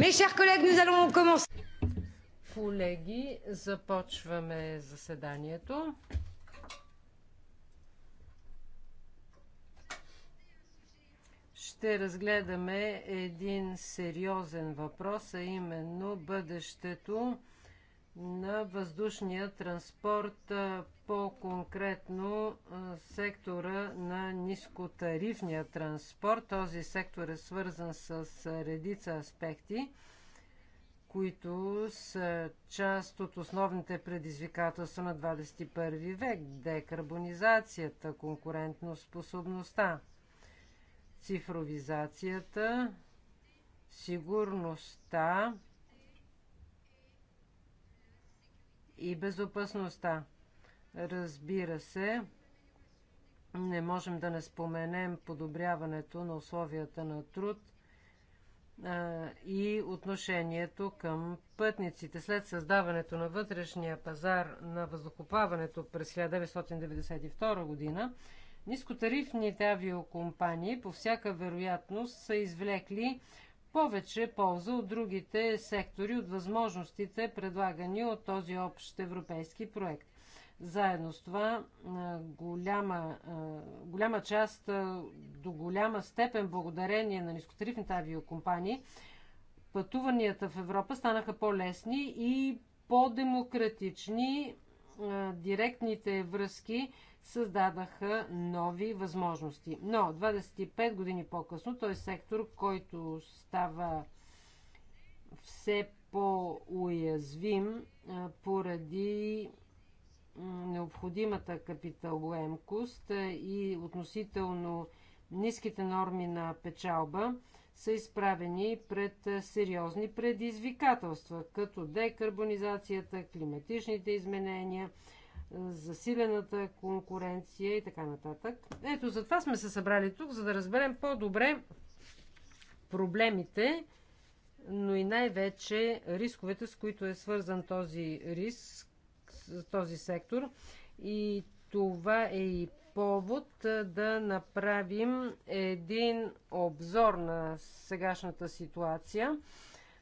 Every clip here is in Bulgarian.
Mes chers collègues, nous allons commencer. Колеги, започваме заседанието. Ще разгледаме един сериозен въпрос, а именно бъдещето на въздушния транспорт по-конкретно сектора на нискотарифния транспорт. Този сектор е свързан с редица аспекти, които са част от основните предизвикателства на 21 век. Декарбонизацията, конкурентноспособността, цифровизацията, сигурността и безопасността. Разбира се, не можем да не споменем подобряването на условията на труд и отношението към пътниците. След създаването на вътрешния пазар на въздухоплаването през 1992 година, нискотарифните авиокомпании по всяка вероятност са извлекли повече полза от другите сектори от възможностите, предлагани от този общ европейски проект. Заедно с това, голяма, голяма част, до голяма степен, благодарение на нискотарифните авиокомпании, пътуванията в Европа станаха по-лесни и по-демократични. Директните връзки създадаха нови възможности. Но 25 години по-късно той е сектор, който става все по-уязвим поради необходимата капиталоемкост и относително ниските норми на печалба са изправени пред сериозни предизвикателства, като декарбонизацията, климатичните изменения, засилената конкуренция и така нататък. Ето, затова сме се събрали тук, за да разберем по-добре проблемите, но и най-вече рисковете, с които е свързан този риск, този сектор. И това е и повод да направим един обзор на сегашната ситуация,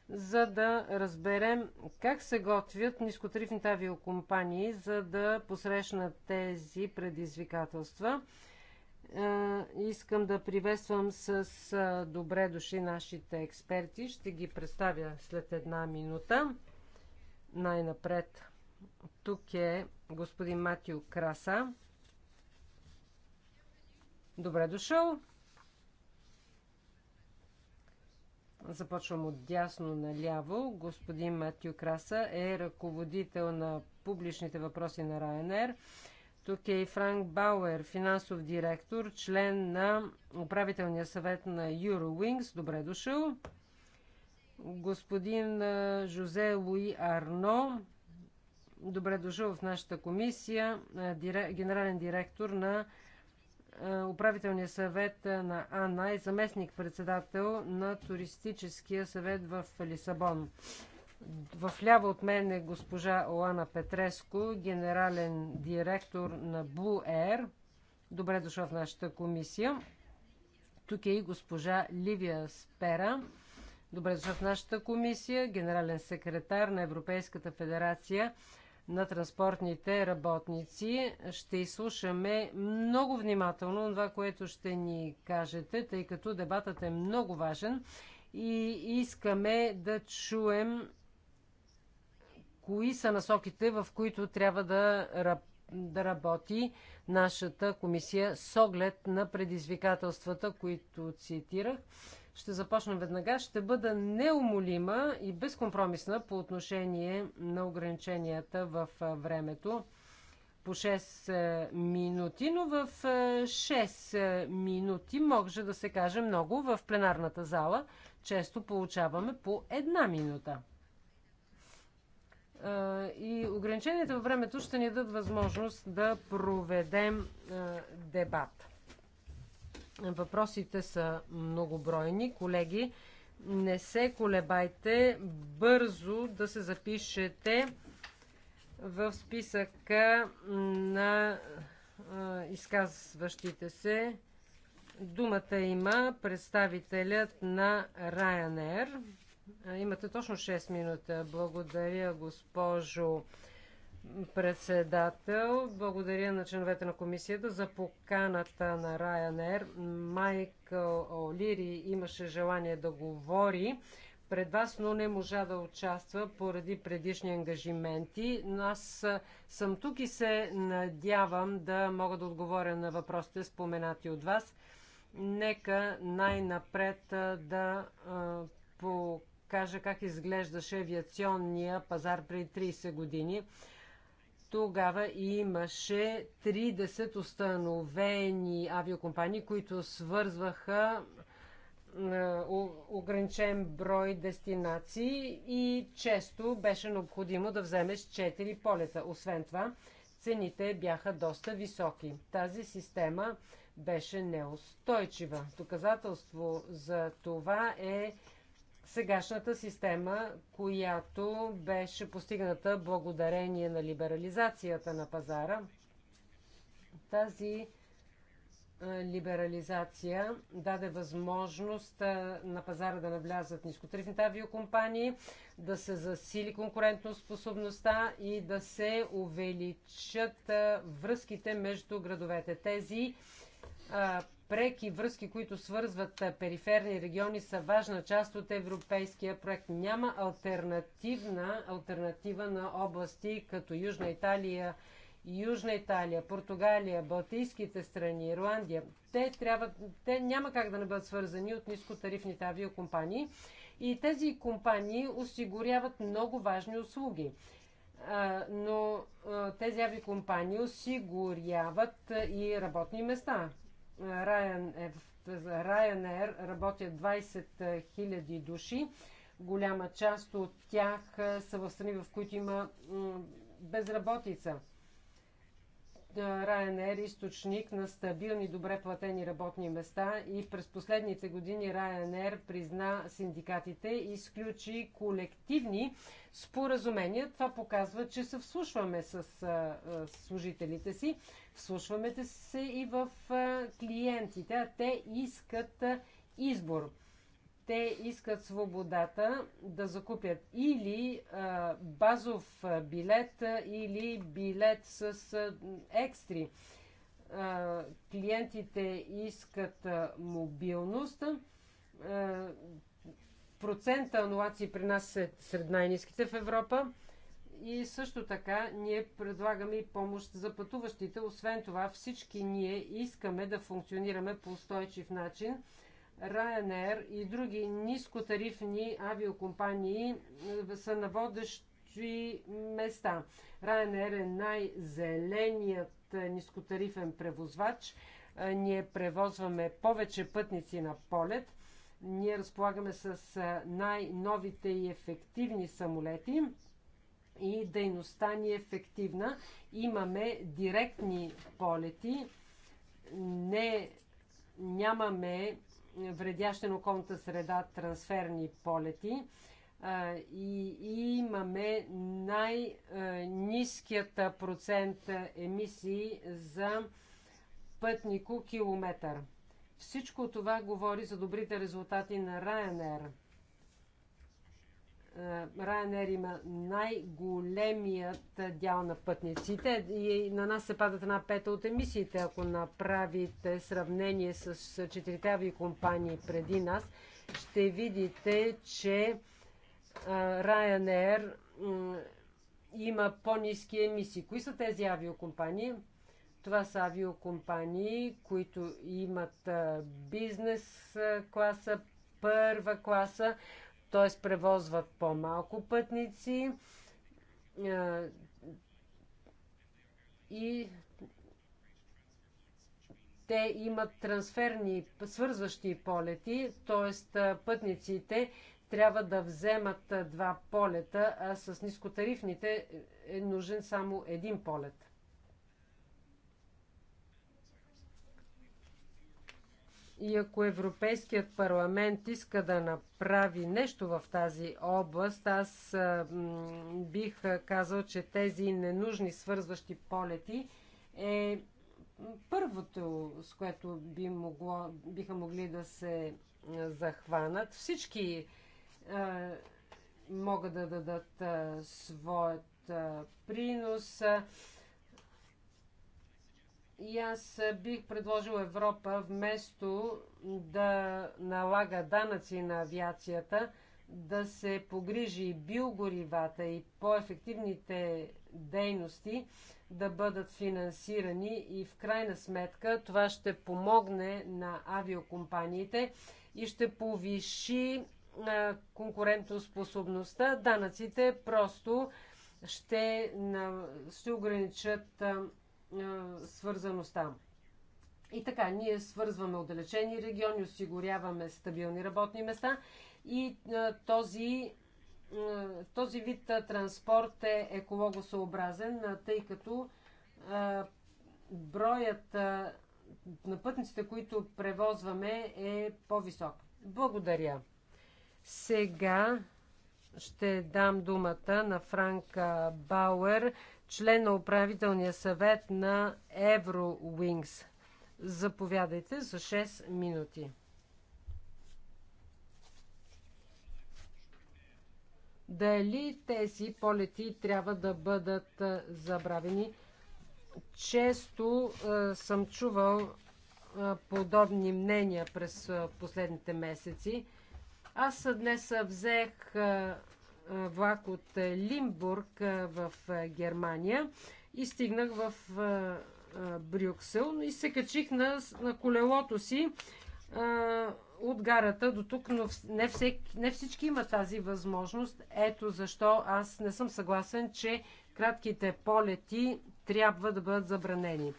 за да разберем как се готвят нискотрифните авиокомпании, за да посрещнат тези предизвикателства. Искам да приветствам с добре души нашите експерти. Ще ги представя след една минута. Най-напред тук е господин Матио Краса. Добре дошъл. Започвам от дясно наляво. Господин Матио Краса е ръководител на публичните въпроси на Ryanair. Тук е и Франк Бауер, финансов директор, член на управителния съвет на Eurowings. Добре дошъл. Господин Жозе Луи Арно, добре дошъл в нашата комисия, генерален директор на управителния съвет на АНА и заместник-председател на туристическия съвет в Лисабон. В ляво от мен е госпожа Олана Петреско, генерален директор на Blue Air. Добре дошъл в нашата комисия. Тук е и госпожа Ливия Спера. Добре дошъл в нашата комисия, генерален секретар на Европейската федерация на транспортните работници. Ще изслушаме много внимателно това, което ще ни кажете, тъй като дебатът е много важен и искаме да чуем кои са насоките, в които трябва да, да работи нашата комисия с оглед на предизвикателствата, които цитирах ще започна веднага, ще бъда неумолима и безкомпромисна по отношение на ограниченията в времето по 6 минути, но в 6 минути може да се каже много. В пленарната зала често получаваме по една минута. И ограниченията във времето ще ни дадат възможност да проведем дебат. Въпросите са многобройни. Колеги, не се колебайте бързо да се запишете в списъка на изказващите се. Думата има представителят на Ryanair. Имате точно 6 минути. Благодаря, госпожо председател. Благодаря на членовете на комисията за поканата на Ryanair. Майкъл Олири имаше желание да говори пред вас, но не можа да участва поради предишни ангажименти. Но аз съм тук и се надявам да мога да отговоря на въпросите споменати от вас. Нека най-напред да покажа как изглеждаше авиационния пазар преди 30 години. Тогава имаше 30 установени авиокомпании, които свързваха ограничен брой дестинации и често беше необходимо да вземеш 4 полета. Освен това, цените бяха доста високи. Тази система беше неустойчива. Доказателство за това е сегашната система, която беше постигната благодарение на либерализацията на пазара. Тази либерализация даде възможност на пазара да навлязат нискотарифните авиокомпании, да се засили конкурентоспособността и да се увеличат връзките между градовете. Тези преки връзки, които свързват периферни региони, са важна част от европейския проект. Няма альтернативна альтернатива на области като Южна Италия, Южна Италия, Португалия, Балтийските страни, Ирландия. Те, трябва, те няма как да не бъдат свързани от нискотарифните авиокомпании. И тези компании осигуряват много важни услуги но тези авиокомпании осигуряват и работни места. Е- Ryanair, работят 20 000 души. Голяма част от тях са в страни, в които има безработица. Ryanair е източник на стабилни, добре платени работни места и през последните години Ryanair призна синдикатите и изключи колективни споразумения. Това показва, че се вслушваме с служителите си. Вслушваме се и в клиентите, те искат избор. Те искат свободата да закупят или базов билет, или билет с екстри. Клиентите искат мобилност процента анулации при нас е сред най-низките в Европа. И също така ние предлагаме и помощ за пътуващите. Освен това всички ние искаме да функционираме по устойчив начин. Ryanair и други нискотарифни авиокомпании е, са на водещи места. Ryanair е най-зеленият е, нискотарифен превозвач. Е, ние превозваме повече пътници на полет. Ние разполагаме с най-новите и ефективни самолети и дейността ни е ефективна. Имаме директни полети, не, нямаме вредящи на околната среда трансферни полети а, и, и имаме най-низкият процент емисии за пътнико километър. Всичко това говори за добрите резултати на Ryanair – е, Ryanair има най-големият дял на пътниците и на нас се падат една пета от емисиите. Ако направите сравнение с четирите компании преди нас, ще видите, че е, Ryanair има по-низки емисии. Кои са тези авиокомпании? Това са авиокомпании, които имат е, бизнес класа, първа класа, т.е. превозват по-малко пътници е, и те имат трансферни свързващи полети, т.е. пътниците трябва да вземат е, два полета, а с нискотарифните е, е нужен само един полет. И ако Европейският парламент иска да направи нещо в тази област, аз бих казал, че тези ненужни свързващи полети е първото, с което би могло, биха могли да се захванат. Всички могат да дадат своят принос. И аз бих предложил Европа вместо да налага данъци на авиацията, да се погрижи биогоривата и по-ефективните дейности да бъдат финансирани и в крайна сметка това ще помогне на авиокомпаниите и ще повиши конкурентоспособността. Данъците просто ще, ще ограничат свързаността. И така, ние свързваме отдалечени региони, осигуряваме стабилни работни места и този, този вид транспорт е екологосъобразен, тъй като броят на пътниците, които превозваме, е по-висок. Благодаря. Сега ще дам думата на Франк Бауер, член на управителния съвет на Eurowings. Заповядайте за 6 минути. Дали тези полети трябва да бъдат забравени? Често е, съм чувал е, подобни мнения през е, последните месеци. Аз днес взех влак от е, Лимбург е, в е, Германия и стигнах в Брюксел и се качих на, на колелото си от гарата до тук, но не, всек, не всички има тази възможност. Ето защо аз не съм съгласен, че кратките полети трябва да бъдат забранени.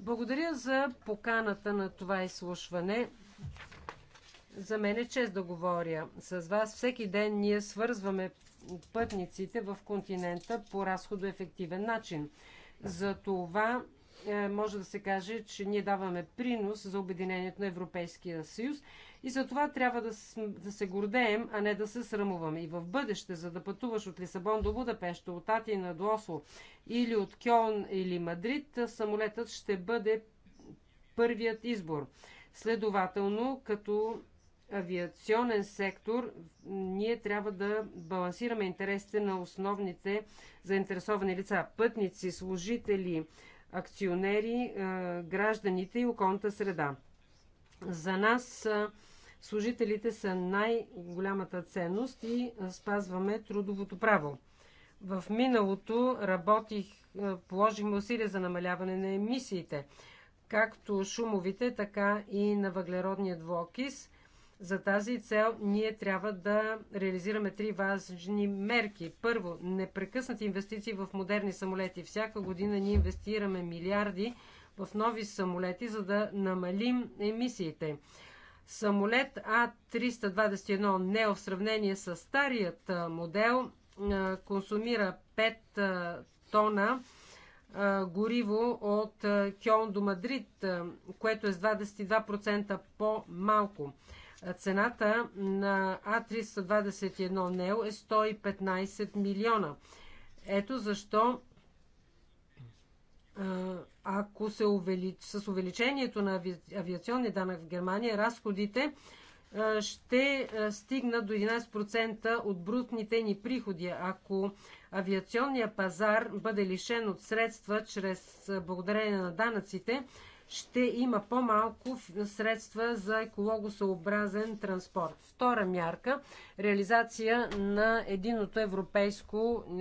Благодаря за поканата на това изслушване. За мен е чест да говоря с вас. Всеки ден ние свързваме пътниците в континента по разходоефективен начин. За това е, може да се каже, че ние даваме принос за обединението на Европейския съюз и за това трябва да, да се гордеем, а не да се срамуваме. И в бъдеще, за да пътуваш от Лисабон до Будапешта, от Атина до Осло или от Кьон или Мадрид, самолетът ще бъде първият избор. Следователно, като авиационен сектор, ние трябва да балансираме интересите на основните заинтересовани лица пътници, служители, акционери, гражданите и околната среда. За нас служителите са най-голямата ценност и спазваме трудовото право. В миналото работих, положихме усилия за намаляване на емисиите, както шумовите, така и на въглеродния двуокис. За тази цел ние трябва да реализираме три важни мерки. Първо, непрекъснати инвестиции в модерни самолети. Всяка година ние инвестираме милиарди в нови самолети, за да намалим емисиите. Самолет А321 Нео в сравнение с старият модел консумира 5 тона гориво от Кьон до Мадрид, което е с 22% по-малко. Цената на А321 НЕО е 115 милиона. Ето защо ако се увелич... с увеличението на авиационния данък в Германия, разходите ще стигнат до 11% от брутните ни приходи. Ако авиационния пазар бъде лишен от средства чрез благодарение на данъците, ще има по-малко средства за екологосъобразен транспорт. Втора мярка – реализация на единото европейско е,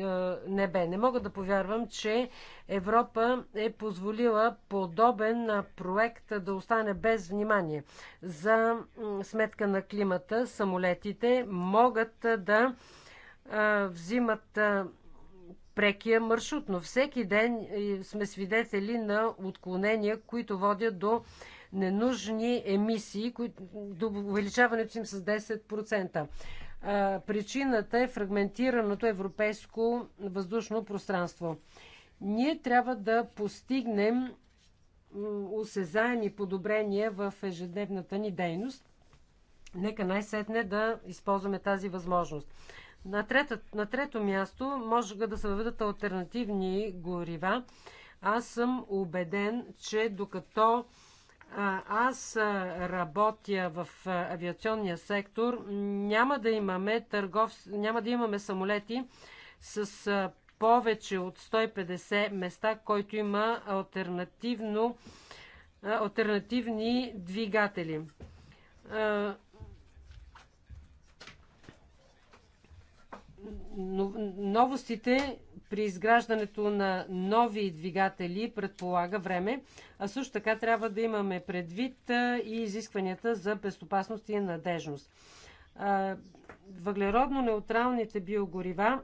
небе. Не мога да повярвам, че Европа е позволила подобен проект да остане без внимание. За сметка на климата самолетите могат да взимат прекия маршрут, но всеки ден е, сме свидетели на отклонения, които водят до ненужни емисии, до увеличаването им с 10%. Причината е фрагментираното европейско въздушно пространство. Ние трябва да постигнем осезаеми подобрения в ежедневната ни дейност. Нека най-сетне да използваме тази възможност. На, трета, на трето място може да се въведат альтернативни горива. Аз съм убеден, че докато аз работя в авиационния сектор, няма да имаме, търгов... няма да имаме самолети с повече от 150 места, който има альтернативно, альтернативни двигатели. новостите при изграждането на нови двигатели предполага време, а също така трябва да имаме предвид и изискванията за безопасност и надежност. Въглеродно-неутралните биогорива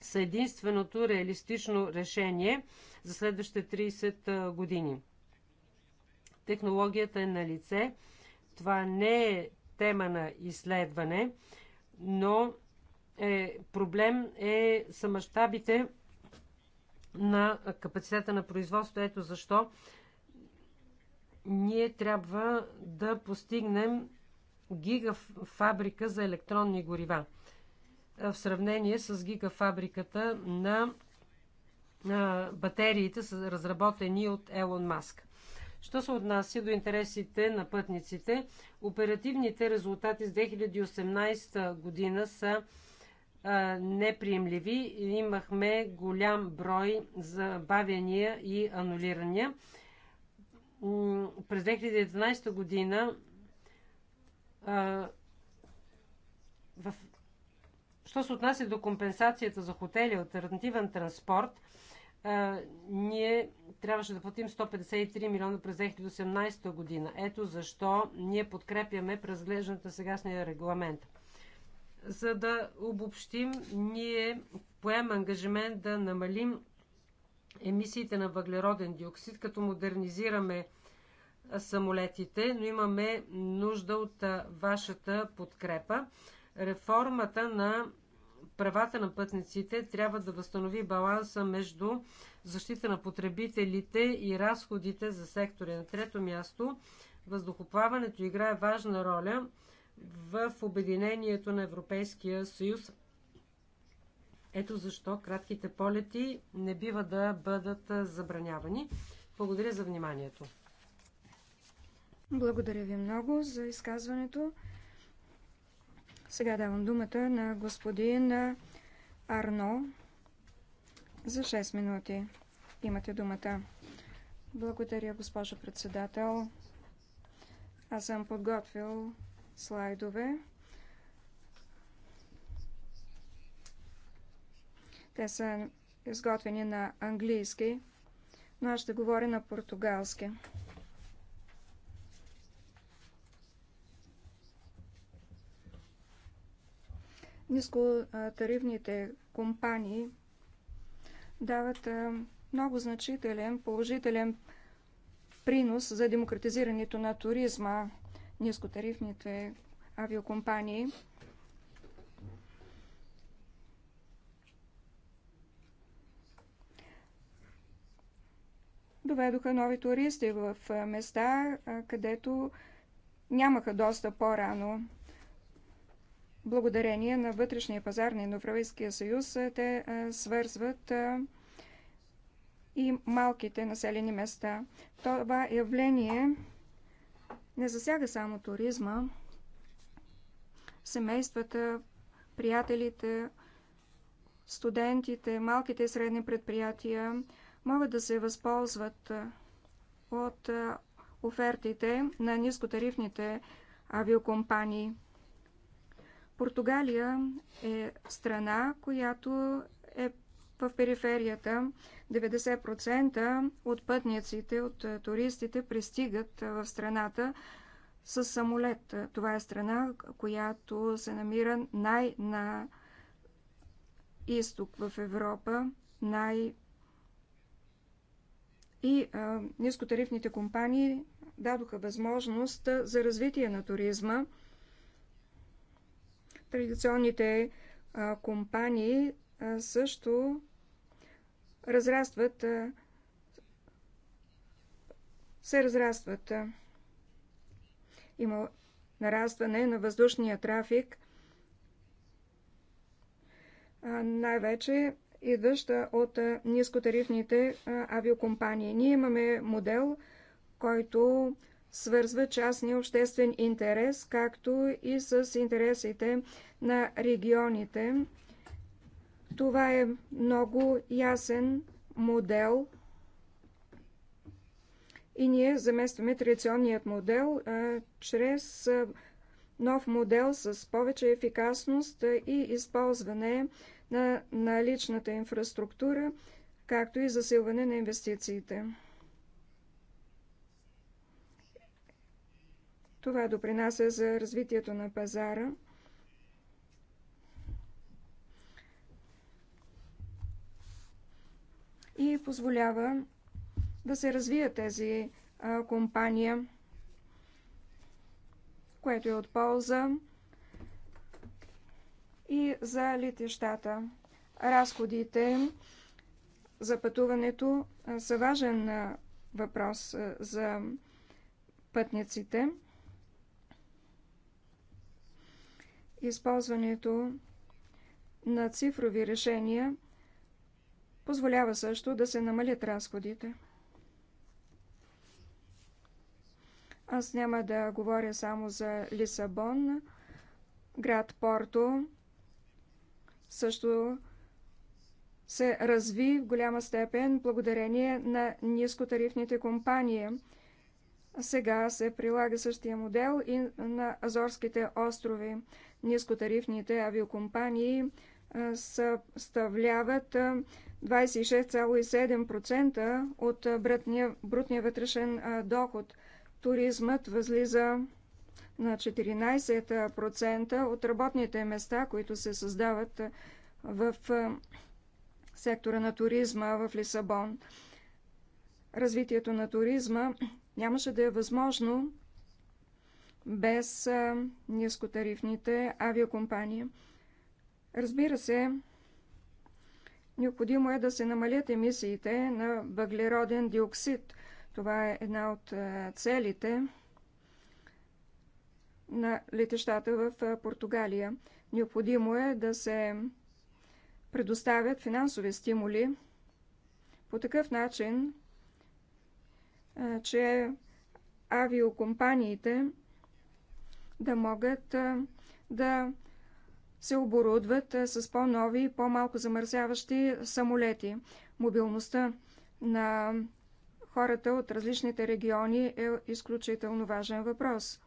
са единственото реалистично решение за следващите 30 години. Технологията е на лице. Това не е тема на изследване, но е, проблем е са мащабите на капацитета на производство. Ето защо ние трябва да постигнем гигафабрика за електронни горива в сравнение с гигафабриката на батериите, разработени от Елон Маск. Що се отнася до интересите на пътниците, оперативните резултати с 2018 година са неприемливи. Имахме голям брой забавяния и анулирания. През 2011 година в... Що се отнася до компенсацията за хотели, альтернативен транспорт, а, ние трябваше да платим 153 милиона през 2018 година. Ето защо ние подкрепяме през сегашния регламент. За да обобщим, ние поемем ангажимент да намалим емисиите на въглероден диоксид, като модернизираме самолетите, но имаме нужда от вашата подкрепа. Реформата на правата на пътниците трябва да възстанови баланса между защита на потребителите и разходите за сектори. На трето място, въздухоплаването играе важна роля – в Обединението на Европейския съюз. Ето защо кратките полети не бива да бъдат забранявани. Благодаря за вниманието. Благодаря ви много за изказването. Сега давам думата на господин Арно за 6 минути. Имате думата. Благодаря, госпожо председател. Аз съм подготвил слайдове. Те са изготвени на английски, но аз ще говоря на португалски. Нискотарифните компании дават много значителен положителен принос за демократизирането на туризма нискотарифните авиокомпании. Доведоха нови туристи в места, където нямаха доста по-рано. Благодарение на вътрешния пазар на Европейския съюз те свързват и малките населени места. Това явление не засяга само туризма, семействата, приятелите, студентите, малките и средни предприятия могат да се възползват от офертите на нискотарифните авиокомпании. Португалия е страна, която е в периферията 90% от пътниците, от е, туристите пристигат е, в страната с самолет. Това е страна, която се намира най-на изток в Европа, най- и а, е, нискотарифните компании дадоха възможност за развитие на туризма. Традиционните а, компании а, също разрастват, се разрастват. Има нарастване на въздушния трафик, най-вече идваща от нискотарифните авиокомпании. Ние имаме модел, който свързва частния обществен интерес, както и с интересите на регионите това е много ясен модел и ние заместваме традиционният модел а, чрез а, нов модел с повече ефикасност и използване на личната инфраструктура, както и засилване на инвестициите. Това допринася за развитието на пазара. и позволява да се развие тези компания, което е от полза и за летещата. Разходите за пътуването са важен въпрос за пътниците. Използването на цифрови решения – Позволява също да се намалят разходите. Аз няма да говоря само за Лисабон. Град Порто също се разви в голяма степен благодарение на нискотарифните компании. Сега се прилага същия модел и на Азорските острови. Нискотарифните авиокомпании съставляват 26,7% от брутния, брутния вътрешен доход. Туризмът възлиза на 14% от работните места, които се създават в сектора на туризма в Лисабон. Развитието на туризма нямаше да е възможно без нискотарифните авиакомпании. Разбира се, необходимо е да се намалят емисиите на въглероден диоксид. Това е една от е, целите на летещата в е, Португалия. Необходимо е да се предоставят финансови стимули по такъв начин, е, че авиокомпаниите да могат да се оборудват с по-нови и по-малко замърсяващи самолети. Мобилността на хората от различните региони е изключително важен въпрос.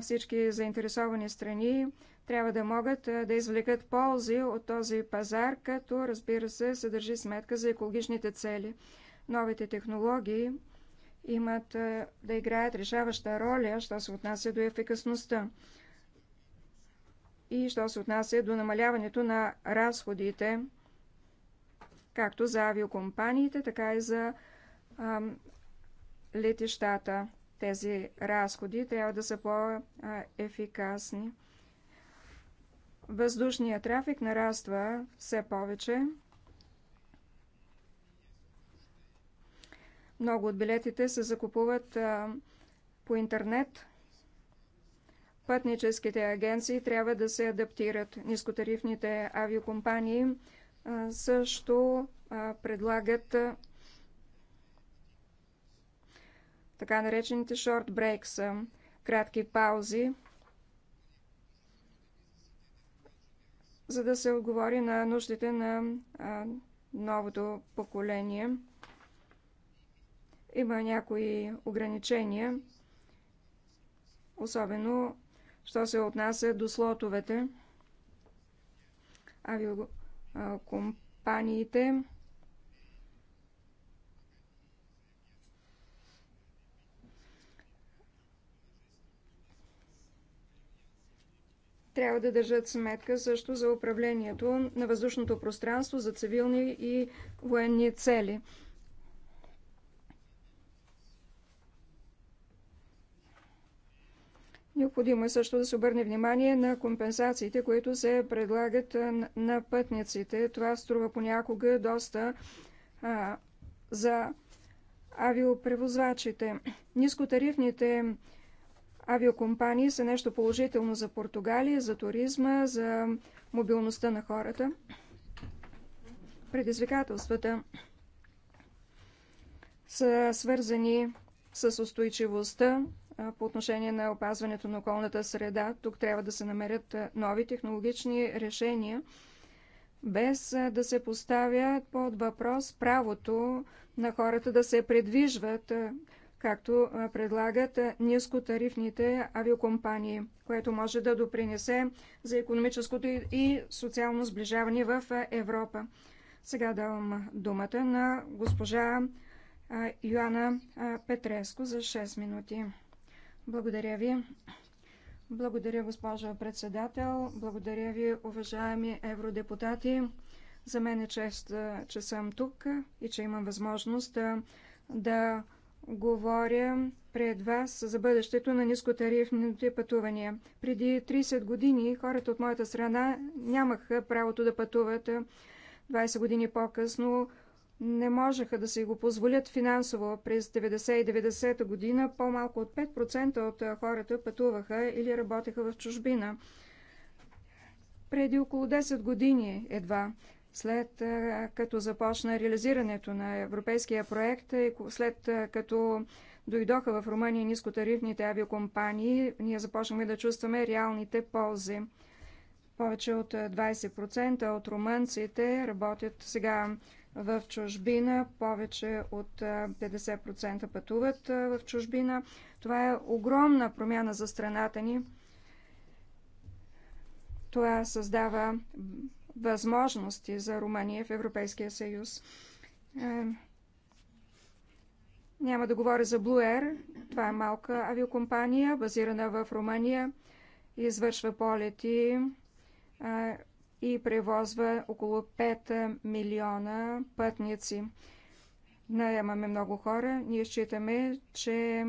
Всички заинтересовани страни трябва да могат да извлекат ползи от този пазар, като разбира се съдържи сметка за екологичните цели. Новите технологии имат да играят решаваща роля, що се отнася до ефикасността и що се отнася до намаляването на разходите, както за авиокомпаниите, така и за ам, летищата. Тези разходи трябва да са по-ефикасни. Въздушният трафик нараства все повече. Много от билетите се закупуват а, по интернет Пътническите агенции трябва да се адаптират. Нискотарифните авиокомпании също предлагат така наречените short breaks, кратки паузи, за да се отговори на нуждите на новото поколение. Има някои ограничения, особено Що се отнася до слотовете, авиокомпаниите трябва да държат сметка също за управлението на въздушното пространство за цивилни и военни цели. Необходимо е също да се обърне внимание на компенсациите, които се предлагат на пътниците. Това струва понякога доста а, за авиопревозвачите. Нискотарифните авиокомпании са нещо положително за Португалия, за туризма, за мобилността на хората. Предизвикателствата са свързани с устойчивостта по отношение на опазването на околната среда. Тук трябва да се намерят нови технологични решения, без да се поставя под въпрос правото на хората да се предвижват, както предлагат нискотарифните авиокомпании, което може да допринесе за економическото и социално сближаване в Европа. Сега давам думата на госпожа Йоанна Петреско за 6 минути. Благодаря ви. Благодаря, госпожа председател. Благодаря ви, уважаеми евродепутати. За мен е чест, че съм тук и че имам възможност да говоря пред вас за бъдещето на нискотарифните пътувания. Преди 30 години хората от моята страна нямаха правото да пътуват. 20 години по-късно не можеха да си го позволят финансово. През 90 и 90 година по-малко от 5% от хората пътуваха или работеха в чужбина. Преди около 10 години едва, след като започна реализирането на европейския проект и след като дойдоха в Румъния нискотарифните авиокомпании, ние започнахме да чувстваме реалните ползи. Повече от 20% от румънците работят сега в чужбина. Повече от 50% пътуват в чужбина. Това е огромна промяна за страната ни. Това създава възможности за Румъния в Европейския съюз. Е, няма да говоря за Blue Air. Това е малка авиокомпания, базирана в Румъния. Извършва полети и превозва около 5 милиона пътници. Наемаме много хора. Ние считаме, че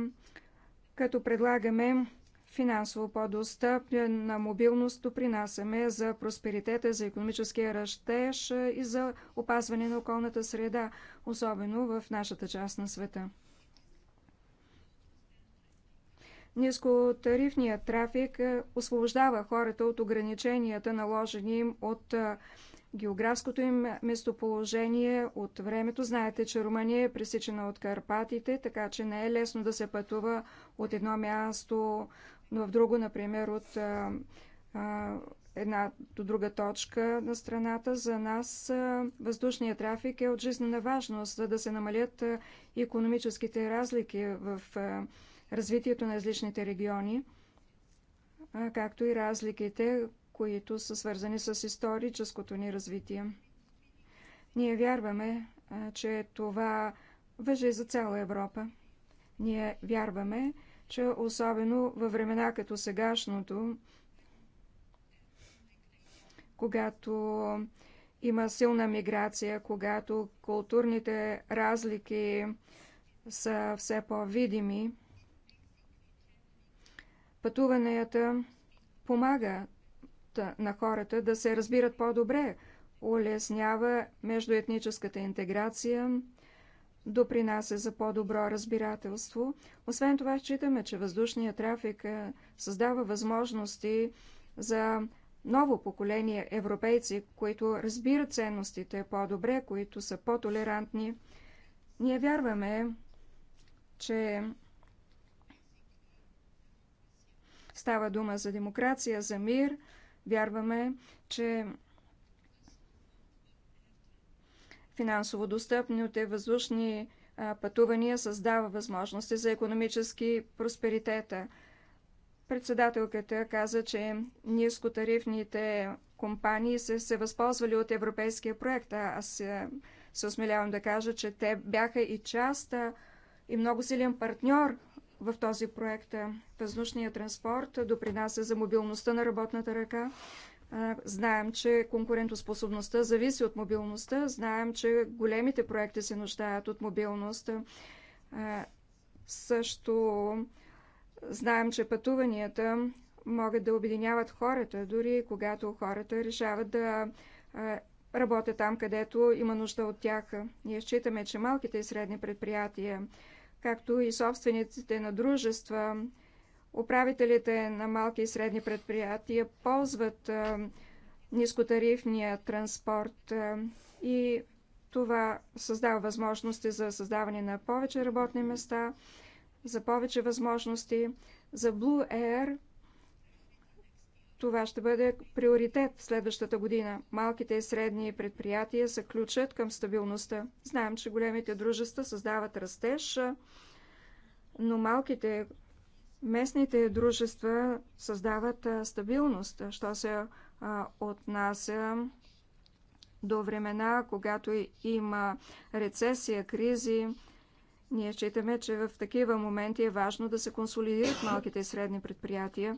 като предлагаме финансово по-достъпна мобилност, допринасяме за просперитета, за економическия растеж и за опазване на околната среда, особено в нашата част на света. Нискотарифният трафик е, освобождава хората от ограниченията, наложени им от е, географското им местоположение, от времето. Знаете, че Румъния е пресичана от Карпатите, така че не е лесно да се пътува от едно място в друго, например, от а, е, а, една до друга точка на страната. За нас а, въздушният трафик е от жизнена важност, за да се намалят а, економическите разлики в. А, развитието на различните региони, както и разликите, които са свързани с историческото ни развитие. Ние вярваме, че това въжи за цяла Европа. Ние вярваме, че особено във времена като сегашното, когато има силна миграция, когато културните разлики са все по-видими, Пътуванията помага на хората да се разбират по-добре, улеснява междуетническата интеграция, допринася за по-добро разбирателство. Освен това, считаме, че въздушният трафик е, създава възможности за ново поколение европейци, които разбират ценностите по-добре, които са по-толерантни. Ние вярваме, че Става дума за демокрация, за мир. Вярваме, че финансово достъпните въздушни пътувания създава възможности за економически просперитета. Председателката каза, че нискотарифните компании са се възползвали от европейския проект. Аз се осмелявам да кажа, че те бяха и част и много силен партньор в този проект. Въздушният транспорт допринася за мобилността на работната ръка. Знаем, че конкурентоспособността зависи от мобилността. Знаем, че големите проекти се нуждаят от мобилност. Също знаем, че пътуванията могат да обединяват хората, дори когато хората решават да работят там, където има нужда от тях. Ние считаме, че малките и средни предприятия както и собствениците на дружества, управителите на малки и средни предприятия ползват нискотарифния транспорт и това създава възможности за създаване на повече работни места, за повече възможности. За Blue Air това ще бъде приоритет в следващата година. Малките и средни предприятия се ключат към стабилността. Знаем, че големите дружества създават растеж, но малките местните дружества създават стабилност, що се отнася до времена, когато има рецесия, кризи. Ние считаме, че в такива моменти е важно да се консолидират малките и средни предприятия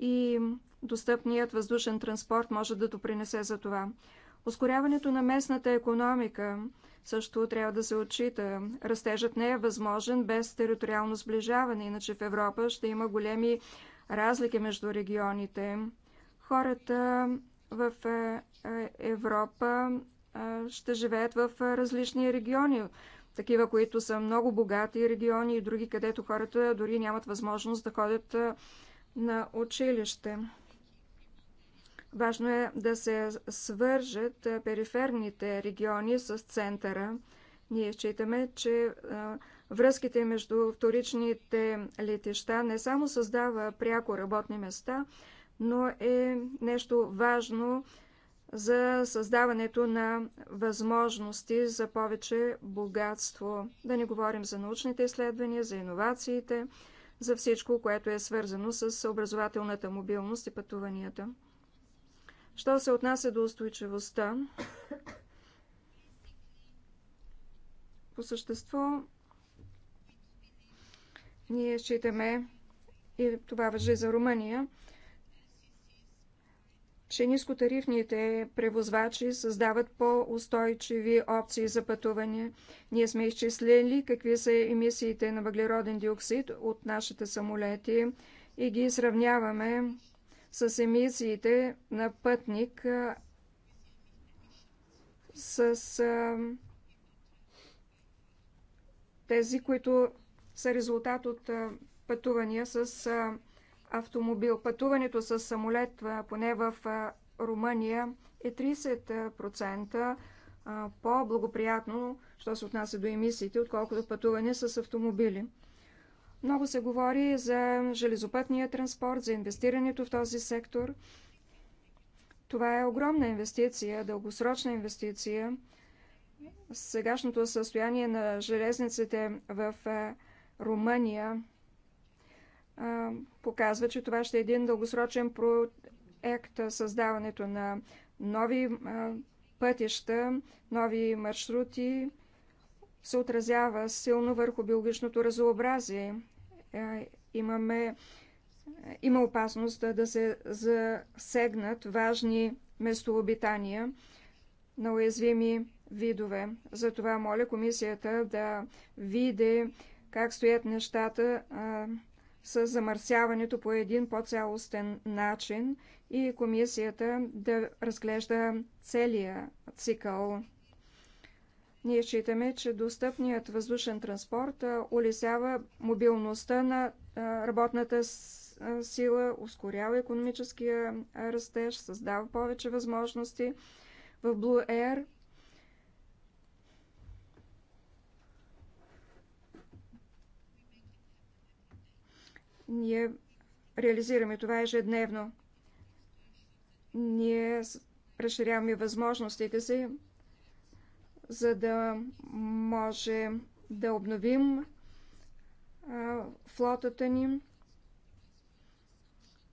и достъпният въздушен транспорт може да допринесе за това. Ускоряването на местната економика също трябва да се отчита. Растежът не е възможен без териториално сближаване, иначе в Европа ще има големи разлики между регионите. Хората в е, е, Европа е, ще живеят в различни региони. Такива, които са много богати региони и други, където хората дори нямат възможност да ходят на училище. Важно е да се свържат периферните региони с центъра. Ние считаме, че връзките между вторичните летища не само създава пряко работни места, но е нещо важно за създаването на възможности за повече богатство. Да не говорим за научните изследвания, за иновациите, за всичко, което е свързано с образователната мобилност и пътуванията. Що се отнася до устойчивостта, по същество ние считаме, и това въжи за Румъния, че нискотарифните превозвачи създават по-устойчиви опции за пътуване. Ние сме изчислили какви са емисиите на въглероден диоксид от нашите самолети и ги сравняваме с емисиите на пътник с тези, които са резултат от пътувания с автомобил. Пътуването с самолет, поне в Румъния, е 30% по-благоприятно, що се отнася до емисиите, отколкото пътуване с автомобили. Много се говори за железопътния транспорт, за инвестирането в този сектор. Това е огромна инвестиция, дългосрочна инвестиция. Сегашното състояние на железниците в Румъния показва, че това ще е един дългосрочен проект създаването на нови пътища, нови маршрути се отразява силно върху биологичното разнообразие. Е, имаме, е, има опасност да се засегнат важни местообитания на уязвими видове. Затова моля комисията да види как стоят нещата с замърсяването по един по-цялостен начин и комисията да разглежда целия цикъл. Ние считаме, че достъпният въздушен транспорт улесява мобилността на работната сила, ускорява економическия растеж, създава повече възможности. В Blue Air Ние реализираме това ежедневно. Ние разширяваме възможностите си, за да може да обновим флотата ни.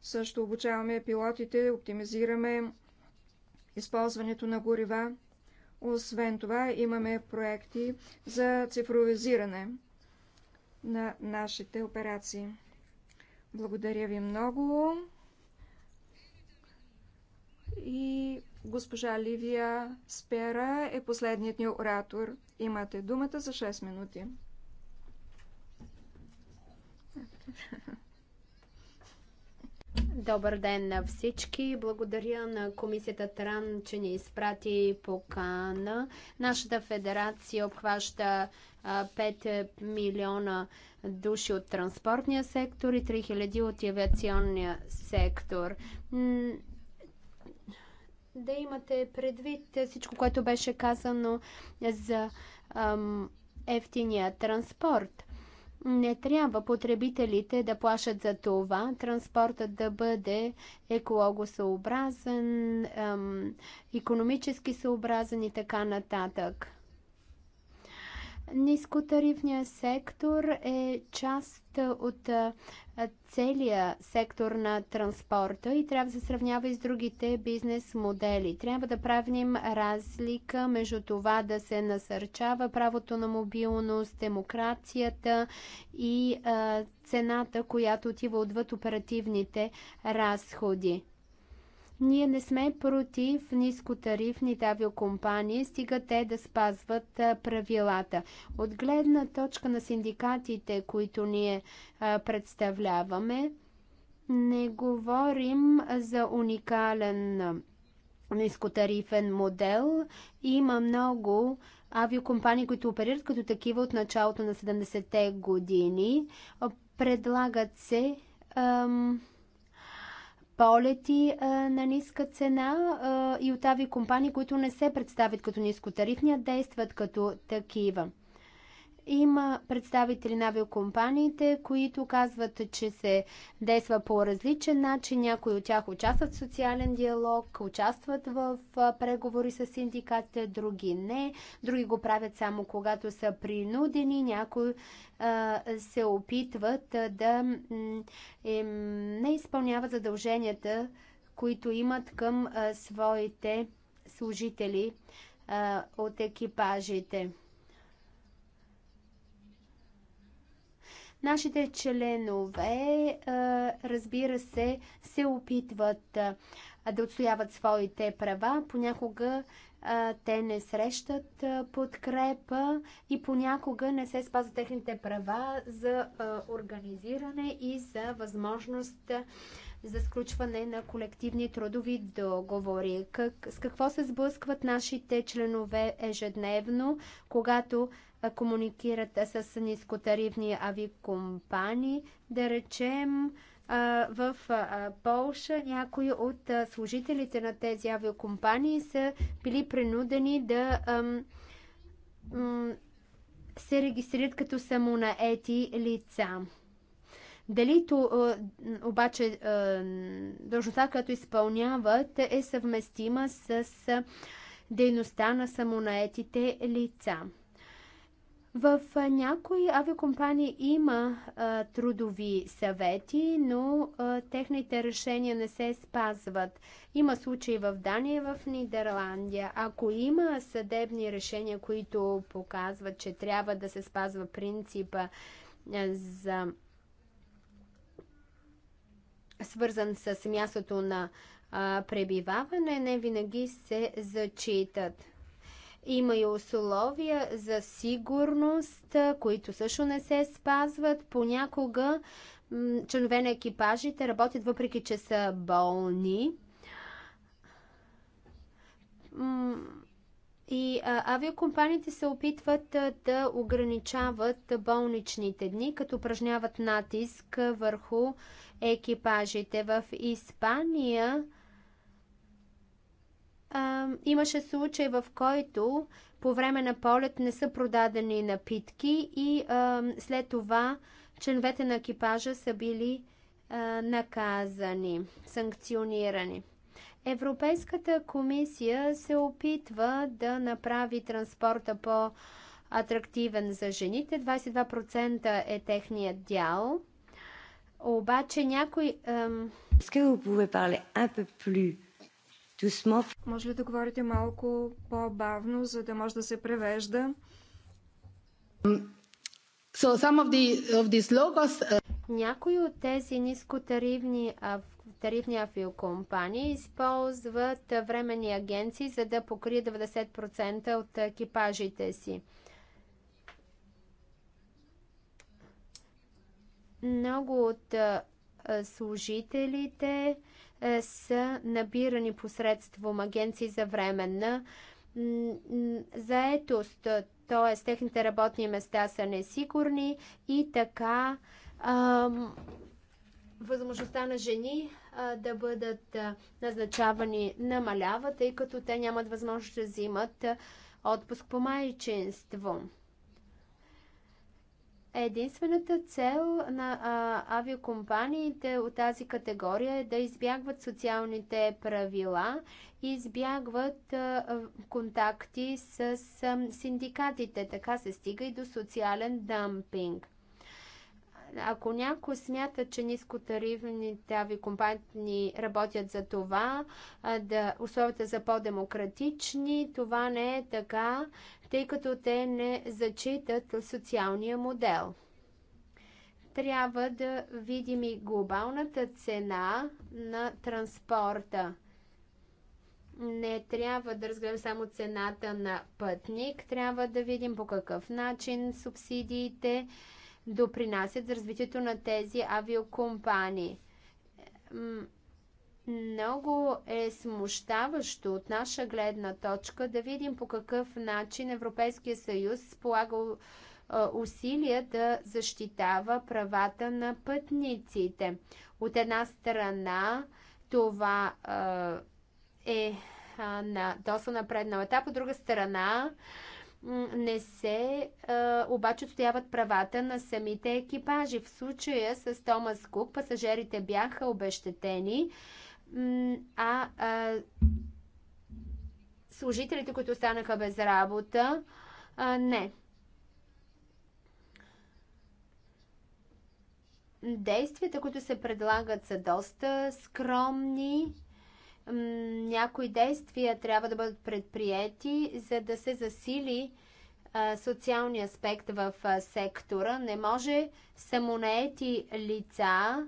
Също обучаваме пилотите, оптимизираме използването на горива. Освен това, имаме проекти за цифровизиране на нашите операции. Благодаря ви много. И госпожа Ливия Спера е последният ни оратор. Имате думата за 6 минути. Добър ден на всички. Благодаря на комисията Тран, че ни изпрати покана. Нашата федерация обхваща 5 милиона души от транспортния сектор и 3000 от авиационния сектор. Да имате предвид всичко, което беше казано за ам, ефтиния транспорт. Не трябва потребителите да плашат за това транспортът да бъде екологосъобразен, ем, економически съобразен и така нататък. Нискотарифният сектор е част от целия сектор на транспорта и трябва да се сравнява и с другите бизнес модели. Трябва да правим разлика между това да се насърчава правото на мобилност, демокрацията и а, цената, която отива отвъд оперативните разходи. Ние не сме против нискотарифните авиокомпании, стига те да спазват правилата. От гледна точка на синдикатите, които ние представляваме, не говорим за уникален нискотарифен модел. Има много авиокомпании, които оперират като такива от началото на 70-те години. Предлагат се ам, полети а, на ниска цена а, и от авиакомпании, които не се представят като нискотарифни, а действат като такива. Има представители на авиокомпаниите, които казват, че се действа по различен начин. Някои от тях участват в социален диалог, участват в преговори с синдикатите, други не. Други го правят само когато са принудени. Някои а, се опитват да не изпълняват задълженията, които имат към а, своите служители а, от екипажите. Нашите членове, разбира се, се опитват да отстояват своите права. Понякога те не срещат подкрепа и понякога не се спазват техните права за организиране и за възможност за сключване на колективни трудови договори. Как, с какво се сблъскват нашите членове ежедневно, когато комуникират с нискотарифни авиакомпании. Да речем, в Полша някои от служителите на тези авиакомпании са били принудени да се регистрират като самонаети лица. Дали то, обаче дължността, която изпълняват, е съвместима с дейността на самонаетите лица. В някои авиокомпании има а, трудови съвети, но а, техните решения не се спазват. Има случаи в Дания и в Нидерландия. Ако има съдебни решения, които показват, че трябва да се спазва принципа а, за свързан с мястото на а, пребиваване, не винаги се зачитат. Има и условия за сигурност, които също не се спазват. Понякога членове на екипажите работят въпреки, че са болни. И а, авиакомпаниите се опитват а, да ограничават болничните дни, като упражняват натиск а, върху екипажите. В Испания а, имаше случай, в който по време на полет не са продадени напитки и а, след това членовете на екипажа са били а, наказани, санкционирани. Европейската комисия се опитва да направи транспорта по- атрактивен за жените. 22% е техният дял. Обаче някой... Ам... Est-ce que vous pouvez parler un peu plus може ли да говорите малко по-бавно, за да може да се превежда? Um, so some of, the, of these logos, uh... Някои от тези нискотарифни тарифни авиокомпании използват временни агенции, за да покрият 90% от екипажите си. Много от служителите е, са набирани посредством агенции за временна заетост, т.е. техните работни места са несигурни и така ам, възможността на жени а, да бъдат а, назначавани намалява, тъй като те нямат възможност да взимат отпуск по майчинство. Единствената цел на а, авиокомпаниите от тази категория е да избягват социалните правила и избягват а, контакти с а, синдикатите. Така се стига и до социален дампинг. Ако някой смята, че нискотарифните авиакомпании работят за това, да условията за по-демократични, това не е така, тъй като те не зачитат социалния модел. Трябва да видим и глобалната цена на транспорта не трябва да разгледам само цената на пътник, трябва да видим по какъв начин субсидиите допринасят за развитието на тези авиокомпании. Много е смущаващо от наша гледна точка да видим по какъв начин Европейския съюз полага усилия да защитава правата на пътниците. От една страна това е на доста напреднал етап, от друга страна не се а, обаче отстояват правата на самите екипажи. В случая с Томас Кук пасажирите бяха обещетени, а, а служителите, които останаха без работа, а, не. Действията, които се предлагат, са доста скромни някои действия трябва да бъдат предприяти, за да се засили социалния аспект в сектора. Не може самонаети лица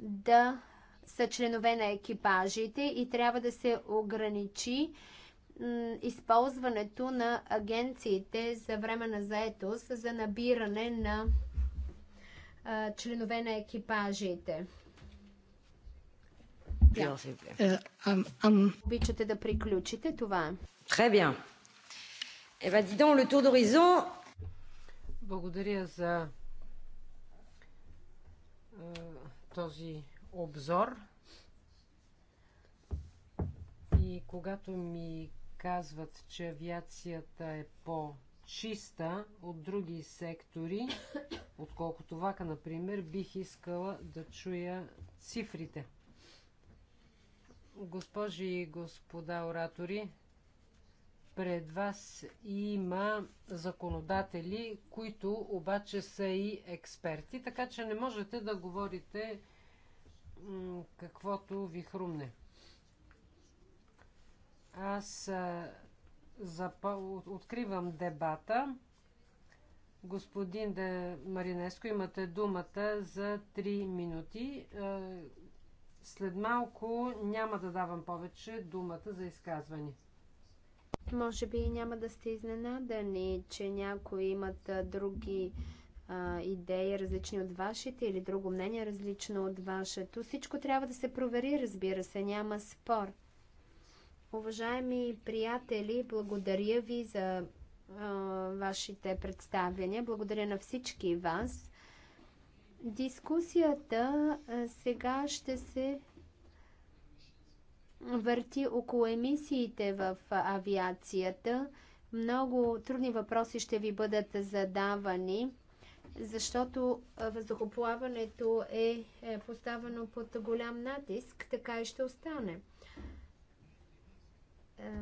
да са членове на екипажите и трябва да се ограничи използването на агенциите за време на заетост за набиране на членове на екипажите um, um... Обичате да приключите, това Très bien. Eh dis donc, le tour d'horizon. Благодаря за е, този обзор. И когато ми казват, че авиацията е по-чиста от други сектори, отколкото вака, например, бих искала да чуя цифрите. Госпожи и господа оратори, пред вас има законодатели, които обаче са и експерти, така че не можете да говорите каквото ви хрумне. Аз откривам дебата. Господин Маринеско, имате думата за 3 минути. След малко няма да давам повече думата за изказване. Може би няма да сте изненадани, че някои имат други а, идеи, различни от вашите, или друго мнение, различно от вашето. Всичко трябва да се провери, разбира се, няма спор. Уважаеми приятели, благодаря ви за а, вашите представяния. Благодаря на всички вас. Дискусията сега ще се върти около емисиите в авиацията. Много трудни въпроси ще ви бъдат задавани, защото въздухоплаването е, е поставено под голям натиск, така и ще остане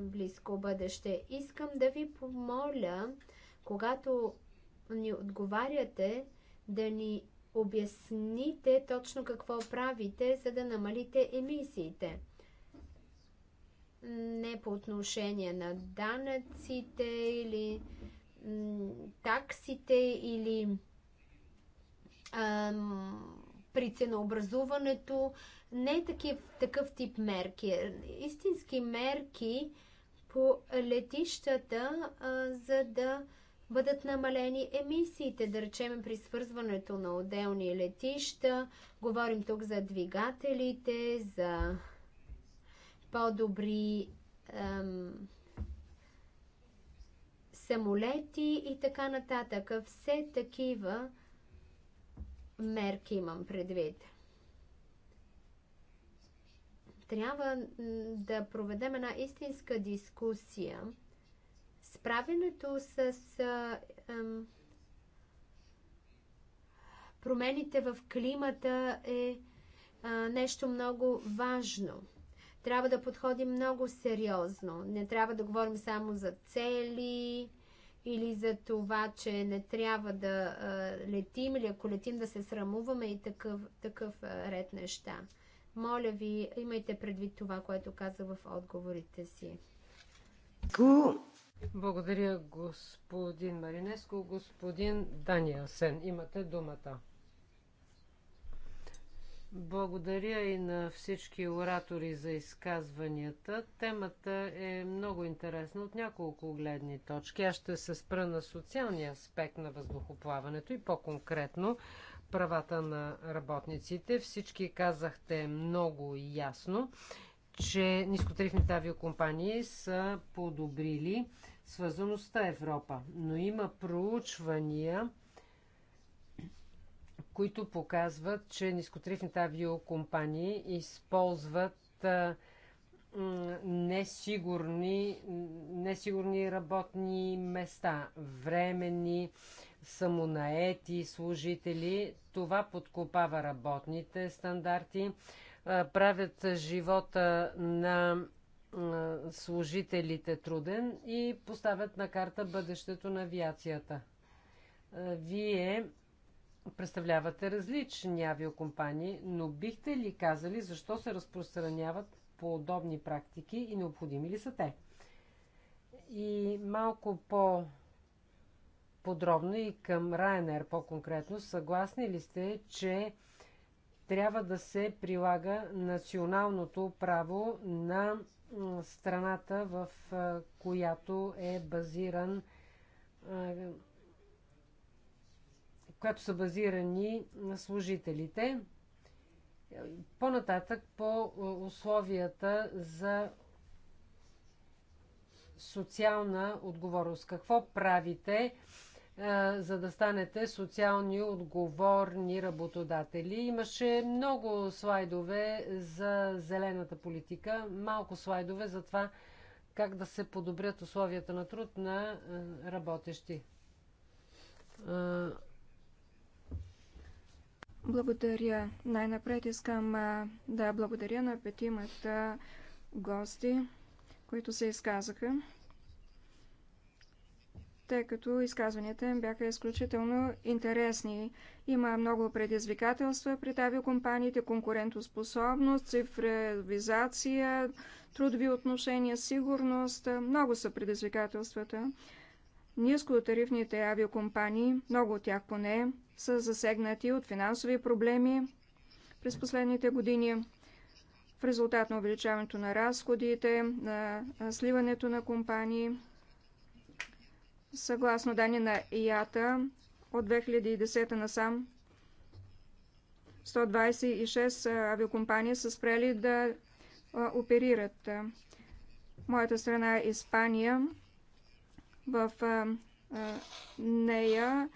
близко бъдеще. Искам да ви помоля, когато ни отговаряте, да ни обясните точно какво правите, за да намалите емисиите. Не по отношение на данъците или таксите или ам, при ценообразуването. Не такив, такъв тип мерки. Истински мерки по летищата, а, за да бъдат намалени емисиите, да речем при свързването на отделни летища. Говорим тук за двигателите, за по-добри ем, самолети и така нататък. Все такива мерки имам предвид. Трябва да проведем една истинска дискусия Справянето с а, ам, промените в климата е а, нещо много важно. Трябва да подходим много сериозно. Не трябва да говорим само за цели или за това, че не трябва да а, летим или ако летим да се срамуваме и такъв, такъв а, ред неща. Моля ви, имайте предвид това, което казах в отговорите си. Благодаря, господин Маринеско. Господин Сен, имате думата. Благодаря и на всички оратори за изказванията. Темата е много интересна от няколко гледни точки. Аз ще се спра на социалния аспект на въздухоплаването и по-конкретно правата на работниците. Всички казахте много ясно че нискотарифните авиокомпании са подобрили свързаността Европа. Но има проучвания, които показват, че нискотарифните авиокомпании използват несигурни, несигурни работни места, временни, самонаети служители. Това подкопава работните стандарти, правят живота на служителите труден и поставят на карта бъдещето на авиацията. Вие представлявате различни авиокомпании, но бихте ли казали защо се разпространяват подобни практики и необходими ли са те? И малко по подробно и към Ryanair по-конкретно, съгласни ли сте, че трябва да се прилага националното право на страната, в която е базиран която са базирани служителите. По-нататък по условията за социална отговорност. Какво правите? Е, за да станете социални отговорни работодатели. Имаше много слайдове за зелената политика, малко слайдове за това как да се подобрят условията на труд на е, работещи. Е, благодаря. Най-напред искам да благодаря на петимата гости, които се изказаха тъй като изказванията им бяха изключително интересни. Има много предизвикателства пред авиокомпаниите, конкурентоспособност, цифровизация, трудови отношения, сигурност. Много са предизвикателствата. Нискотарифните авиокомпании, много от тях поне, са засегнати от финансови проблеми през последните години. В резултат на увеличаването на разходите, на сливането на компании, Съгласно данни на ИАТА от 2010 насам 126 авиокомпании са спрели да оперират. Моята страна е Испания. В нея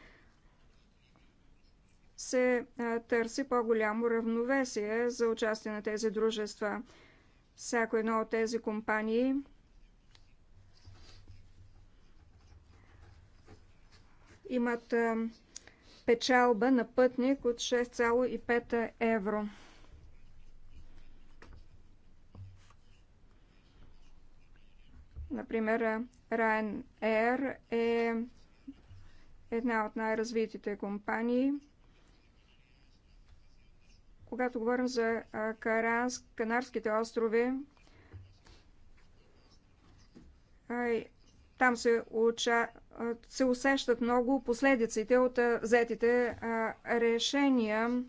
се търси по-голямо равновесие за участие на тези дружества. Всяко едно от тези компании имат печалба на пътник от 6,5 евро. Например, Ryanair е една от най-развитите компании. Когато говорим за Канарските острови, там се уча, се усещат много последиците от взетите решения.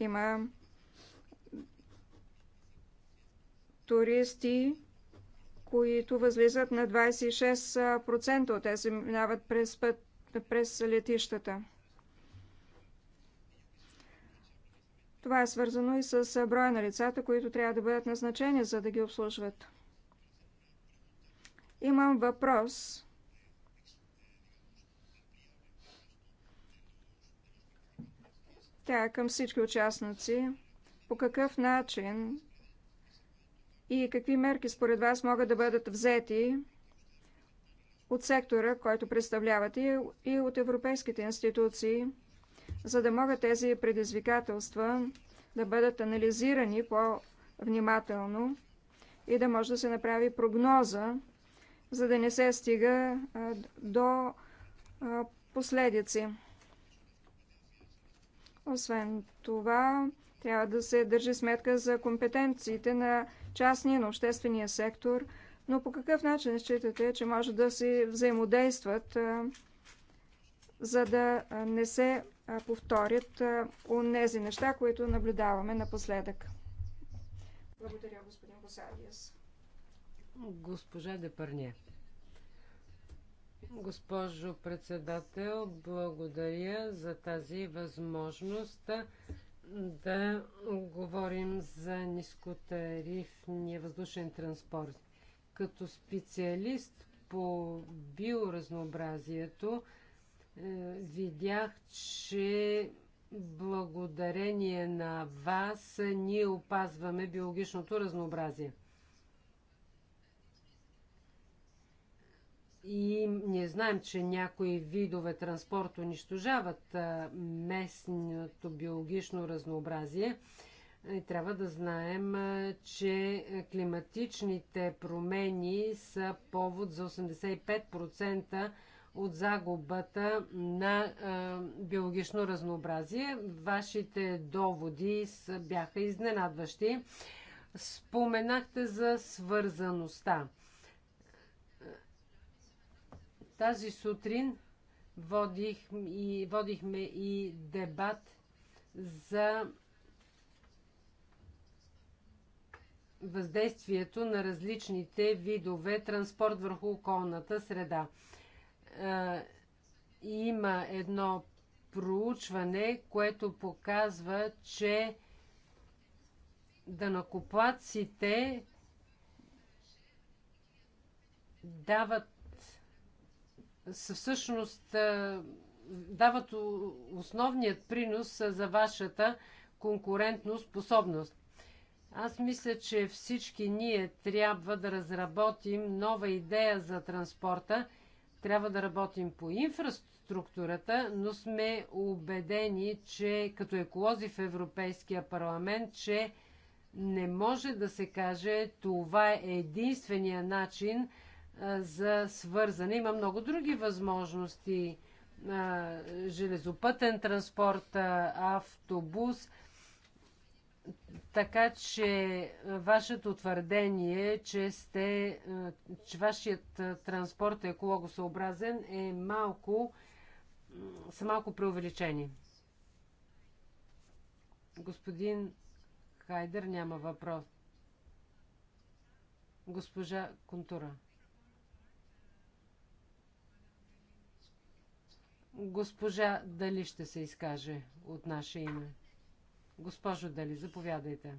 Има туристи, които възлизат на 26% от тези минават през, път, през летищата. Това е свързано и с броя на лицата, които трябва да бъдат назначени, за да ги обслужват. Имам въпрос. Тя е към всички участници. По какъв начин и какви мерки според вас могат да бъдат взети от сектора, който представлявате, и от европейските институции, за да могат тези предизвикателства да бъдат анализирани по-внимателно и да може да се направи прогноза за да не се стига до последици. Освен това, трябва да се държи сметка за компетенциите на частния, на обществения сектор, но по какъв начин считате, че може да се взаимодействат, за да не се повторят онези неща, които наблюдаваме напоследък? Благодаря, господин Босадиес. Госпожа Депарне. Госпожо председател, благодаря за тази възможност да говорим за нискотарифния въздушен транспорт. Като специалист по биоразнообразието е, видях, че благодарение на вас ние опазваме биологичното разнообразие. И ние знаем, че някои видове транспорт унищожават местното биологично разнообразие. И трябва да знаем, че климатичните промени са повод за 85% от загубата на биологично разнообразие. Вашите доводи бяха изненадващи. Споменахте за свързаността. Тази сутрин водих и, водихме и дебат за въздействието на различните видове транспорт върху околната среда. Има едно проучване, което показва, че данакоплаците дават са всъщност дават основният принос за вашата конкурентно способност. Аз мисля, че всички ние трябва да разработим нова идея за транспорта. Трябва да работим по инфраструктурата, но сме убедени, че като еколози в Европейския парламент, че не може да се каже това е единствения начин – за свързане. Има много други възможности. Железопътен транспорт, автобус. Така че вашето твърдение, че, сте, че вашият транспорт е екологосъобразен, е малко, са малко преувеличени. Господин Хайдер няма въпрос. Госпожа Контура. Госпожа Дали ще се изкаже от наше име. Госпожо Дали, заповядайте.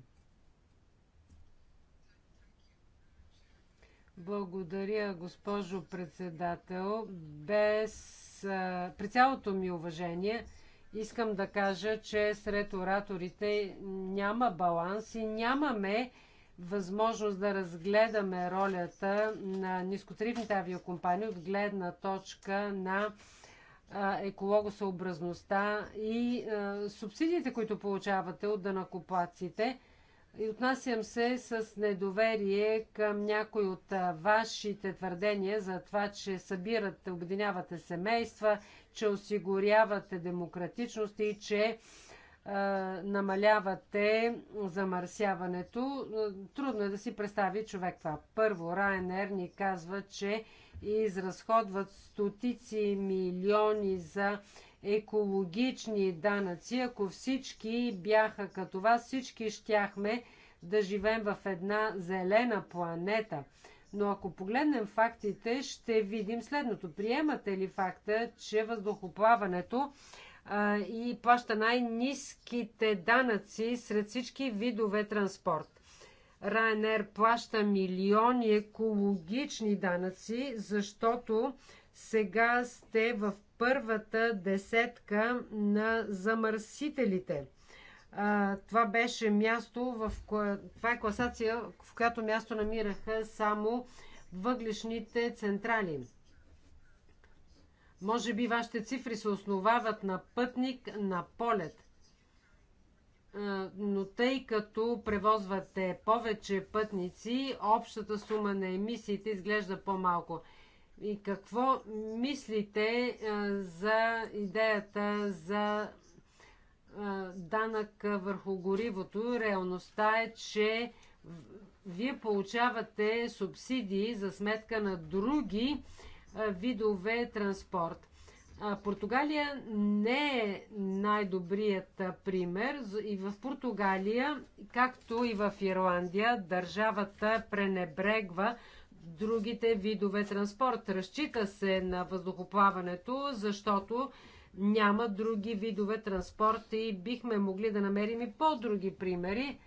Благодаря, госпожо председател. Без, при цялото ми уважение, искам да кажа, че сред ораторите няма баланс и нямаме възможност да разгледаме ролята на нискотрифните авиокомпании от гледна точка на екологосъобразността и субсидиите, които получавате от данакоплаците. И отнасям се с недоверие към някои от вашите твърдения за това, че събирате, обединявате семейства, че осигурявате демократичност и че намалявате замърсяването. Трудно е да си представи човек това. Първо, Ryanair ни казва, че изразходват стотици милиони за екологични данъци. Ако всички бяха като вас, всички щяхме да живеем в една зелена планета. Но ако погледнем фактите, ще видим следното. Приемате ли факта, че въздухоплаването и плаща най-низките данъци сред всички видове транспорт. Ryanair плаща милиони екологични данъци, защото сега сте в първата десетка на замърсителите. А, това беше място, в кое... това е класация, в която място намираха само въглишните централи. Може би вашите цифри се основават на пътник на полет. Но тъй като превозвате повече пътници, общата сума на емисиите изглежда по-малко. И какво мислите за идеята за данък върху горивото? Реалността е, че вие получавате субсидии за сметка на други видове транспорт. Португалия не е най-добрият пример. И в Португалия, както и в Ирландия, държавата пренебрегва другите видове транспорт. Разчита се на въздухоплаването, защото няма други видове транспорт и бихме могли да намерим и по-други примери.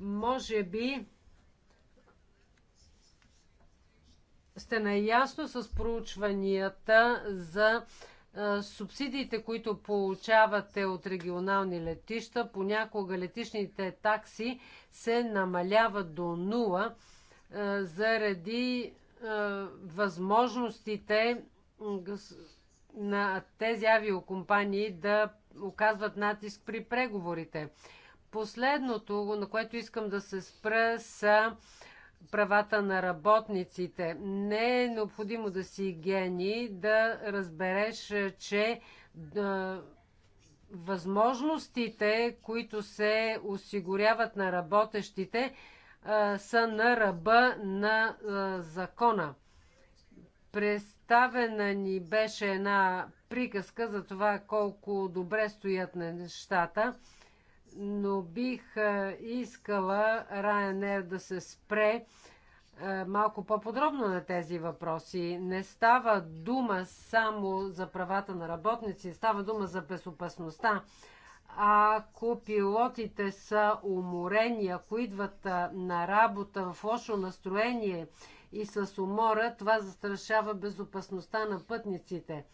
Може би сте наясно с проучванията за субсидиите, които получавате от регионални летища. Понякога летищните такси се намаляват до нула заради възможностите на тези авиокомпании да оказват натиск при преговорите. Последното, на което искам да се спра, са правата на работниците. Не е необходимо да си гени, да разбереш, че да, възможностите, които се осигуряват на работещите, а, са на ръба на а, закона. Представена ни беше една приказка за това колко добре стоят на нещата но бих искала Ryanair да се спре малко по-подробно на тези въпроси. Не става дума само за правата на работници, става дума за безопасността. Ако пилотите са уморени, ако идват на работа в лошо настроение и с умора, това застрашава безопасността на пътниците.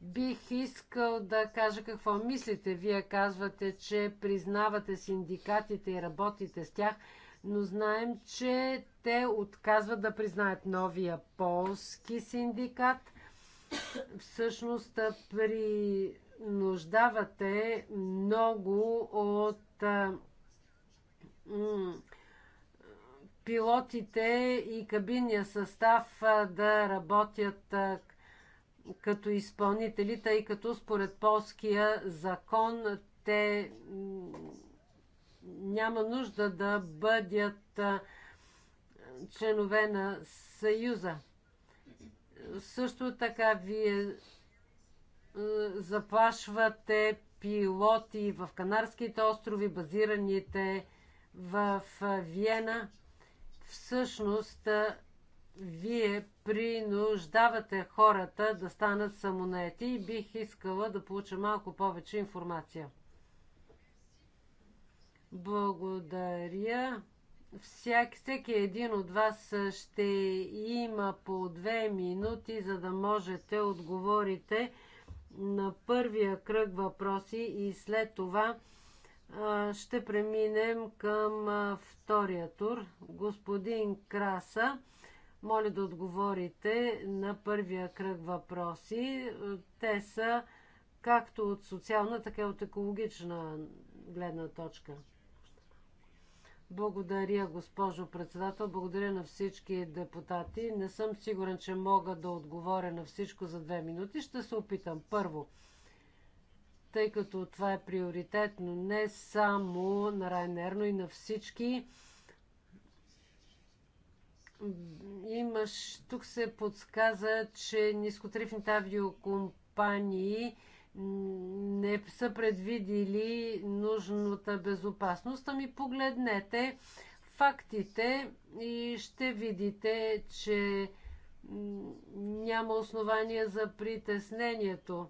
Бих искал да кажа какво мислите. Вие казвате, че признавате синдикатите и работите с тях, но знаем, че те отказват да признаят новия полски синдикат. Всъщност принуждавате много от пилотите и кабинния състав да работят като изпълнители, тъй като според полския закон те няма нужда да бъдат членове на Съюза. Също така вие заплашвате пилоти в Канарските острови, базираните в Виена. Всъщност, вие принуждавате хората да станат самонаети и бих искала да получа малко повече информация. Благодаря. Всяк, всеки един от вас ще има по две минути, за да можете отговорите на първия кръг въпроси и след това а, ще преминем към а, втория тур. Господин Краса моля да отговорите на първия кръг въпроси. Те са както от социална, така и от екологична гледна точка. Благодаря, госпожо председател. Благодаря на всички депутати. Не съм сигурен, че мога да отговоря на всичко за две минути. Ще се опитам. Първо, тъй като това е приоритетно не само на Райнер, но и на всички Имаш, тук се подсказа, че нискотрифните авиокомпании не са предвидили нужната безопасност. Ами погледнете фактите и ще видите, че няма основания за притеснението.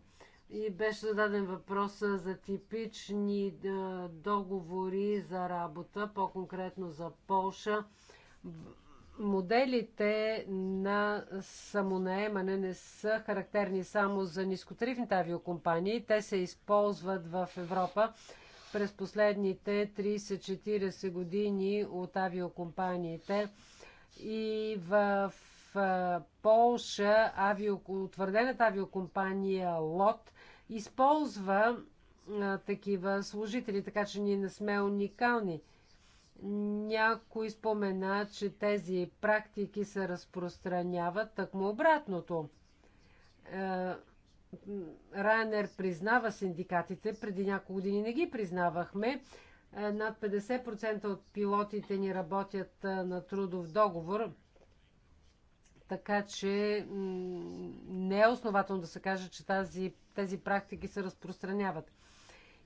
И беше зададен въпрос за типични договори за работа, по-конкретно за Полша моделите на самонаемане не са характерни само за нискотарифните авиокомпании. Те се използват в Европа през последните 30-40 години от авиокомпаниите. И в Полша утвърдената авиокомпания ЛОТ използва такива служители, така че ние не сме уникални – някой спомена, че тези практики се разпространяват тъкмо обратното. Е, Райнер признава синдикатите, преди няколко години не ги признавахме. Е, над 50% от пилотите ни работят е, на трудов договор, така че не е основателно да се каже, че тази, тези практики се разпространяват.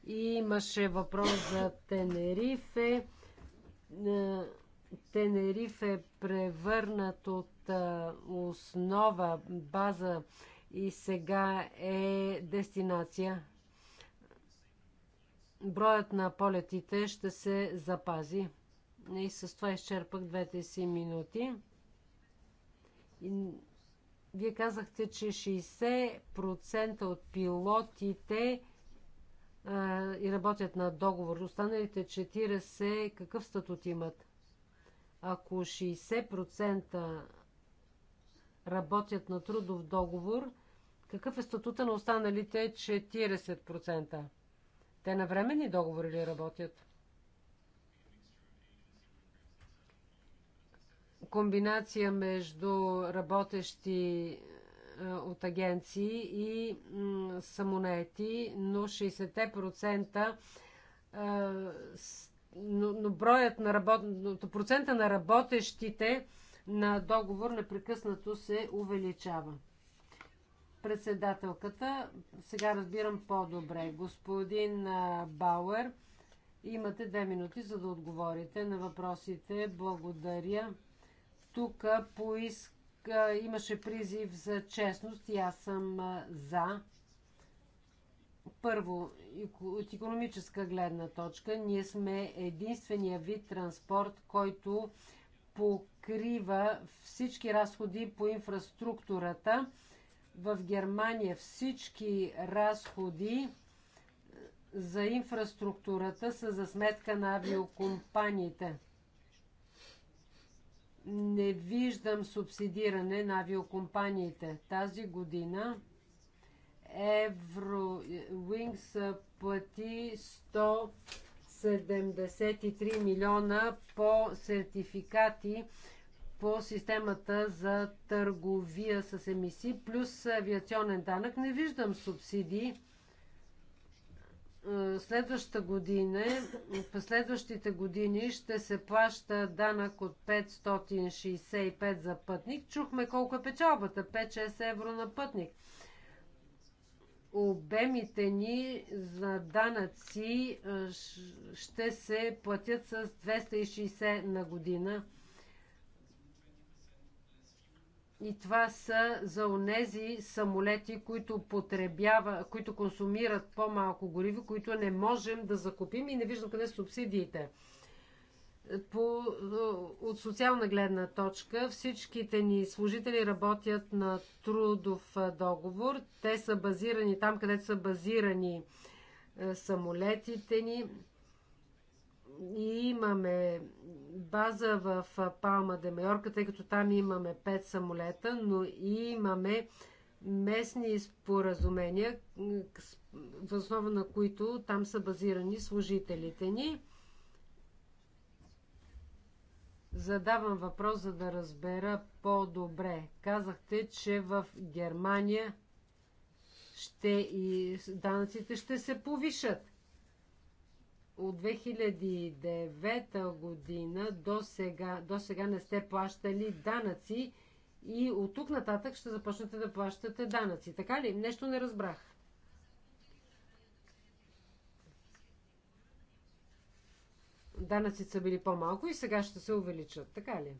И имаше въпрос за Тенерифе. Е, Тенериф е превърнат от е, основа, база и сега е дестинация. Броят на полетите ще се запази. И с това изчерпах двете си минути. И вие казахте, че 60% от пилотите и работят на договор. Останалите 40 какъв статут имат? Ако 60% работят на трудов договор, какъв е статута на останалите 40%? Те на временни договори ли работят? Комбинация между работещи е, от агенции и самонети, но 60% е, но, но броят на работ... процента на работещите на договор непрекъснато се увеличава. Председателката, сега разбирам по-добре, господин е, Бауер, имате две минути за да отговорите на въпросите. Благодаря. Тук поиск имаше призив за честност и аз съм за. Първо, от економическа гледна точка, ние сме единствения вид транспорт, който покрива всички разходи по инфраструктурата. В Германия всички разходи за инфраструктурата са за сметка на авиокомпаниите не виждам субсидиране на авиокомпаниите. Тази година Eurowings плати 173 милиона по сертификати по системата за търговия с емисии, плюс авиационен данък. Не виждам субсидии е, следващата година, през следващите години ще се плаща данък от 565 за пътник. Чухме колко е печалбата 5-6 евро на пътник. Обемите ни за данъци е, ще се платят с 260 на година. И това са за онези самолети, които, потребява, които консумират по-малко гориво, които не можем да закупим и не виждам къде са субсидиите. По, от социална гледна точка всичките ни служители работят на трудов договор. Те са базирани там, където са базирани самолетите ни. И имаме база в Палма де Майорка, тъй като там имаме 5 самолета, но и имаме местни споразумения, в основа на които там са базирани служителите ни. Задавам въпрос, за да разбера по-добре. Казахте, че в Германия ще и данъците ще се повишат от 2009 година до сега, до сега не сте плащали данъци и от тук нататък ще започнете да плащате данъци. Така ли? Нещо не разбрах. Данъците са били по-малко и сега ще се увеличат. Така ли?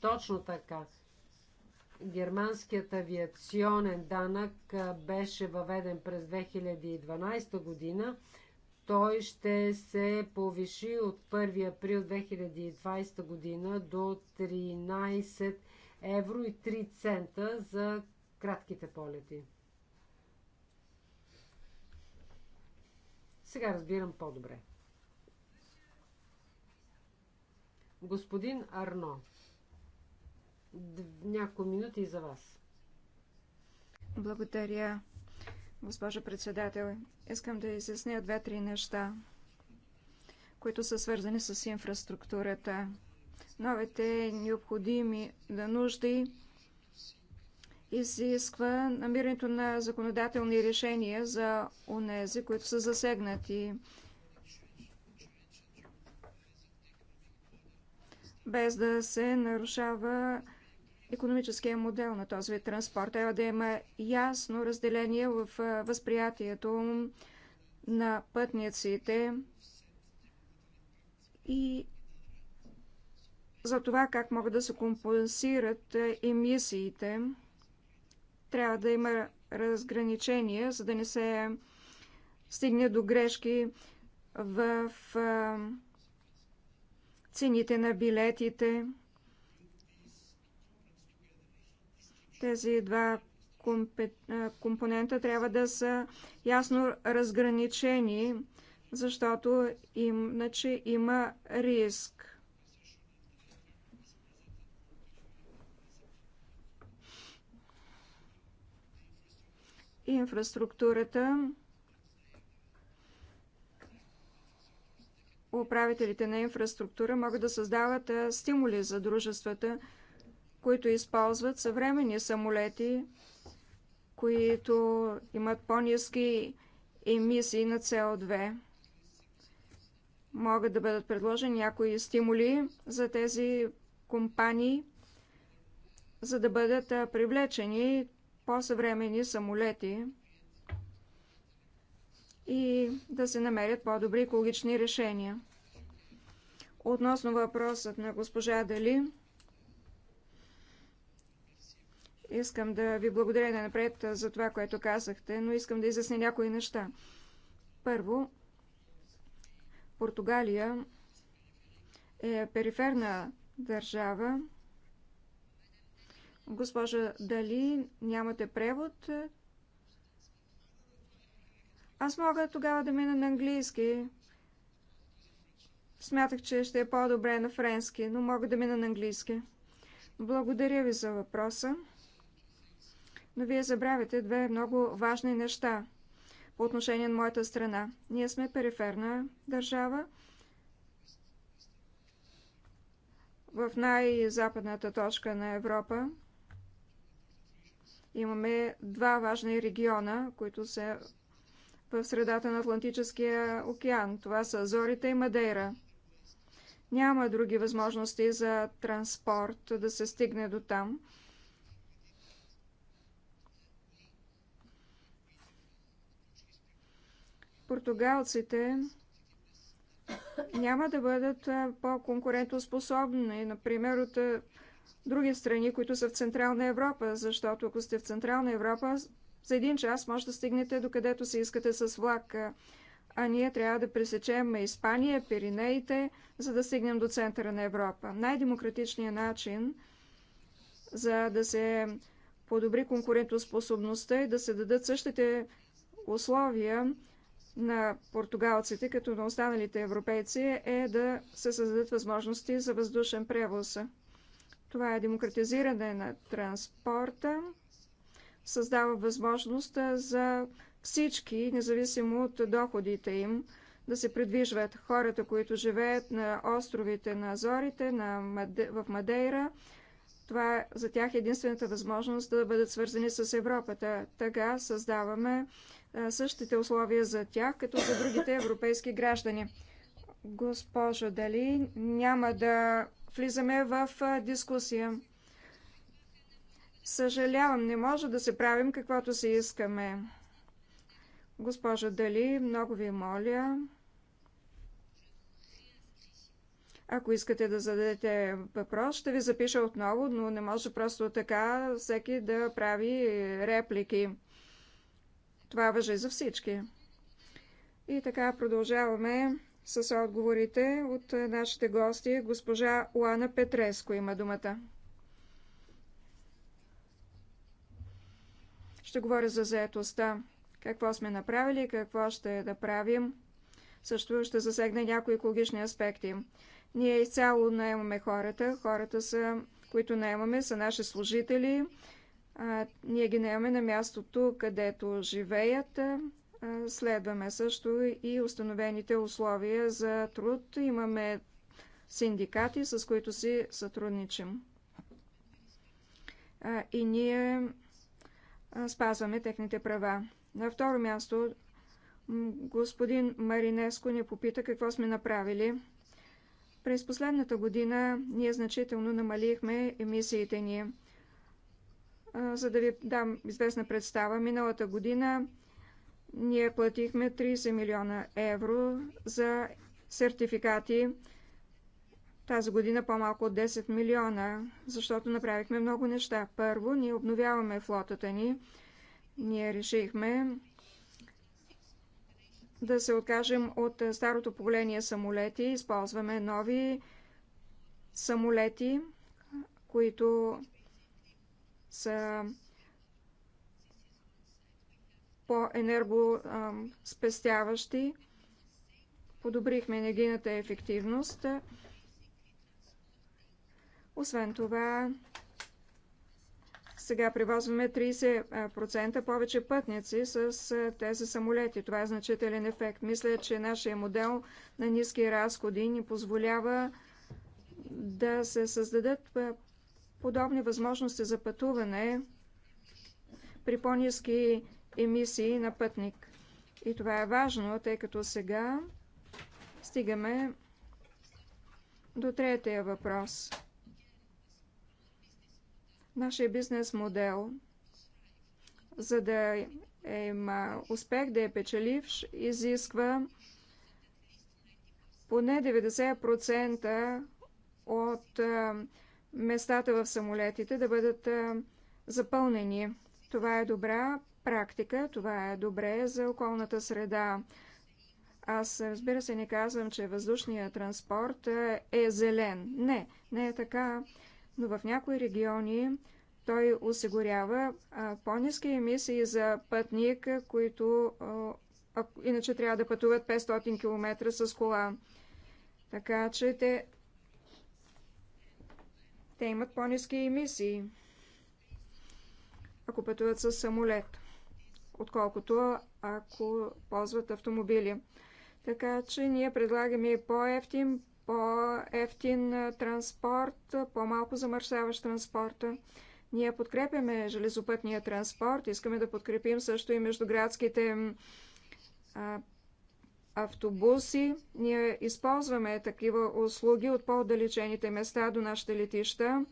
Точно така. Германският авиационен данък беше въведен през 2012 година той ще се повиши от 1 април 2020 година до 13 евро и 3 цента за кратките полети. Сега разбирам по-добре. Господин Арно, няколко минути и за вас. Благодаря, Госпожо председател, искам да изясня две-три неща, които са свързани с инфраструктурата. Новите необходими да нужди изисква намирането на законодателни решения за онези, които са засегнати. Без да се нарушава економическия модел на този вид транспорт. Трябва да има ясно разделение в възприятието на пътниците и за това как могат да се компенсират емисиите. Трябва да има разграничения, за да не се стигне до грешки в цените на билетите. Тези два компонента трябва да са ясно разграничени, защото иначе има риск. Инфраструктурата. Управителите на инфраструктура могат да създават стимули за дружествата, които използват съвременни самолети, които имат по-низки емисии на CO2. Могат да бъдат предложени някои стимули за тези компании, за да бъдат привлечени по-съвремени самолети и да се намерят по-добри екологични решения. Относно въпросът на госпожа Дали, Искам да ви благодаря напред за това, което казахте, но искам да изясня някои неща. Първо, Португалия е периферна държава. Госпожа, дали нямате превод? Аз мога тогава да мина на английски. Смятах, че ще е по-добре на френски, но мога да мина на английски. Благодаря ви за въпроса но вие забравяте две много важни неща по отношение на моята страна. Ние сме периферна държава в най-западната точка на Европа. Имаме два важни региона, които са в средата на Атлантическия океан. Това са Азорите и Мадейра. Няма други възможности за транспорт да се стигне до там. португалците няма да бъдат по-конкурентоспособни, например, от други страни, които са в Централна Европа, защото ако сте в Централна Европа, за един час може да стигнете до където се искате с влак. А ние трябва да пресечем Испания, Пиринеите, за да стигнем до центъра на Европа. Най-демократичният начин за да се подобри конкурентоспособността и да се дадат същите условия на португалците, като на останалите европейци, е да се създадат възможности за въздушен превоз. Това е демократизиране на транспорта, създава възможност за всички, независимо от доходите им, да се придвижват хората, които живеят на островите на Азорите, на Маде... в Мадейра. Това за тях е единствената възможност да бъдат свързани с Европата. Така създаваме същите условия за тях, като за другите европейски граждани. Госпожо, дали няма да влизаме в дискусия? Съжалявам, не може да се правим каквото се искаме. Госпожо Дали, много ви моля, ако искате да зададете въпрос, ще ви запиша отново, но не може просто така всеки да прави реплики. Това въжи за всички. И така продължаваме с отговорите от е, нашите гости. Госпожа Лана Петреско има думата. Ще говоря за заетостта. Какво сме направили, какво ще направим. правим. Също ще засегне някои екологични аспекти. Ние изцяло наемаме хората. Хората, са, които наемаме, са наши служители, а, ние ги наемаме на мястото, където живеят. А, следваме също и установените условия за труд. Имаме синдикати, с които си сътрудничим. А, и ние спазваме техните права. На второ място, господин Маринеско ни попита какво сме направили. През последната година ние значително намалихме емисиите ни. За да ви дам известна представа, миналата година ние платихме 30 милиона евро за сертификати. Тази година по-малко от 10 милиона, защото направихме много неща. Първо, ние обновяваме флотата ни. Ние решихме да се откажем от старото поколение самолети. Използваме нови самолети, които са по-енергоспестяващи. Подобрихме енергийната ефективност. Освен това, сега превозваме 30% повече пътници с тези самолети. Това е значителен ефект. Мисля, че нашия модел на ниски разходи ни позволява да се създадат подобни възможности за пътуване при по-низки емисии на пътник. И това е важно, тъй като сега стигаме до третия въпрос. Нашия бизнес модел, за да има успех, да е печеливш, изисква поне 90% от местата в самолетите да бъдат запълнени. Това е добра практика, това е добре за околната среда. Аз, разбира се, не казвам, че въздушният транспорт е зелен. Не, не е така. Но в някои региони той осигурява по-низки емисии за пътник, които а, иначе трябва да пътуват 500 км с кола. Така че те те имат по-низки емисии, ако пътуват с самолет, отколкото ако ползват автомобили. Така че ние предлагаме по-ефтин, по-ефтин транспорт, по-малко замърсяващ транспорта. Ние подкрепяме железопътния транспорт, искаме да подкрепим също и междуградските а, автобуси. Ние използваме такива услуги от по-отдалечените места до нашите летища.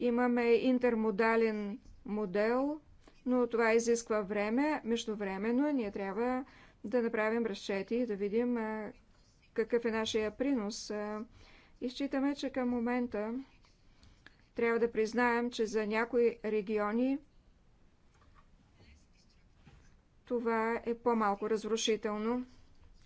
Имаме интермодален модел, но това изисква време. Междувременно ние трябва да направим разчети и да видим какъв е нашия принос. Изчитаме, че към момента трябва да признаем, че за някои региони това е по-малко разрушително,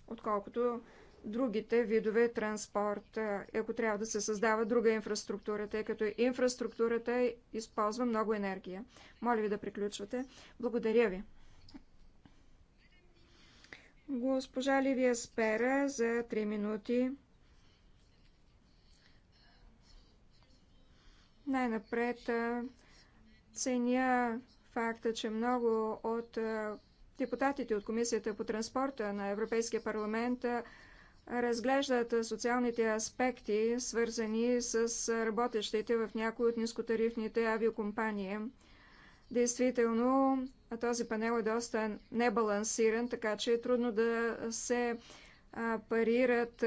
отколкото другите видове транспорт, е, ако трябва да се създава друга инфраструктура, тъй като инфраструктурата използва много енергия. Моля ви да приключвате. Благодаря ви. Госпожа Ливия Спера за 3 минути. Най-напред е, ценя факта, че много от е, Депутатите от Комисията по транспорта на Европейския парламент разглеждат социалните аспекти, свързани с работещите в някои от нискотарифните авиокомпании. Действително, този панел е доста небалансиран, така че е трудно да се парират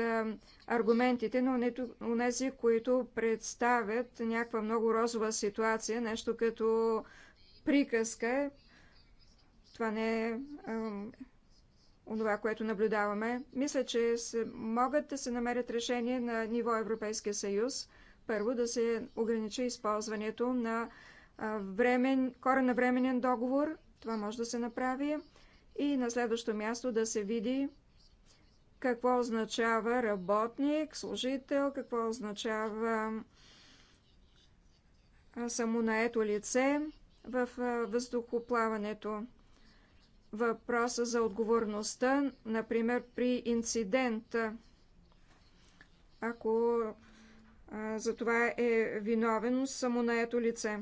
аргументите на тези, които представят някаква много розова ситуация, нещо като приказка това не е онова, което наблюдаваме. Мисля, че се, могат да се намерят решения на ниво Европейския съюз. Първо, да се ограничи използването на времен, на временен договор. Това може да се направи. И на следващо място да се види какво означава работник, служител, какво означава самонаето лице в въздухоплаването въпроса за отговорността, например при инцидент, ако за това е виновен само ето лице.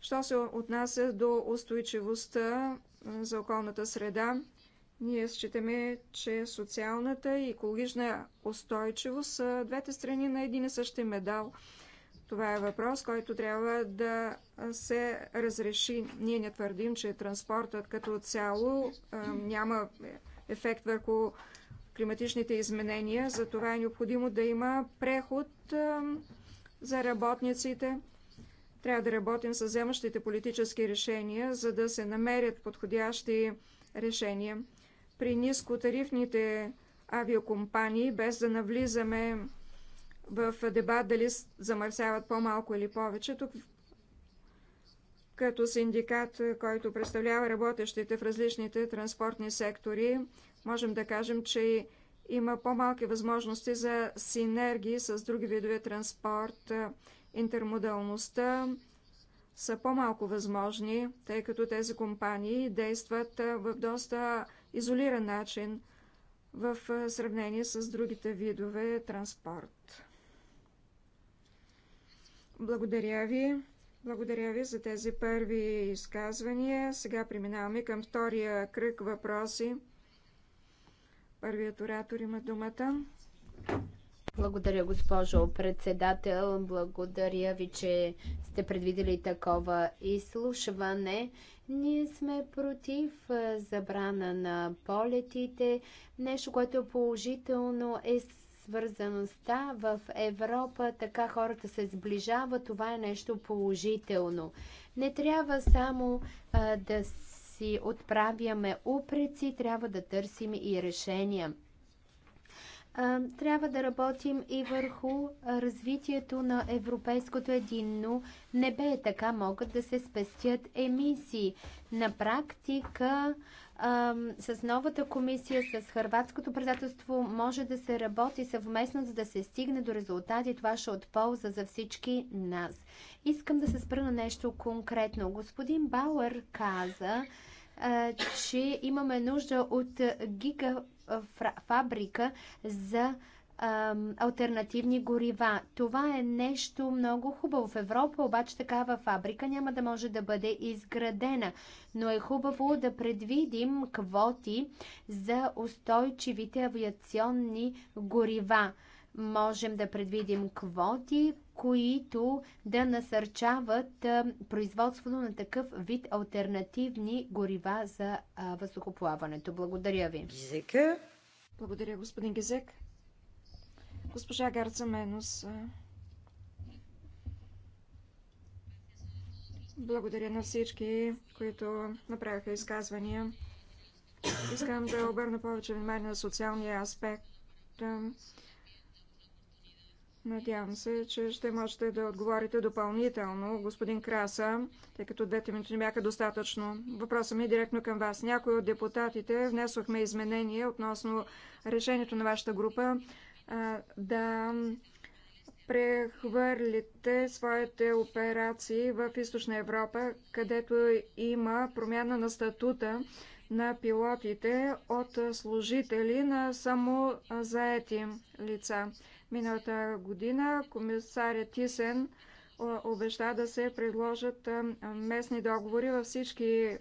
Що се отнася до устойчивостта за околната среда, ние считаме, че социалната и екологична устойчивост са двете страни на един и същи медал – това е въпрос, който трябва да се разреши. Ние не твърдим, че транспортът като цяло няма ефект върху климатичните изменения. Затова е необходимо да има преход за работниците. Трябва да работим с вземащите политически решения, за да се намерят подходящи решения. При нискотарифните авиокомпании, без да навлизаме в дебат дали замърсяват по-малко или повече. Тук като синдикат, е, който представлява работещите в различните транспортни сектори, можем да кажем, че има по-малки възможности за синергии с други видове транспорт. Е, интермодалността са по-малко възможни, тъй като тези компании действат е, в доста изолиран начин в сравнение с другите видове транспорт. Благодаря ви. Благодаря ви за тези първи изказвания. Сега преминаваме към втория кръг въпроси. Първият оратор има думата. Благодаря, госпожо председател. Благодаря ви, че сте предвидели такова изслушване. Ние сме против забрана на полетите. Нещо, което е положително е свързаността в Европа, така хората се сближават, това е нещо положително. Не трябва само а, да си отправяме упреци, трябва да търсим и решения. А, трябва да работим и върху развитието на европейското единно небе. Така могат да се спестят емисии. На практика а, с новата комисия, с хърватското председателство може да се работи съвместно, за да се стигне до резултати. Това ще е от полза за всички нас. Искам да се спра на нещо конкретно. Господин Бауер каза, че имаме нужда от гигафабрика за альтернативни горива. Това е нещо много хубаво. В Европа обаче такава фабрика няма да може да бъде изградена, но е хубаво да предвидим квоти за устойчивите авиационни горива. Можем да предвидим квоти, които да насърчават производството на такъв вид альтернативни горива за въздухоплаването. Благодаря ви. Благодаря, господин Гизек. Госпожа Гарца Менос. Благодаря на всички, които направиха изказвания. Искам да обърна повече внимание на социалния аспект. Надявам се, че ще можете да отговорите допълнително, господин Краса, тъй като двете минути не бяха достатъчно. Въпросът ми е директно към вас. Някои от депутатите внесохме изменения относно решението на вашата група да прехвърлите своите операции в Източна Европа, където има промяна на статута на пилотите от служители на самозаети лица. Миналата година комисаря Тисен обеща да се предложат местни договори във всички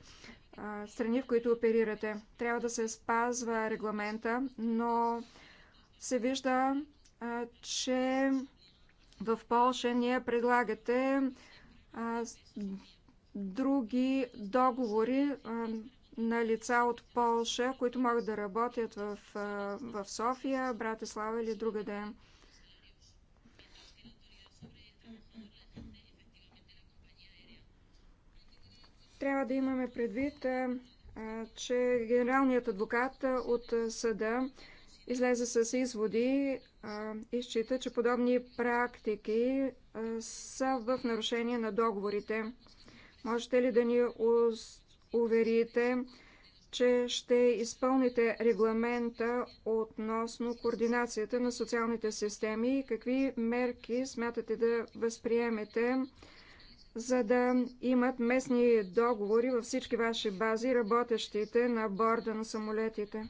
страни, в които оперирате. Трябва да се спазва регламента, но се вижда, че в Польша ние предлагате други договори на лица от Полша, които могат да работят в, в София, Братислава или другаде. Трябва да имаме предвид, че генералният адвокат от съда излезе с изводи а, и счита, че подобни практики а, са в нарушение на договорите. Можете ли да ни уверите, че ще изпълните регламента относно координацията на социалните системи и какви мерки смятате да възприемете, за да имат местни договори във всички ваши бази, работещите на борда на самолетите?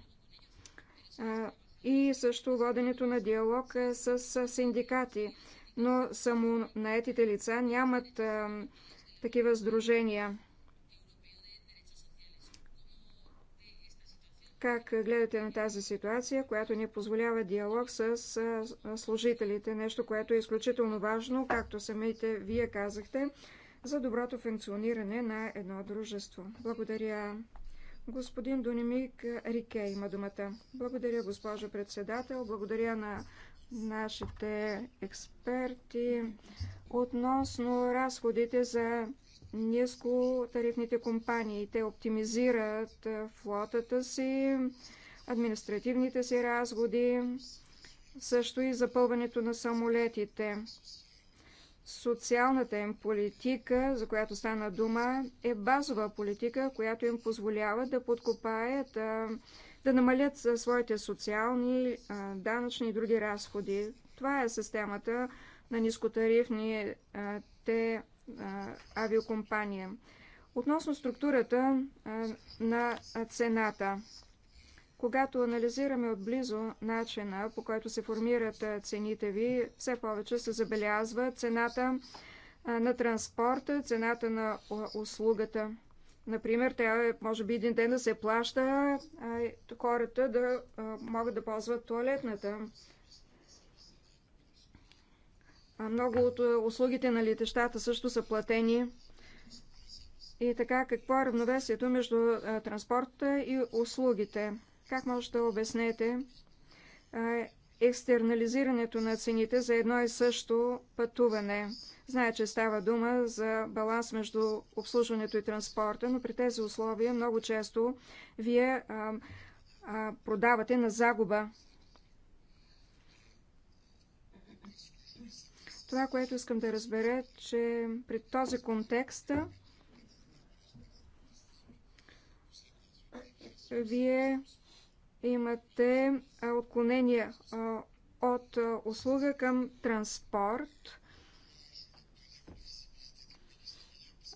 и също воденето на диалог е, е, с синдикати. Но само наетите лица нямат а, е, такива сдружения. Как гледате на тази ситуация, която не позволява диалог с служителите? Нещо, което е изключително важно, както самите вие казахте, за доброто функциониране на едно дружество. Благодаря. Господин Донимик Рике има думата. Благодаря, госпожо председател. Благодаря на нашите експерти относно разходите за ниско тарифните компании. Те оптимизират флотата си, административните си разходи, също и запълването на самолетите. Социалната им политика, за която стана дума, е базова политика, която им позволява да подкопаят, да намалят своите социални, данъчни и други разходи. Това е системата на нискотарифните авиокомпании. Относно структурата на цената, когато анализираме отблизо начина, по който се формират цените ви, все повече се забелязва цената на транспорта, цената на услугата. Например, тя е, може би един ден да се плаща, хората да могат да ползват туалетната. Много от услугите на летещата също са платени. И така, какво е равновесието между транспорта и услугите? Как може да обяснете екстернализирането на цените за едно и също пътуване? Знае, че става дума за баланс между обслужването и транспорта, но при тези условия много често вие продавате на загуба. Това, което искам да разбера, е, че при този контекст вие имате отклонение от услуга към транспорт.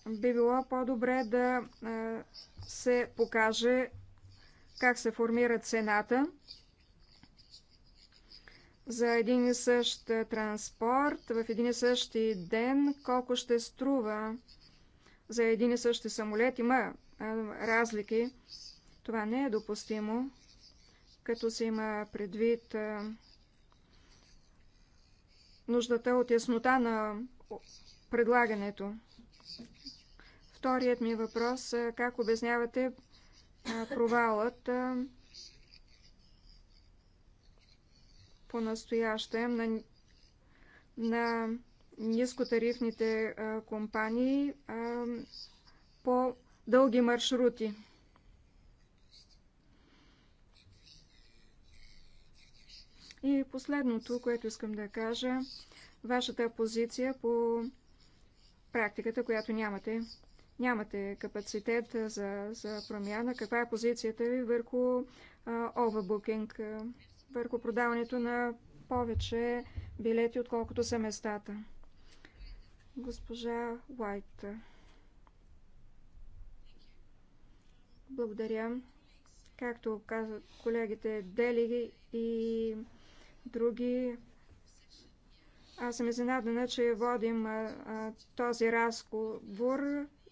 Би било по-добре да се покаже как се формира цената за един и същ транспорт в един и същи ден, колко ще струва за един и същи самолет. Има разлики. Това не е допустимо като се има предвид нуждата от яснота на предлагането. Вторият ми въпрос е как обяснявате провалът по настоящем на, на нискотарифните компании по дълги маршрути. И последното, което искам да кажа, вашата позиция по практиката, която нямате. Нямате капацитет за, за промяна. Каква е позицията ви върху овербукинг, върху продаването на повече билети, отколкото са местата? Госпожа Уайт. Благодаря. Както казват колегите Дели и други. Аз съм изненадана, че водим а, този разговор.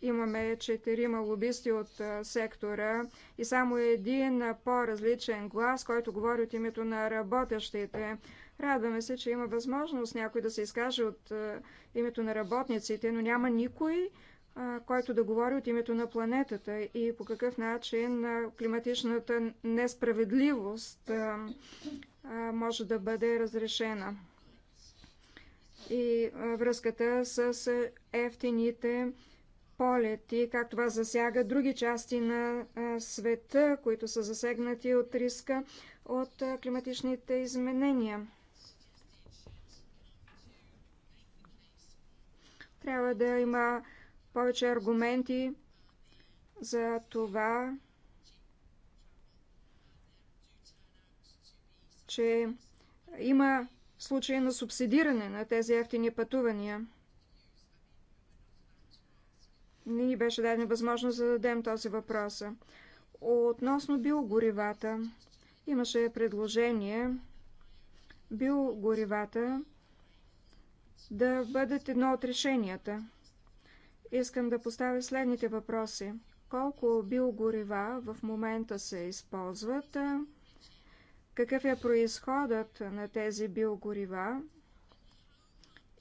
Имаме четирима лобисти от а, сектора и само един по-различен глас, който говори от името на работещите. Радваме се, че има възможност някой да се изкаже от а, името на работниците, но няма никой, а, който да говори от името на планетата и по какъв начин а, климатичната несправедливост а, може да бъде разрешена. И връзката с ефтините полети, как това засяга други части на света, които са засегнати от риска от климатичните изменения. Трябва да има повече аргументи за това, че има случаи на субсидиране на тези ефтини пътувания. Не ни беше дадена възможност да зададем този въпрос. Относно биогоривата, имаше предложение биогоривата да бъдат едно от решенията. Искам да поставя следните въпроси. Колко биогорива в момента се използват? какъв е происходът на тези биогорива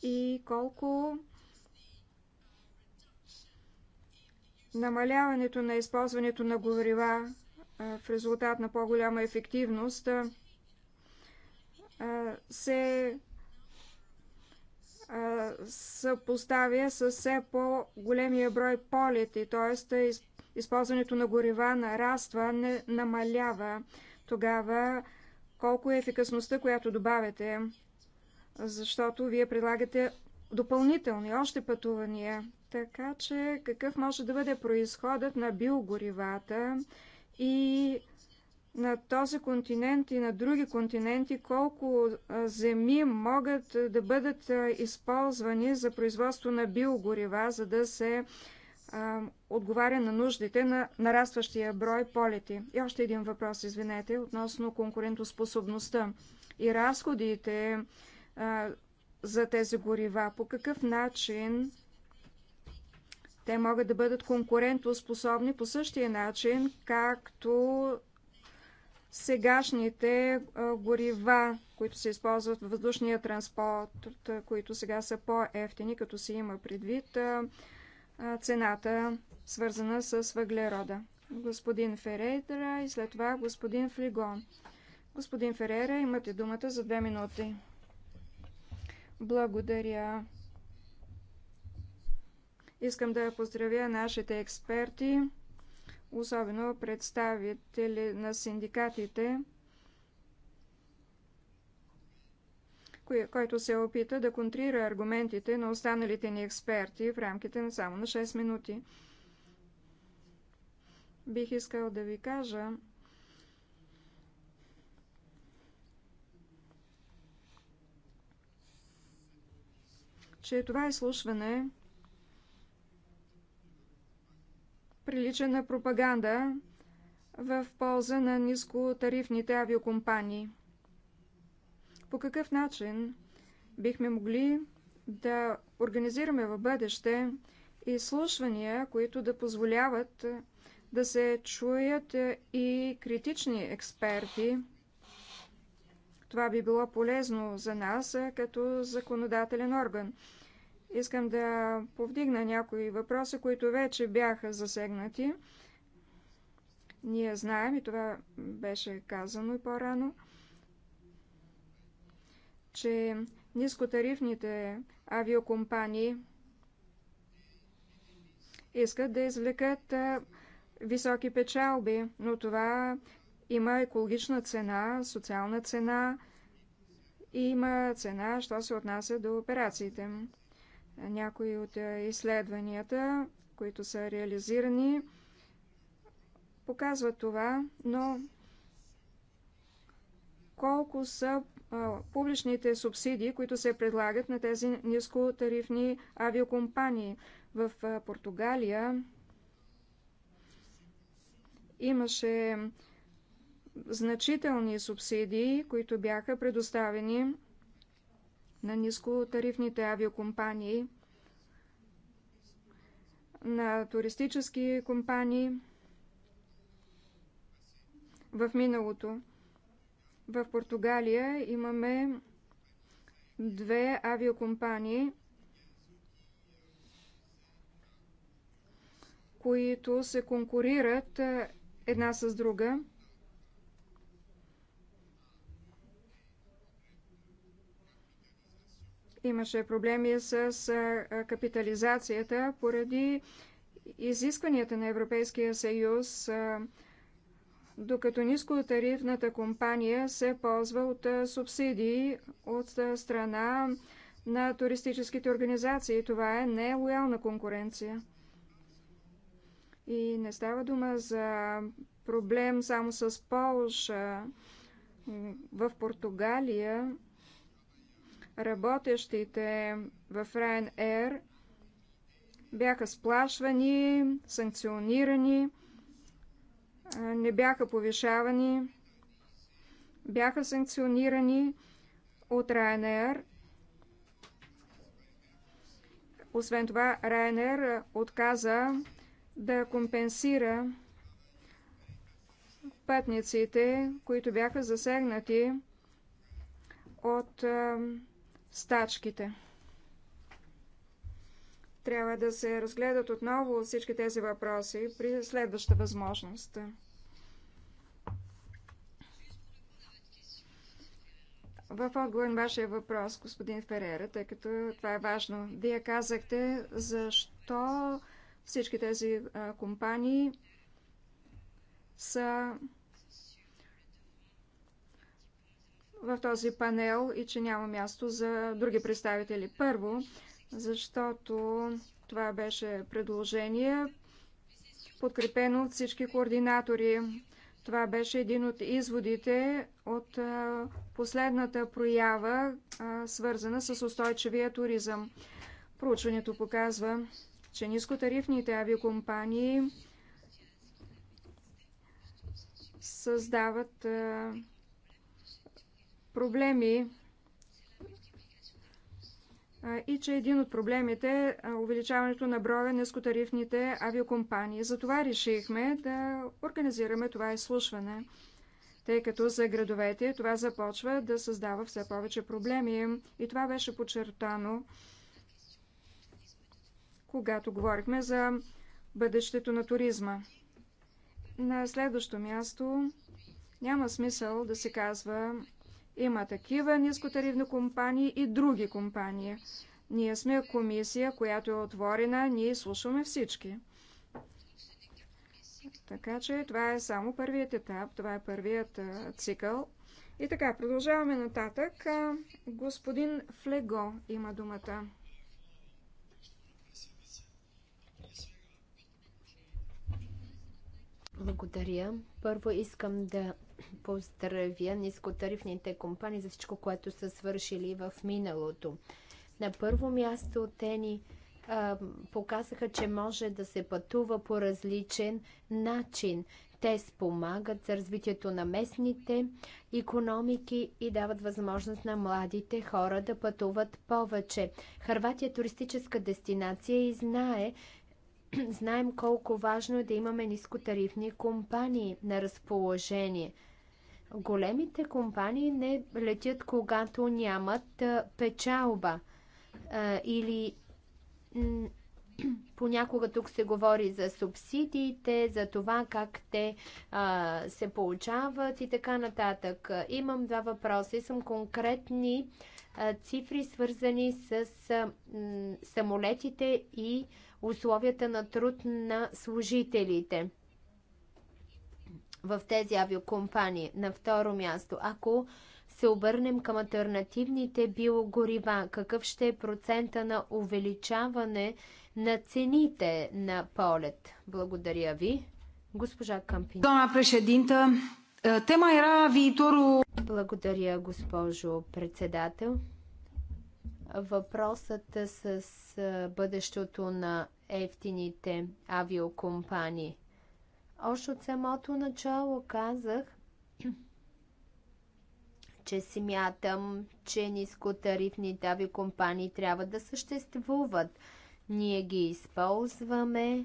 и колко намаляването на използването на горива в резултат на по-голяма ефективност се съпоставя с все по-големия брой полети, т.е. използването на горива нараства, не намалява. Тогава колко е ефикасността, която добавяте, защото вие предлагате допълнителни, още пътувания. Така че какъв може да бъде происходът на биогоривата и на този континент и на други континенти, колко земи могат да бъдат използвани за производство на биогорива, за да се а, отговаря на нуждите на нарастващия брой полети. И още един въпрос, извинете, относно конкурентоспособността и разходите а, за тези горива. По какъв начин те могат да бъдат конкурентоспособни по същия начин, както сегашните горива, които се използват в въздушния транспорт, които сега са по-ефтини, като се има предвид цената, свързана с въглерода. Господин Ферейра и след това господин Флигон. Господин Ферейра, имате думата за две минути. Благодаря. Искам да поздравя нашите експерти, особено представители на синдикатите, който се опита да контрира аргументите на останалите ни експерти в рамките на само на 6 минути. Бих искал да ви кажа, че това изслушване прилича на пропаганда в полза на нискотарифните авиокомпании – по какъв начин бихме могли да организираме в бъдеще изслушвания, които да позволяват да се чуят и критични експерти. Това би било полезно за нас като законодателен орган. Искам да повдигна някои въпроси, които вече бяха засегнати. Ние знаем, и това беше казано и по-рано, че нискотарифните авиокомпании искат да извлекат високи печалби, но това има екологична цена, социална цена и има цена, що се отнася до операциите. Някои от изследванията, които са реализирани, показват това, но колко са публичните субсидии, които се предлагат на тези нискотарифни авиокомпании. В Португалия имаше значителни субсидии, които бяха предоставени на нискотарифните авиокомпании, на туристически компании в миналото. В Португалия имаме две авиокомпании, които се конкурират една с друга. Имаше проблеми с капитализацията поради изискванията на Европейския съюз докато нискотарифната компания се ползва от субсидии от страна на туристическите организации. Това е нелоялна конкуренция. И не става дума за проблем само с Полша. В Португалия работещите в Ryanair бяха сплашвани, санкционирани не бяха повишавани, бяха санкционирани от Ryanair. Освен това, Ryanair отказа да компенсира пътниците, които бяха засегнати от стачките. Трябва да се разгледат отново всички тези въпроси при следваща възможност. В отговор на вашия въпрос, господин Ферера, тъй като това е важно, вие казахте защо всички тези а, компании са в този панел и че няма място за други представители. Първо, защото това беше предложение, подкрепено от всички координатори. Това беше един от изводите от последната проява, свързана с устойчивия туризъм. Проучването показва, че нискотарифните авиокомпании създават проблеми и че един от проблемите е увеличаването на броя на нискотарифните авиокомпании. Затова решихме да организираме това изслушване, тъй като за градовете това започва да създава все повече проблеми и това беше подчертано, когато говорихме за бъдещето на туризма. На следващо място няма смисъл да се казва, има такива нискотаривни компании и други компании. Ние сме комисия, която е отворена, ние слушаме всички. Така че това е само първият етап, това е първият цикъл. И така, продължаваме нататък. Господин Флего има думата. Благодаря. Първо искам да поздравя нискотарифните компании за всичко, което са свършили в миналото. На първо място те ни а, показаха, че може да се пътува по различен начин. Те спомагат за развитието на местните економики и дават възможност на младите хора да пътуват повече. Харватия е туристическа дестинация и знае, Знаем колко важно е да имаме нискотарифни компании на разположение. Големите компании не летят, когато нямат печалба. Или понякога тук се говори за субсидиите, за това как те а, се получават и така нататък. Имам два въпроса и съм конкретни а, цифри, свързани с самолетите и условията на труд на служителите в тези авиокомпании. На второ място, ако се обърнем към альтернативните биогорива, какъв ще е процента на увеличаване на цените на полет? Благодаря ви. Госпожа Кампин. Доамна președинtă, е, тема era е viitorul. Благодаря, госпожо председател. Въпросът с е, бъдещето на ефтините авиокомпании. Още от самото начало казах, че смятам, че нискотарифните авиокомпании трябва да съществуват. Ние ги използваме,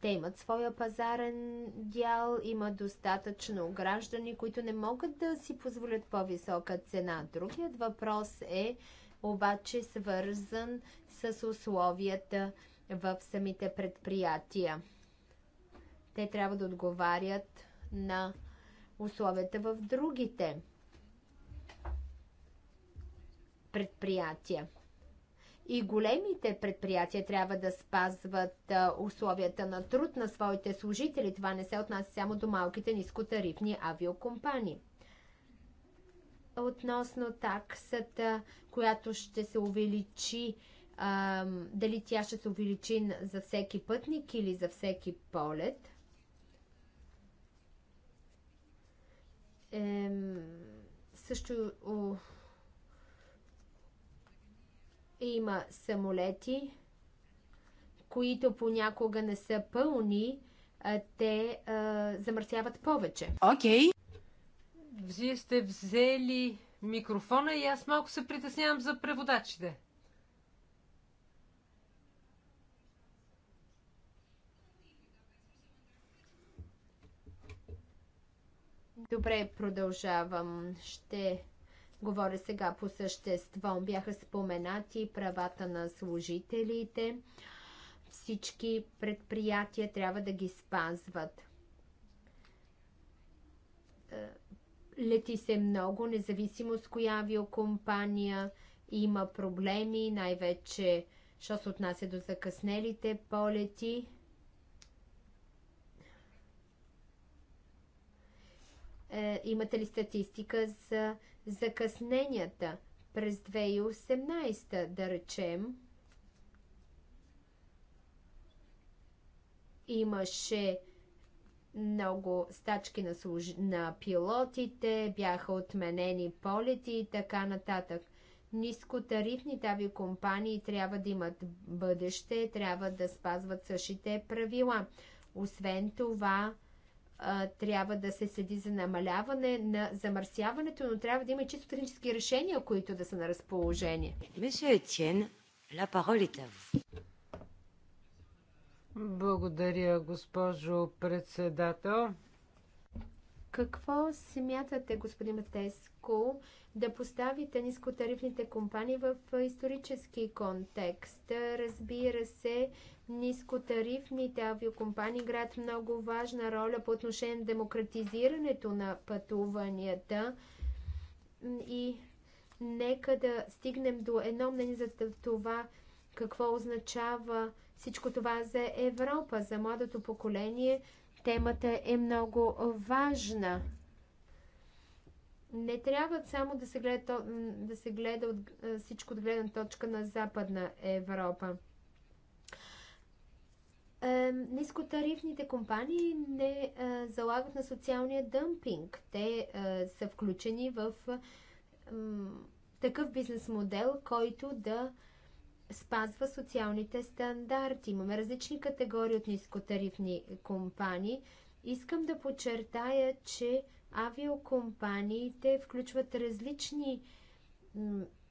Те имат своя пазарен дял, има достатъчно граждани, които не могат да си позволят по-висока цена. Другият въпрос е обаче свързан с условията в самите предприятия. Те трябва да отговарят на условията в другите предприятия. И големите предприятия трябва да спазват условията на труд на своите служители. Това не се отнася само до малките нискотарифни авиокомпании. Относно таксата, която ще се увеличи, дали тя ще се увеличи за всеки пътник или за всеки полет? Ем, също. О, има самолети, които понякога не са пълни, а те а, замърсяват повече. Окей. Okay. Вие сте взели микрофона и аз малко се притеснявам за преводачите. Добре, продължавам. Ще Говоря сега по същество. Бяха споменати правата на служителите. Всички предприятия трябва да ги спазват. Е, лети се много, независимо с коя авиокомпания има проблеми, най-вече, що се отнася до закъснелите полети. Е, имате ли статистика за закъсненията през 2018, да речем, имаше много стачки на, служ... на пилотите, бяха отменени полети и така нататък. Нискотарифните авиокомпании трябва да имат бъдеще, трябва да спазват същите правила. Освен това, трябва да се следи за намаляване на замърсяването, но трябва да има чисто технически решения, които да са на разположение. Благодаря, госпожо председател. Какво смятате, господин Матеско, да поставите нискотарифните компании в исторически контекст? Разбира се, Нискотарифните авиокомпании играят много важна роля по отношение на демократизирането на пътуванията и нека да стигнем до едно мнение за това какво означава всичко това за Европа, за младото поколение. Темата е много важна. Не трябва само да се гледа, да се гледа от, всичко от гледна точка на Западна Европа. Нискотарифните компании не е, залагат на социалния дъмпинг. Те е, са включени в такъв бизнес модел, който да спазва социалните стандарти. Имаме различни категории от нискотарифни компании. Искам да подчертая, че авиокомпаниите включват различни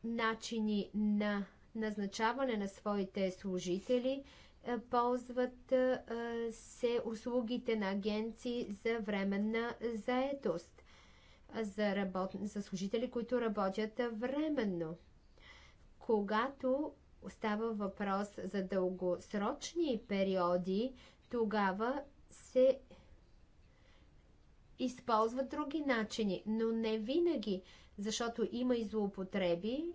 начини на назначаване на своите служители – е, ползват е, се услугите на агенции за временна заетост за, работ... за служители, които работят временно. Когато става въпрос за дългосрочни периоди, тогава се използват други начини, но не винаги, защото има и злоупотреби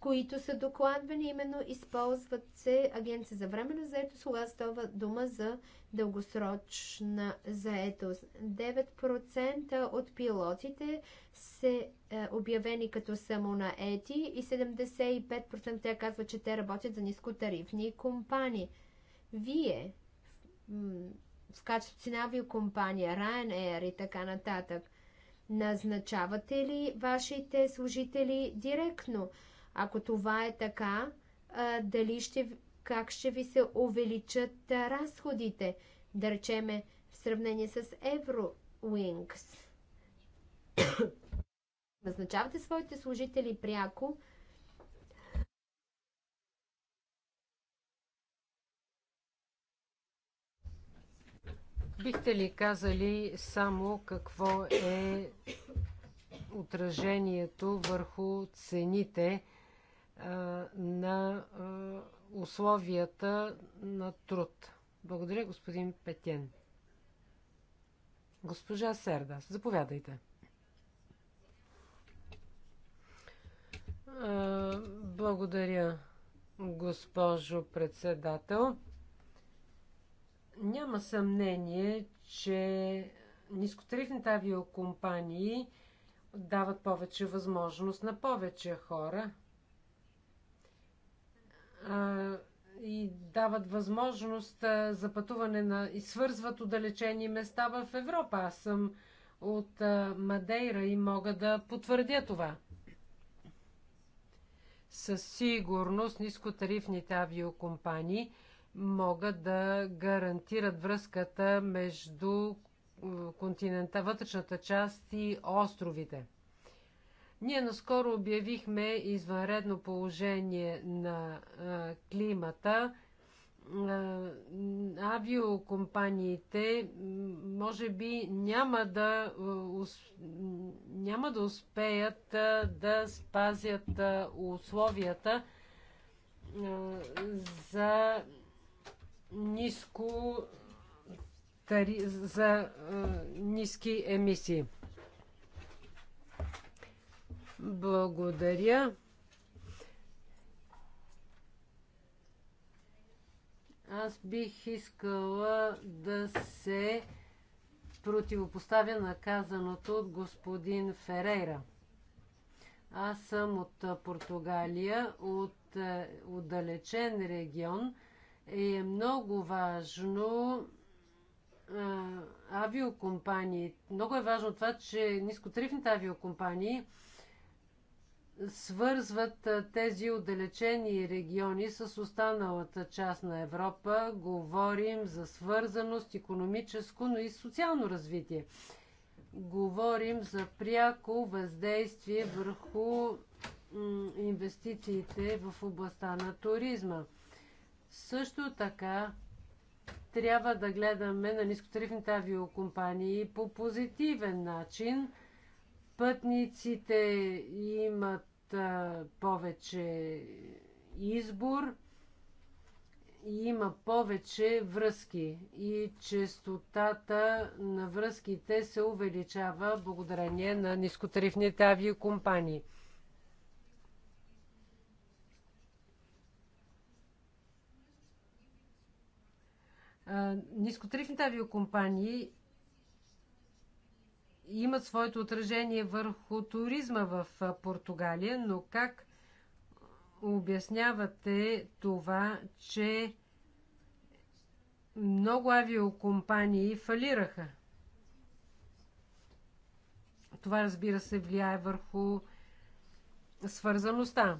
които са докладвани, именно използват се агенция за временна заетост, когато става дума за дългосрочна заетост. 9% от пилотите се е, обявени като самонаети и 75% те казват, че те работят за нискотарифни компании. Вие в качеството си на авиокомпания, Ryanair и така нататък, назначавате ли вашите служители директно? Ако това е така, дали ще, как ще ви се увеличат разходите, да речеме, в сравнение с Eurowings? Назначавате своите служители пряко, Бихте ли казали само какво е отражението върху цените на условията на труд. Благодаря, господин Петен. Госпожа Серда, заповядайте. Благодаря, госпожо председател. Няма съмнение, че нискотарифните авиокомпании дават повече възможност на повече хора – и дават възможност за пътуване на и свързват отдалечени места в Европа. Аз съм от Мадейра и мога да потвърдя това. Със сигурност нискотарифните авиокомпании могат да гарантират връзката между континента, вътрешната част и островите. Ние наскоро обявихме извънредно положение на а, климата. А, авиокомпаниите може би няма да, няма да успеят а, да спазят а, условията а, за ниско тари, за а, ниски емисии. Благодаря. Аз бих искала да се противопоставя на казаното от господин Ферейра. Аз съм от Португалия, от е, отдалечен регион и е много важно е, авиокомпании, много е важно това, че нискотарифните авиокомпании свързват тези отдалечени региони с останалата част на Европа. Говорим за свързаност, економическо, но и социално развитие. Говорим за пряко въздействие върху инвестициите в областта на туризма. Също така трябва да гледаме на нискотарифните авиокомпании по позитивен начин – Пътниците имат а, повече избор и има повече връзки и частотата на връзките се увеличава благодарение на нискотарифните авиокомпании. Нискотарифните авиокомпании имат своето отражение върху туризма в Португалия, но как обяснявате това, че много авиокомпании фалираха? Това, разбира се, влияе върху свързаността.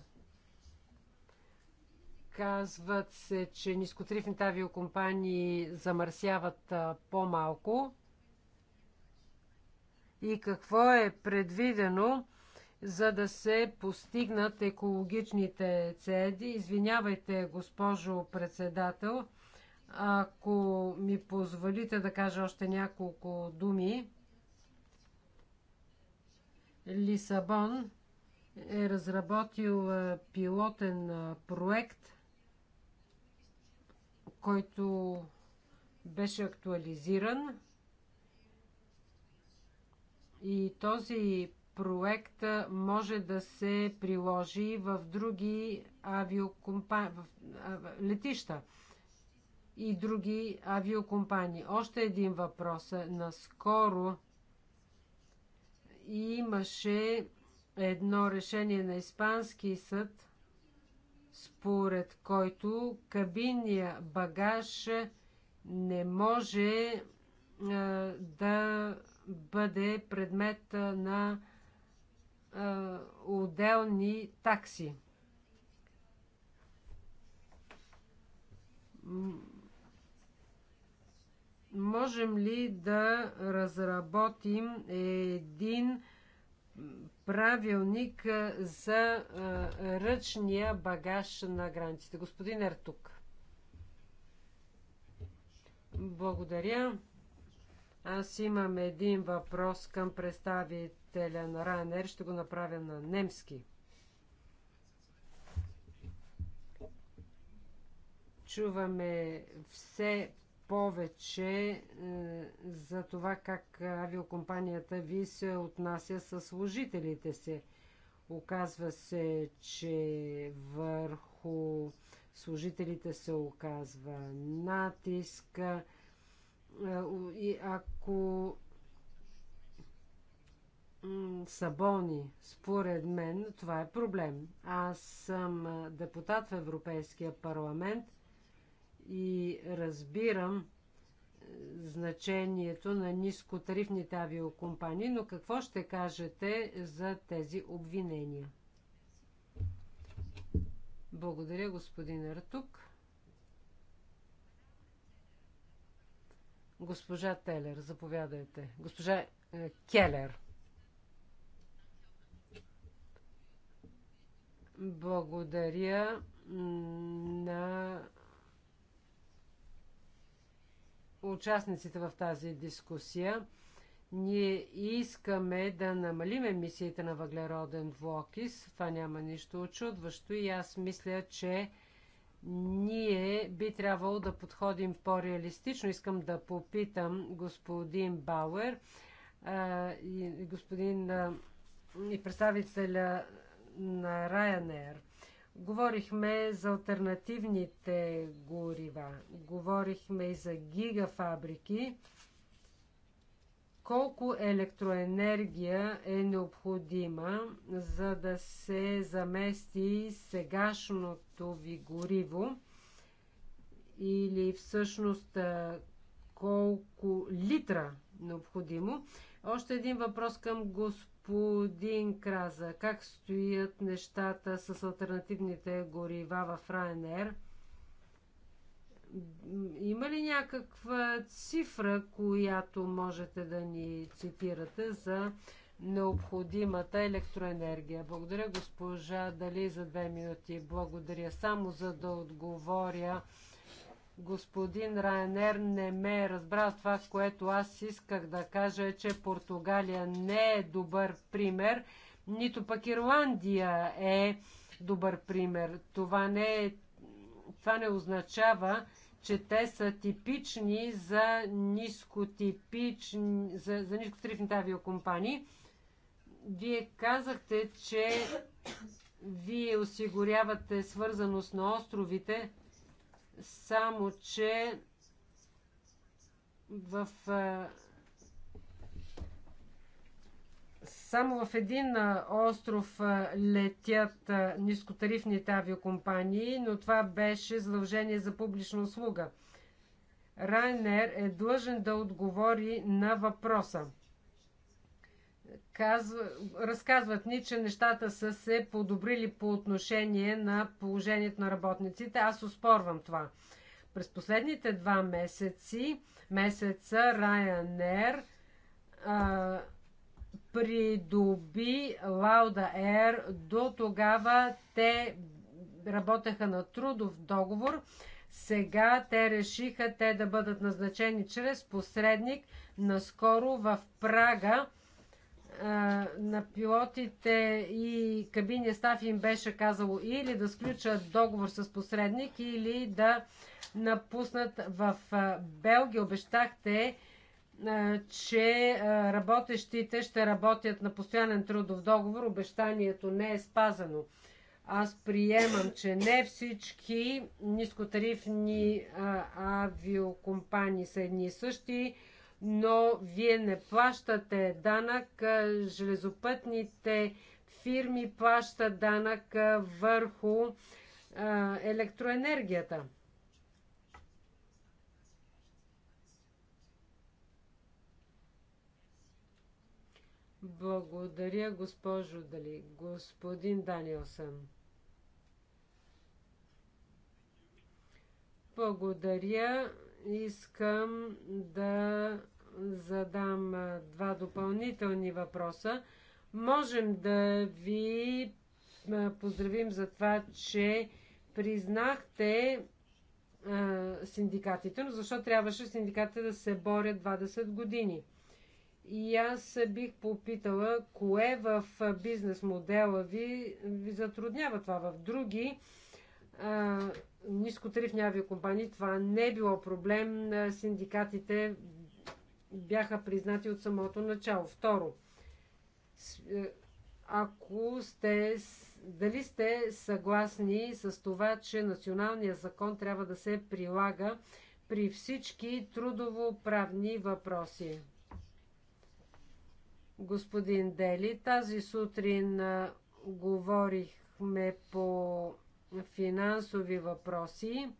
Казват се, че нискотрифните авиокомпании замърсяват по-малко и какво е предвидено, за да се постигнат екологичните цели. Извинявайте, госпожо председател, ако ми позволите да кажа още няколко думи. Лисабон е разработил е, пилотен е, проект, който беше актуализиран и този проект може да се приложи в други авиокомпа... в летища и други авиокомпании. Още един въпрос. Наскоро имаше едно решение на Испански съд, според който кабинния багаж не може да бъде предмет на отделни такси. Можем ли да разработим един правилник за ръчния багаж на границите? Господин Ертук. Благодаря. Аз имам един въпрос към представителя на Ранер. Ще го направя на немски. Чуваме все повече е, за това как авиокомпанията ви се отнася с служителите си. Оказва се, че върху служителите се оказва натиска е, и ако са болни, според мен това е проблем. Аз съм е, депутат в Европейския парламент и разбирам е, значението на нискотарифните авиокомпании, но какво ще кажете за тези обвинения? Благодаря, господин Артук. Госпожа Телер, заповядайте. Госпожа е, Келер. Благодаря на участниците в тази дискусия. Ние искаме да намалим емисиите на въглероден двуокис. Това няма нищо очудващо и аз мисля, че ние би трябвало да подходим по-реалистично. Искам да попитам господин Бауер и господин и представителя на Ryanair. Говорихме за альтернативните горива, говорихме и за гигафабрики колко електроенергия е необходима, за да се замести сегашното ви гориво или всъщност колко литра необходимо. Още един въпрос към господин Краза. Как стоят нещата с альтернативните горива в Ryanair? Има ли някаква цифра, която можете да ни цитирате за необходимата електроенергия? Благодаря, госпожа Дали, за две минути. Благодаря. Само за да отговоря господин Райнер не ме е разбрал това, което аз исках да кажа, е, че Португалия не е добър пример, нито пък Ирландия е добър пример. Това не, е, това не означава, че те са типични за, нискотипични, за, за нискотарифните авиокомпании. Вие казахте, че вие осигурявате свързаност на островите, само че в Само в един остров летят нискотарифните авиокомпании, но това беше задължение за публична услуга. Райнер е длъжен да отговори на въпроса. Казва, разказват ни, че нещата са се подобрили по отношение на положението на работниците. Аз успорвам това. През последните два месеци, месеца Ryanair а, придоби Лауда Ер. До тогава те работеха на трудов договор. Сега те решиха те да бъдат назначени чрез посредник. Наскоро в Прага а, на пилотите и кабиния став им беше казало или да сключат договор с посредник, или да напуснат в Белгия. Обещахте че работещите ще работят на постоянен трудов договор. Обещанието не е спазано. Аз приемам, че не всички нискотарифни авиокомпании са едни и същи, но вие не плащате данък. Железопътните фирми плащат данък върху електроенергията. Благодаря, госпожо Дали. Господин Данилсън. Благодаря. Искам да задам два допълнителни въпроса. Можем да ви поздравим за това, че признахте а, синдикатите, но защо трябваше синдикатите да се борят 20 години? И аз бих попитала, кое в бизнес модела ви, ви затруднява това. В други а, нискотарифни авиокомпании, това не е било проблем. Синдикатите бяха признати от самото начало. Второ, е, ако сте, дали сте съгласни с това, че националният закон трябва да се прилага при всички трудово-правни въпроси? господин Дели. Тази сутрин говорихме по финансови въпроси.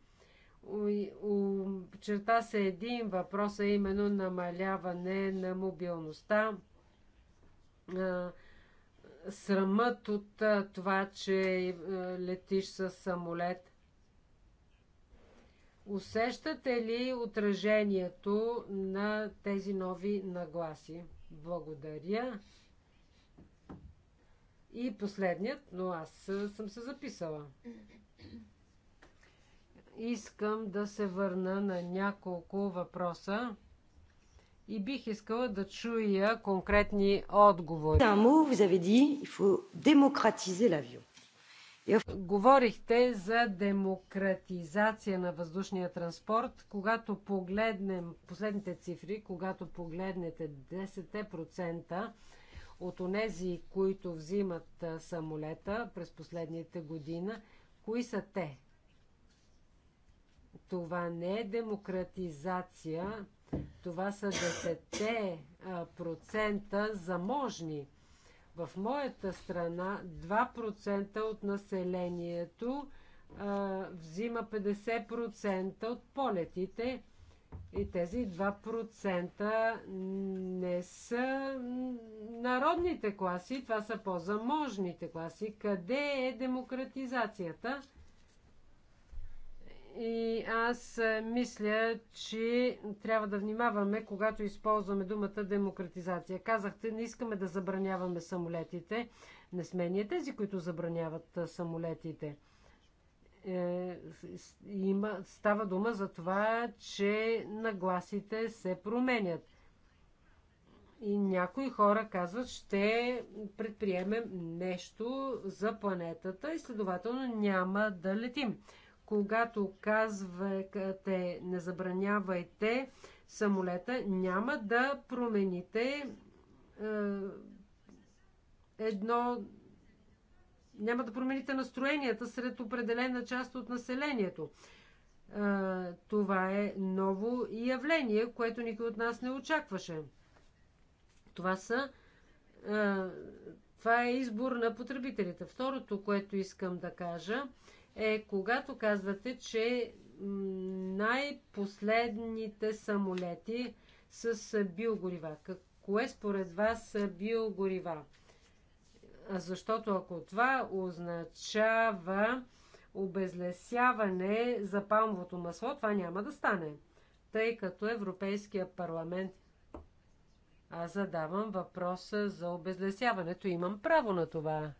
Черта се един въпрос, а именно намаляване на мобилността. Срамът от това, че летиш с самолет. Усещате ли отражението на тези нови нагласи? Благодаря. И последният, но аз съм се записала. Искам да се върна на няколко въпроса и бих искала да чуя конкретни отговори. Само в заведи, avez dit, е, говорихте за демократизация на въздушния транспорт. Когато погледнем последните цифри, когато погледнете 10% от онези, които взимат самолета през последните година, кои са те? Това не е демократизация, това са 10% заможни в моята страна 2% от населението а, взима 50% от полетите и тези 2% не са народните класи, това са по-заможните класи. Къде е демократизацията? И аз е, мисля, че трябва да внимаваме, когато използваме думата демократизация. Казахте, не искаме да забраняваме самолетите. Не сме ние тези, които забраняват е, самолетите. Е, има, става дума за това, че нагласите се променят. И някои хора казват, ще предприемем нещо за планетата и следователно няма да летим когато казвате не забранявайте самолета, няма да промените е, едно. Няма да промените настроенията сред определена част от населението. Е, това е ново явление, което никой от нас не очакваше. Това са. Е, това е избор на потребителите. Второто, което искам да кажа, е, е когато казвате, че най-последните самолети с биогорива. Кое според вас са биогорива? Защото ако това означава обезлесяване за палмовото масло, това няма да стане. Тъй като Европейския парламент аз задавам въпроса за обезлесяването. Имам право на това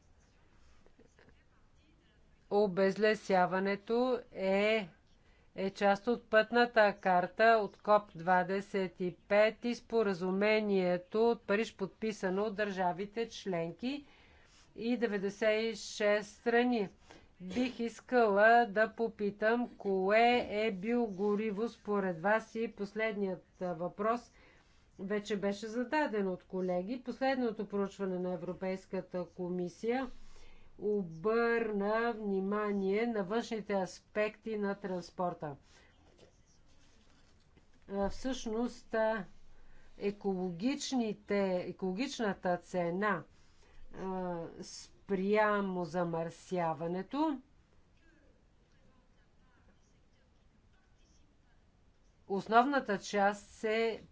обезлесяването е, е част от пътната карта от КОП-25 и споразумението от Париж, подписано от държавите членки и 96 страни. Бих искала да попитам, кое е бил гориво според вас и последният въпрос вече беше зададен от колеги. Последното проучване на Европейската комисия – обърна внимание на външните аспекти на транспорта. Всъщност, екологичните, екологичната цена спрямо замърсяването основната част се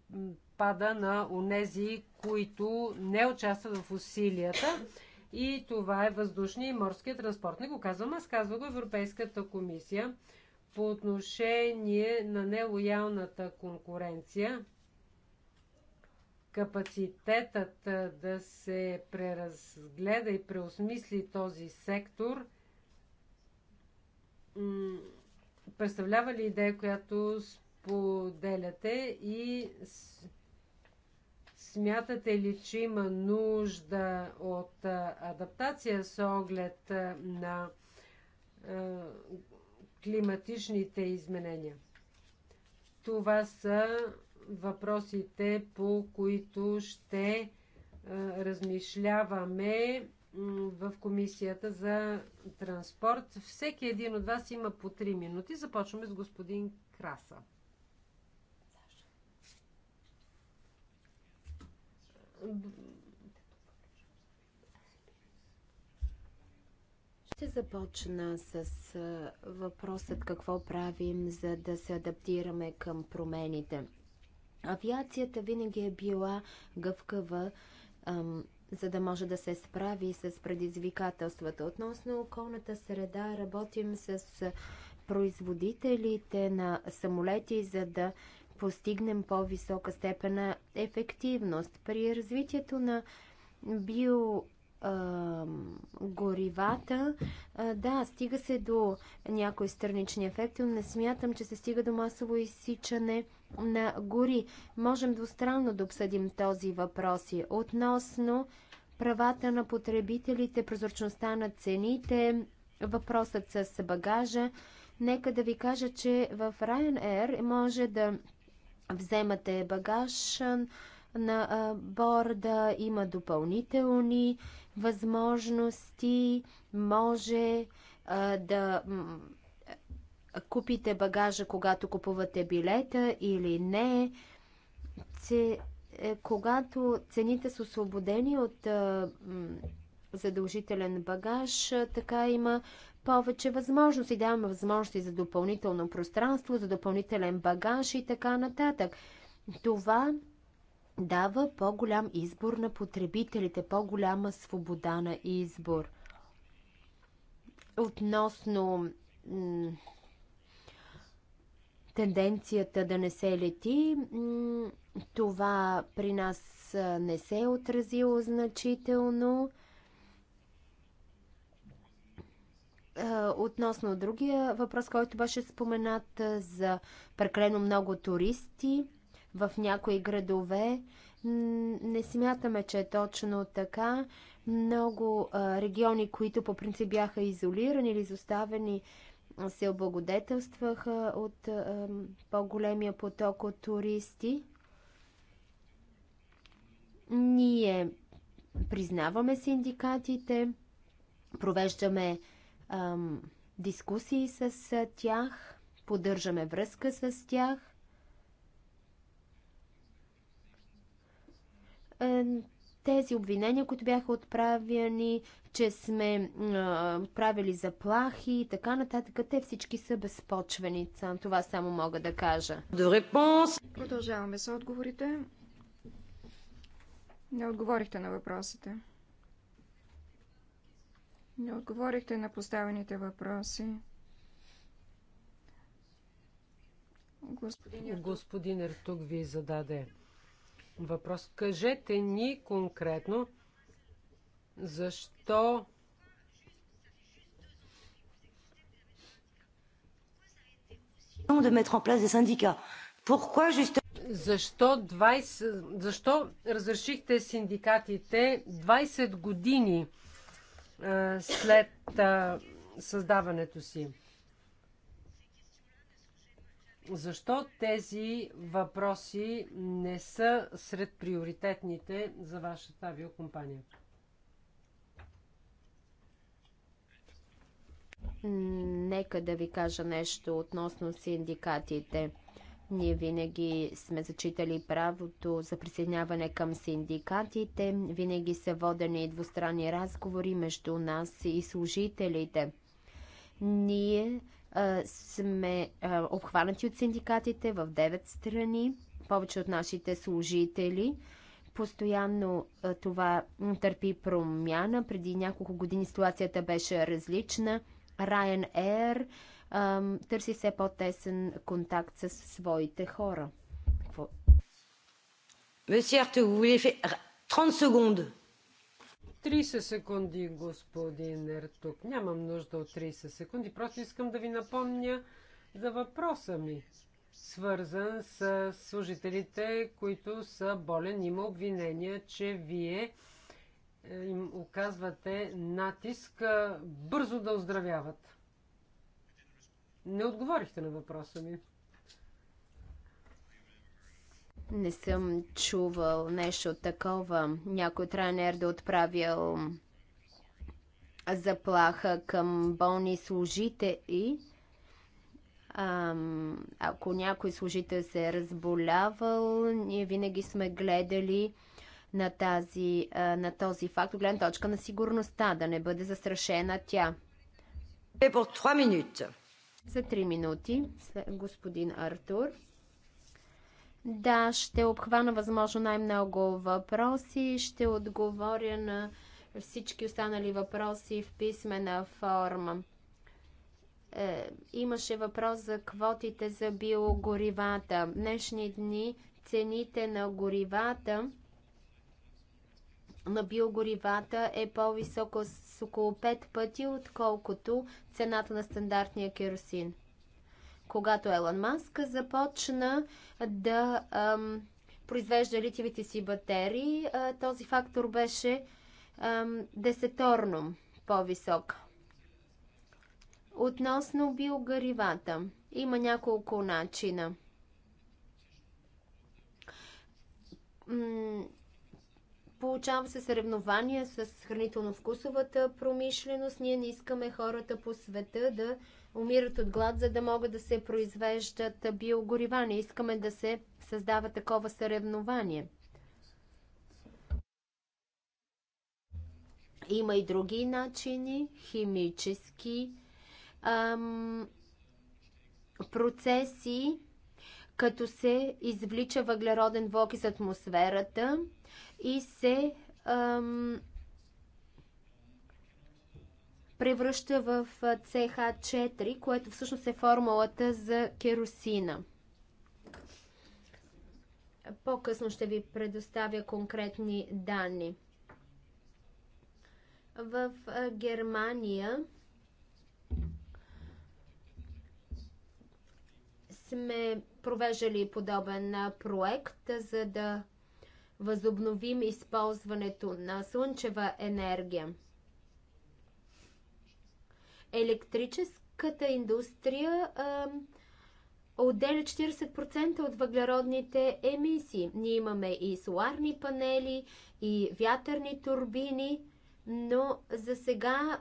пада на онези, които не участват в усилията и това е въздушния и морския транспорт. Не го казвам аз, казва го Европейската комисия по отношение на нелоялната конкуренция. Капацитетът да се преразгледа и преосмисли този сектор представлява ли идея, която споделяте и Смятате ли, че има нужда от адаптация с оглед на климатичните изменения? Това са въпросите, по които ще размишляваме в комисията за транспорт. Всеки един от вас има по 3 минути. Започваме с господин Краса. Ще започна с въпросът какво правим, за да се адаптираме към промените. Авиацията винаги е била гъвкава, за да може да се справи с предизвикателствата. Относно околната среда работим с производителите на самолети, за да постигнем по-висока степен на ефективност. При развитието на био горивата. Да, стига се до някои странични ефекти, но не смятам, че се стига до масово изсичане на гори. Можем двустранно да обсъдим този въпрос и относно правата на потребителите, прозрачността на цените, въпросът с багажа. Нека да ви кажа, че в Ryanair може да вземате багаж на борда, има допълнителни възможности, може да купите багажа, когато купувате билета или не. Це, когато цените са освободени от задължителен багаж, така има повече възможности, даваме възможности за допълнително пространство, за допълнителен багаж и така нататък. Това дава по-голям избор на потребителите, по-голяма свобода на избор. Относно тенденцията да не се лети, това при нас не се е отразило значително. Е, относно другия въпрос, който беше споменат е, за прекалено много туристи в някои градове, не смятаме, че е точно така. Много е, региони, които по принцип бяха изолирани или изоставени, се облагодетелстваха от по-големия поток от туристи. Ние признаваме синдикатите, провеждаме ам, дискусии с тях, поддържаме връзка с тях. Е, тези обвинения, които бяха отправени, че сме правили заплахи и така нататък, те всички са безпочвени. Това само мога да кажа. Продължаваме с отговорите. Не отговорихте на въпросите. Не отговорихте на поставените въпроси. Господин Ертук. Господин Ертук ви зададе въпрос. Кажете ни конкретно защо de mettre en place des syndicats. Pourquoi защо, 20, защо разрешихте синдикатите 20 години след създаването си. Защо тези въпроси не са сред приоритетните за вашата авиокомпания? Нека да ви кажа нещо относно синдикатите. Ние винаги сме зачитали правото за присъединяване към синдикатите. Винаги са водени двустранни разговори между нас и служителите. Ние а, сме а, обхванати от синдикатите в 9 страни, повече от нашите служители. Постоянно а, това търпи промяна. Преди няколко години ситуацията беше различна. Ryanair Air търси все по-тесен контакт с своите хора. Какво? Месье Артег, вие 30 секунди. 30 секунди, господин Ертук. Нямам нужда от 30 секунди. Просто искам да ви напомня за въпроса ми, свързан с служителите, които са болен. Има обвинения, че вие е, им оказвате натиск е, бързо да оздравяват. Не отговорихте на въпроса ми. Не съм чувал нещо такова. Някой тренер да отправил заплаха към болни служители. ам, ако някой служител се е разболявал, ние винаги сме гледали на, тази, а, на този факт, от гледна точка на сигурността, да не бъде застрашена тя. Е, по 3 минути. За три минути, господин Артур. Да, ще обхвана възможно най-много въпроси. Ще отговоря на всички останали въпроси в писмена форма. Е, имаше въпрос за квотите за биогоривата. Днешни дни цените на горивата – на биогоривата е по-висока с около 5 пъти, отколкото цената на стандартния керосин. Когато Елон Маск започна да ам, произвежда литивите си батерии, а, този фактор беше ам, десеторно по-висок. Относно биогаривата, има няколко начина Получава се съревнование с хранително-вкусовата промишленост. Ние не искаме хората по света да умират от глад, за да могат да се произвеждат биогорива. Не искаме да се създава такова съревнование. Има и други начини, химически ам, процеси, като се извлича въглероден влог из атмосферата – и се ам, превръща в CH4, което всъщност е формулата за керосина. По-късно ще ви предоставя конкретни данни. В Германия сме провеждали подобен проект, за да възобновим използването на слънчева енергия. Електрическата индустрия а, отделя 40% от въглеродните емисии. Ние имаме и соларни панели, и вятърни турбини, но за сега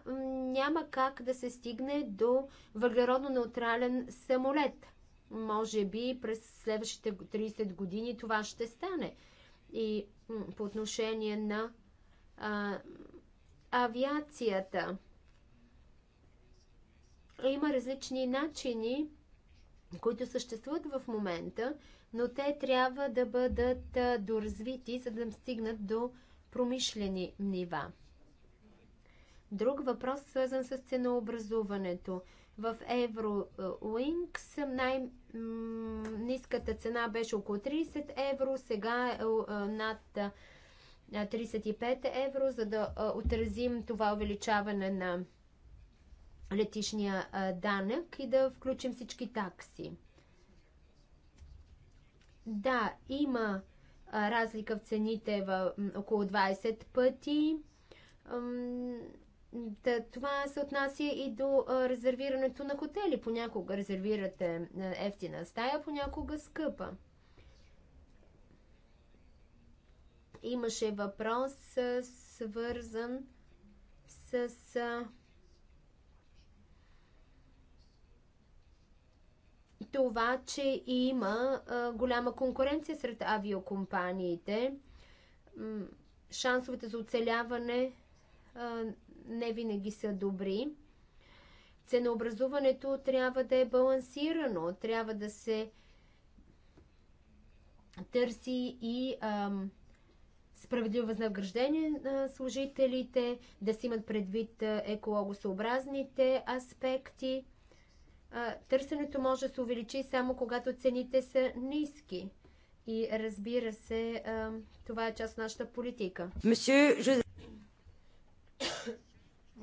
няма как да се стигне до въглеродно-неутрален самолет. Може би през следващите 30 години това ще стане и по отношение на а, авиацията. Има различни начини, които съществуват в момента, но те трябва да бъдат доразвити, за да стигнат до промишлени нива. Друг въпрос, свързан с ценообразуването – в Уинкс, най-низката цена беше около 30 евро, сега е, е над 35 е, евро, за да е, отразим това увеличаване на летишния данък и да включим всички такси. Да, има разлика в цените в около 20 пъти. Да, това се отнася и до а, резервирането на хотели. Понякога резервирате ефтина стая, понякога скъпа. Имаше въпрос а, свързан с а, това, че има а, голяма конкуренция сред авиокомпаниите. Шансовете за оцеляване не винаги са добри. Ценообразуването трябва да е балансирано, трябва да се търси и ам, справедливо възнаграждение на служителите, да си имат предвид екологосъобразните аспекти. А, търсенето може да се увеличи само когато цените са ниски. И разбира се, а, това е част от нашата политика. Monsieur, je...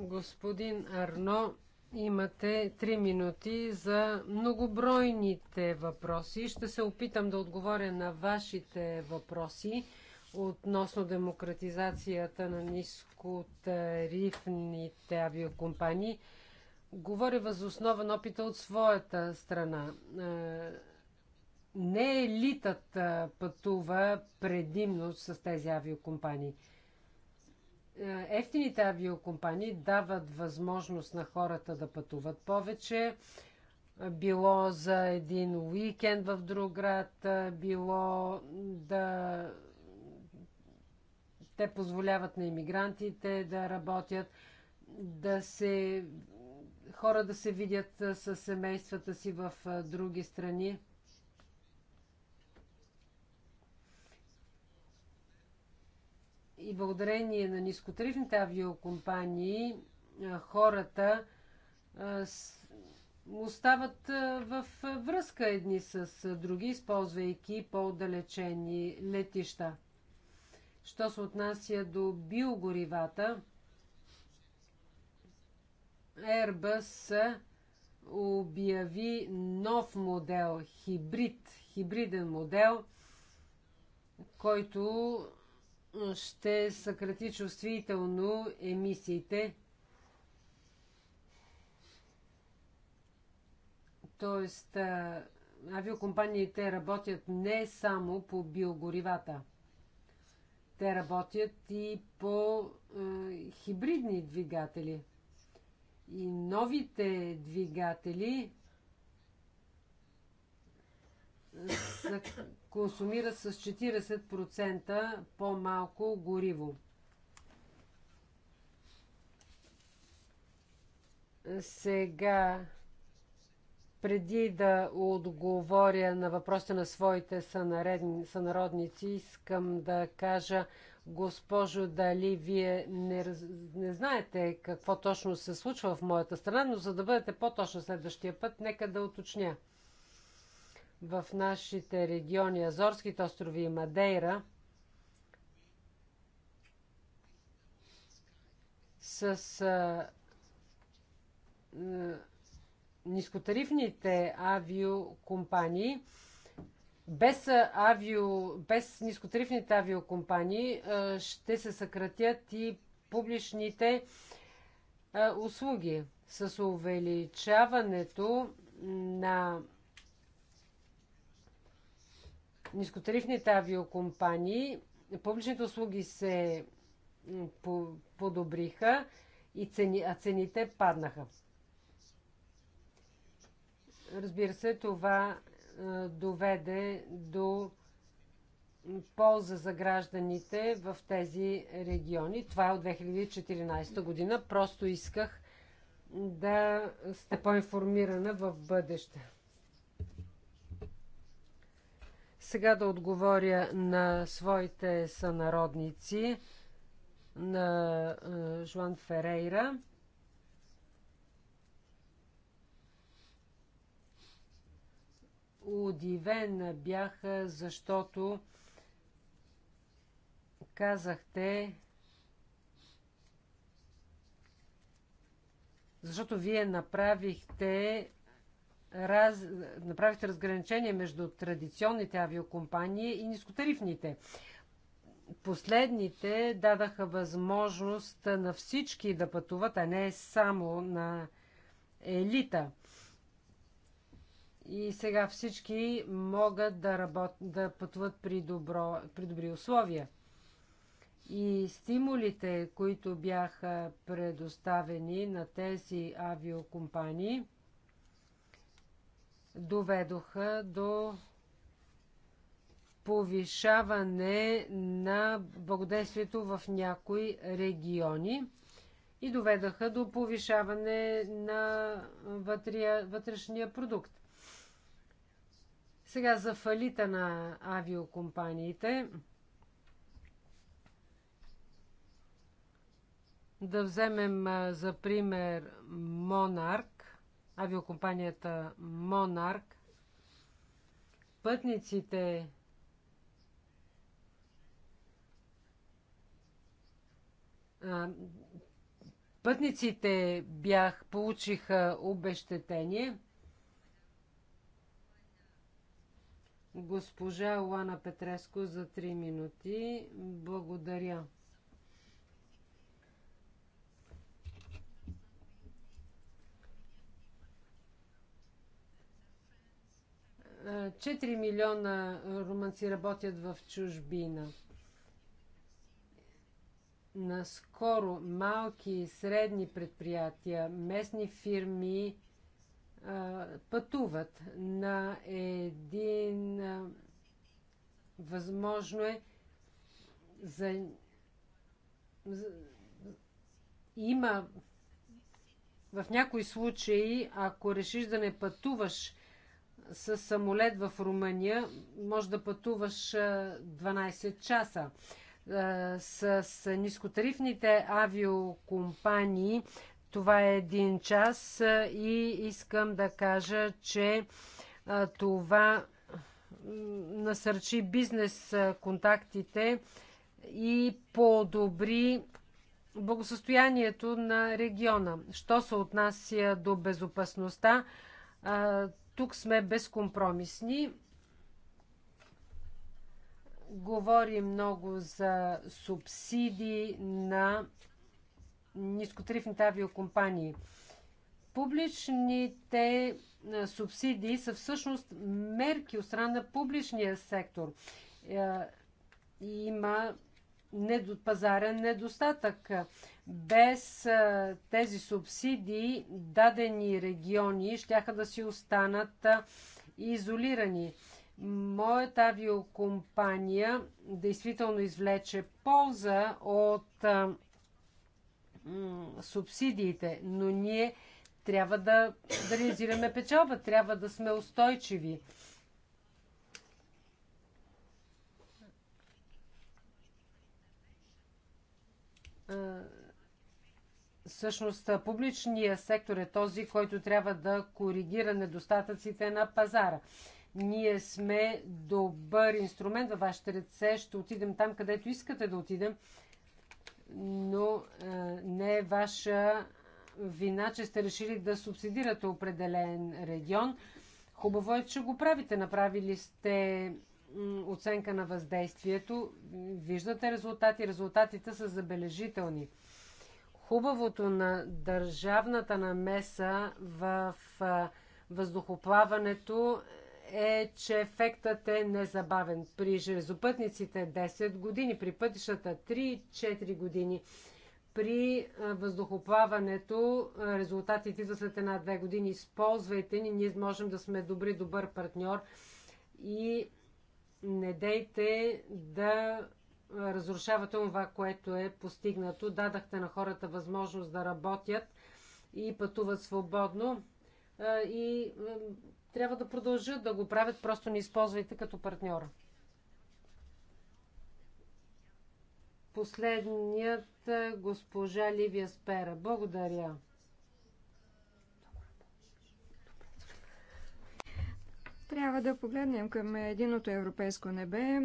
Господин Арно, имате 3 минути за многобройните въпроси. Ще се опитам да отговоря на вашите въпроси относно демократизацията на нискотарифните авиокомпании. Говоря възоснован опита от своята страна. Е, не елитът пътува предимно с тези авиокомпании – е, ефтините авиокомпании дават възможност на хората да пътуват повече, било за един уикенд в друг град, било да те позволяват на иммигрантите да работят, да се хора да се видят с семействата си в други страни. и благодарение на нискотарифните авиокомпании хората остават в връзка едни с други, използвайки по-далечени летища. Що се отнася до биогоривата, Airbus обяви нов модел, хибрид, хибриден модел, който ще съкрати чувствително емисиите. Тоест, авиокомпаниите работят не само по биогоривата. Те работят и по е, хибридни двигатели. И новите двигатели са Консумира с 40% по-малко гориво. Сега, преди да отговоря на въпроса на своите сънародници, искам да кажа, госпожо, дали вие не, не знаете какво точно се случва в моята страна, но за да бъдете по-точно следващия път, нека да уточня – в нашите региони, Азорските острови и Мадейра, с а, а, нискотарифните авиокомпании, без, авио, без нискотарифните авиокомпании а, ще се съкратят и публичните а, услуги. С увеличаването на нискотарифните авиокомпании, публичните услуги се подобриха, и цени, а цените паднаха. Разбира се, това доведе до полза за гражданите в тези региони. Това е от 2014 година. Просто исках да сте по-информирана в бъдеще. сега да отговоря на своите сънародници, на е, Жуан Ферейра. Удивен бях, защото казахте, защото вие направихте раз, направихте разграничение между традиционните авиокомпании и нискотарифните. Последните дадаха възможност на всички да пътуват, а не само на елита. И сега всички могат да, работ... да пътуват при, добро... при добри условия. И стимулите, които бяха предоставени на тези авиокомпании, доведоха до повишаване на благодействието в някои региони и доведаха до повишаване на вътрия, вътрешния продукт. Сега за фалита на авиокомпаниите. Да вземем за пример Монарк авиокомпанията Монарк, пътниците пътниците бях, получиха обещетение. Госпожа Лана Петреско за 3 минути. Благодаря. 4 милиона румънци работят в чужбина. Наскоро малки и средни предприятия, местни фирми пътуват на един. възможно е за има в някои случаи, ако решиш да не пътуваш с самолет в Румъния може да пътуваш 12 часа. С нискотарифните авиокомпании това е един час и искам да кажа, че това насърчи бизнес контактите и подобри благосъстоянието на региона. Що се отнася до безопасността, тук сме безкомпромисни. Говори много за субсидии на нискотрифните авиокомпании. Публичните субсидии са всъщност мерки от страна на публичния сектор. Е, има пазарен недостатък без тези субсидии дадени региони щяха да си останат изолирани. Моята авиокомпания действително извлече полза от субсидиите, но ние трябва да, да реализираме печалба, трябва да сме устойчиви. Всъщност, публичният сектор е този, който трябва да коригира недостатъците на пазара. Ние сме добър инструмент във вашите ръце, ще отидем там, където искате да отидем, но е, не е ваша вина, че сте решили да субсидирате определен регион. Хубаво е, че го правите. Направили сте оценка на въздействието, виждате резултати, резултатите са забележителни. Хубавото на държавната намеса в въздухоплаването е, че ефектът е незабавен. При железопътниците 10 години, при пътищата 3-4 години. При въздухоплаването резултатите идват след една-две години. Използвайте ни, ние можем да сме добри, добър партньор и не дейте да разрушавате това, което е постигнато. Дадахте на хората възможност да работят и пътуват свободно. И трябва да продължат да го правят, просто не използвайте като партньор. Последният госпожа Ливия Спера. Благодаря. Трябва да погледнем към единото европейско небе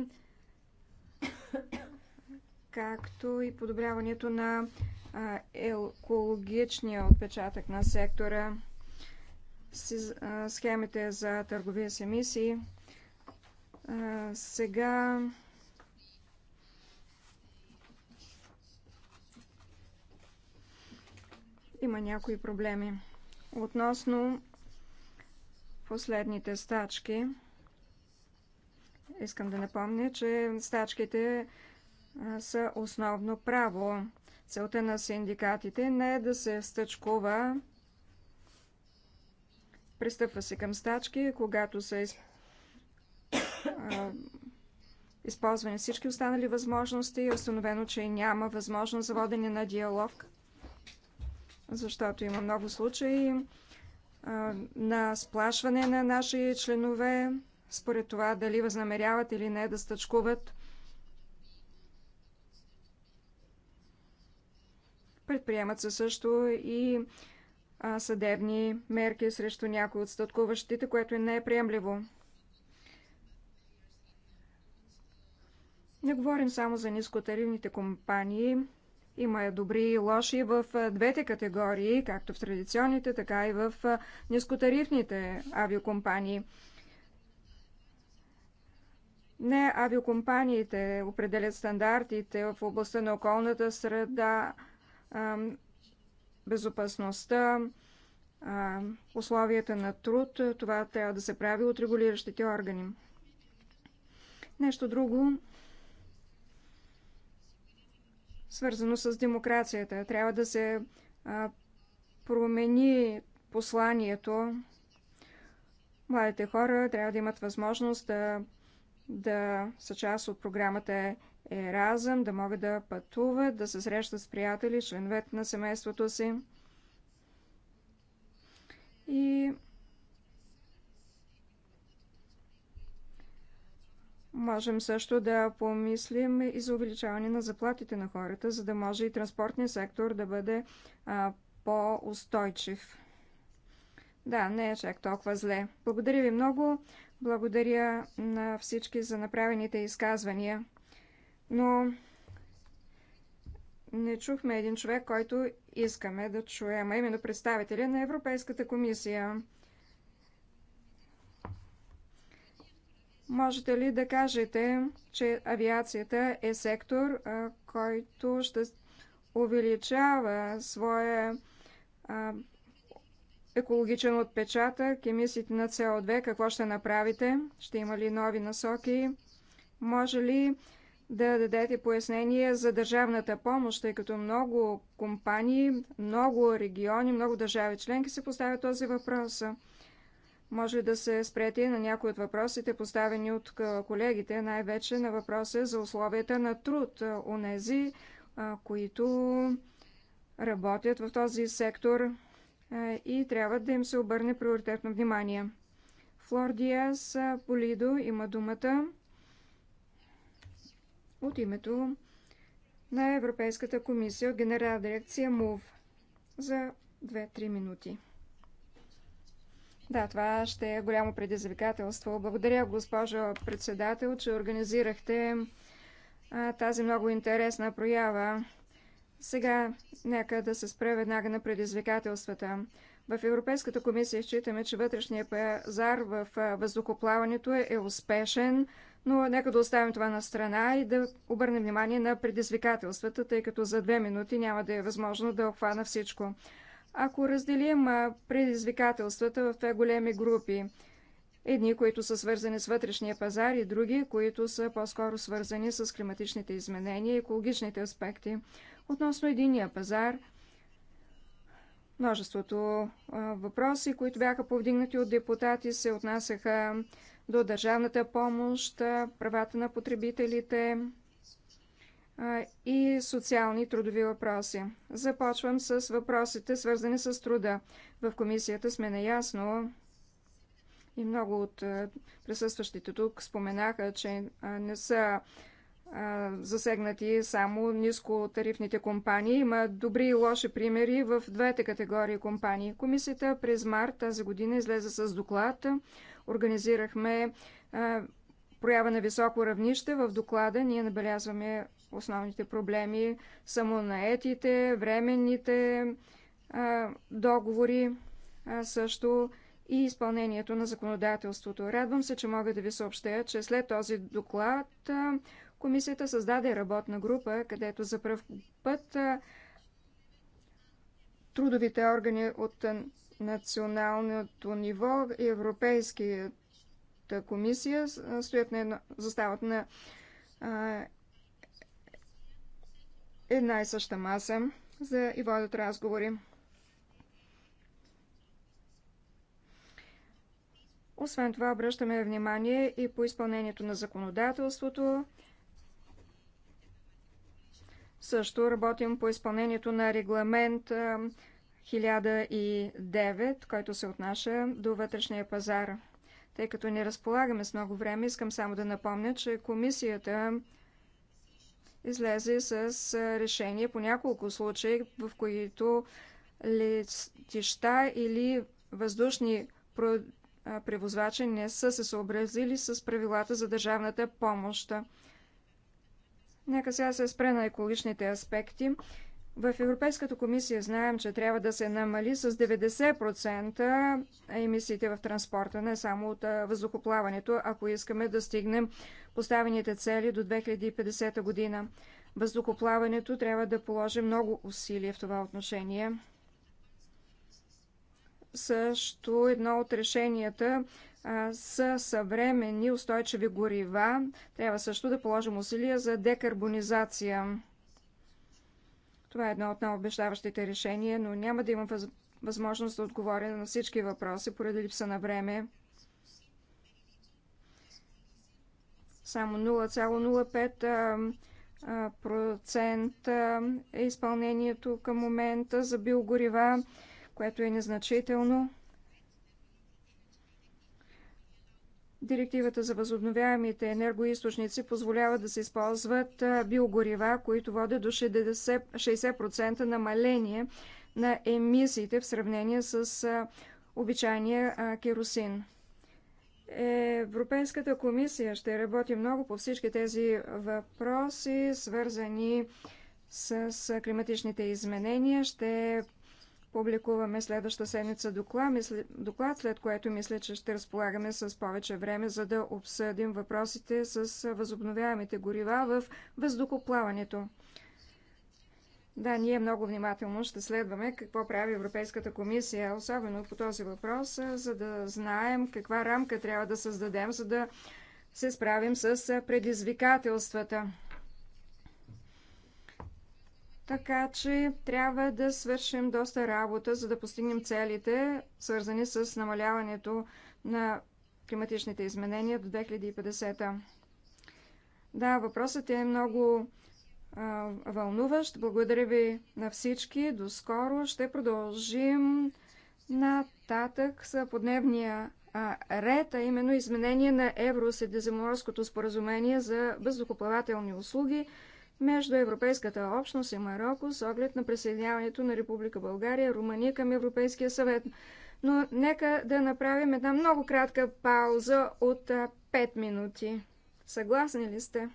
както и подобряването на екологичния отпечатък на сектора, схемите за търговия с емисии. Сега има някои проблеми. Относно последните стачки, Искам да напомня, че стачките са основно право. Целта на синдикатите не е да се стъчкува. Пристъпва се към стачки, когато са из... използвани всички останали възможности и е установено, че няма възможност за водене на диалог, защото има много случаи на сплашване на наши членове, според това дали възнамеряват или не да стъчкуват. Предприемат се също и а, съдебни мерки срещу някои от стъткуващите, което не е приемливо. Не говорим само за нискотарифните компании. Има и добри и лоши в двете категории, както в традиционните, така и в нискотарифните авиокомпании. Не авиокомпаниите определят стандартите в областта на околната среда, безопасността, условията на труд. Това трябва да се прави от регулиращите органи. Нещо друго, свързано с демокрацията. Трябва да се промени посланието. Младите хора трябва да имат възможност да да са част от програмата Еразъм, да могат да пътуват, да се срещат с приятели, членовете на семейството си. И можем също да помислим и за увеличаване на заплатите на хората, за да може и транспортния сектор да бъде по-устойчив. Да, не е чак толкова зле. Благодаря ви много. Благодаря на всички за направените изказвания. Но не чухме един човек, който искаме да чуем, именно представителя на Европейската комисия. Можете ли да кажете, че авиацията е сектор, който ще увеличава своя екологичен отпечатък, емисиите на CO2, какво ще направите, ще има ли нови насоки, може ли да дадете пояснение за държавната помощ, тъй като много компании, много региони, много държави членки се поставят този въпрос. Може ли да се спрете на някои от въпросите, поставени от колегите, най-вече на въпроса за условията на труд у нези, които работят в този сектор е, и трябва да им се обърне приоритетно внимание. Флор Диас е, Полидо има думата от името на Европейската комисия от генерал дирекция МУВ за 2-3 минути. Да, това ще е голямо предизвикателство. Благодаря, госпожо председател, че организирахте а, е, тази много интересна проява. Сега нека да се спре веднага на предизвикателствата. В Европейската комисия считаме, че вътрешният пазар в въздухоплаването е, е успешен, но нека да оставим това на страна и да обърнем внимание на предизвикателствата, тъй като за две минути няма да е възможно да обхвана всичко. Ако разделим предизвикателствата в две големи групи, едни, които са свързани с вътрешния пазар и други, които са по-скоро свързани с климатичните изменения и екологичните аспекти. Относно единия пазар, множеството въпроси, които бяха повдигнати от депутати, се отнасяха до държавната помощ, правата на потребителите и социални трудови въпроси. Започвам с въпросите, свързани с труда. В комисията сме наясно и много от присъстващите тук споменаха, че не са засегнати само нискотарифните компании. Има добри и лоши примери в двете категории компании. Комисията през март тази година излезе с доклад. Организирахме проява на високо равнище. В доклада ние набелязваме основните проблеми самонаетите, временните договори, също и изпълнението на законодателството. Радвам се, че мога да ви съобщя, че след този доклад Комисията създаде работна група, където за пръв път трудовите органи от националното ниво и Европейската комисия стоят на едно, застават на а, една и съща маса за и водят разговори. Освен това, обръщаме внимание и по изпълнението на законодателството, също работим по изпълнението на регламент 1009, който се отнася до вътрешния пазар. Тъй като не разполагаме с много време, искам само да напомня, че комисията излезе с решение по няколко случаи, в които летища или въздушни превозвачи не са се съобразили с правилата за държавната помощ. Нека сега се спре на екологичните аспекти. В Европейската комисия знаем, че трябва да се намали с 90% емисиите в транспорта, не само от въздухоплаването, ако искаме да стигнем поставените цели до 2050 година. Въздухоплаването трябва да положи много усилия в това отношение. Също едно от решенията са съвременни устойчиви горива. Трябва също да положим усилия за декарбонизация. Това е едно от най-обещаващите решения, но няма да има възможност да отговоря на всички въпроси поради липса на време. Само 0,05% е изпълнението към момента за биогорива, което е незначително. Директивата за възобновяемите енергоисточници позволява да се използват биогорива, които водят до 60% намаление на емисиите в сравнение с обичайния керосин. Европейската комисия ще работи много по всички тези въпроси, свързани с климатичните изменения. Ще публикуваме следваща седмица доклад, доклад, след което мисля, че ще разполагаме с повече време, за да обсъдим въпросите с възобновяемите горива в въздухоплаването. Да, ние много внимателно ще следваме какво прави Европейската комисия, особено по този въпрос, за да знаем каква рамка трябва да създадем, за да се справим с предизвикателствата. Така че трябва да свършим доста работа, за да постигнем целите, свързани с намаляването на климатичните изменения до 2050. Да, въпросът е много а, вълнуващ. Благодаря ви на всички. До скоро. Ще продължим нататък с подневния а, ред, а именно изменение на Евросредиземноморското споразумение за въздухоплавателни услуги между Европейската общност и Марокко с оглед на присъединяването на Република България, Румъния към Европейския съвет. Но нека да направим една много кратка пауза от 5 минути. Съгласни ли сте?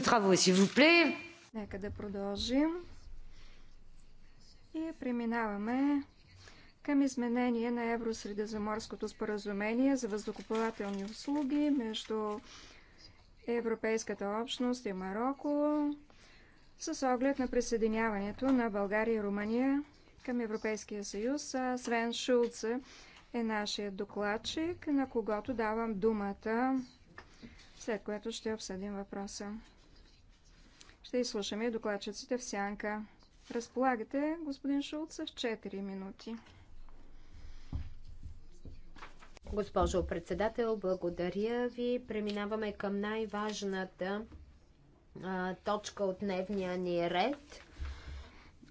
travaux, s'il vous plaît. Нека да продължим. И преминаваме към изменение на Евросредиземорското споразумение за въздухоплавателни услуги между Европейската общност и Марокко с оглед на присъединяването на България и Румъния към Европейския съюз. Свен Шулце е нашия докладчик, на когото давам думата след което ще обсъдим въпроса. Ще изслушаме докладчиците в сянка. Разполагате, господин Шулц, в 4 минути. Госпожо председател, благодаря ви. Преминаваме към най-важната точка от дневния ни ред –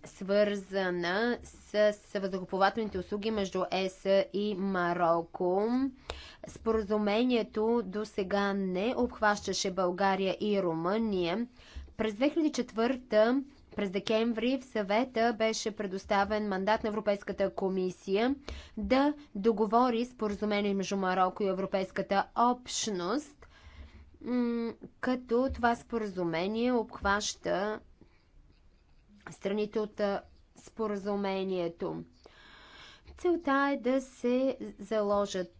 свързана с въздухоплавателните услуги между ЕС и Марокко. Споразумението до сега не обхващаше България и Румъния. През 2004 през декември в съвета беше предоставен мандат на Европейската комисия да договори споразумение между Марокко и Европейската общност, като това споразумение обхваща страните от споразумението. Целта е да се заложат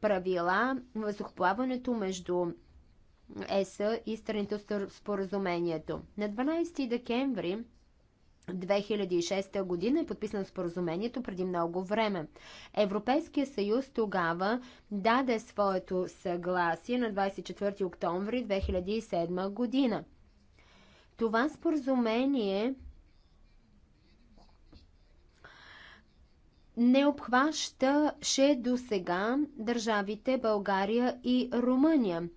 правила въздухоплаването между ЕС и страните от споразумението. На 12 декември 2006 година е подписано споразумението преди много време. Европейския съюз тогава даде своето съгласие на 24 октомври 2007 година. Това споразумение не обхващаше до сега държавите България и Румъния.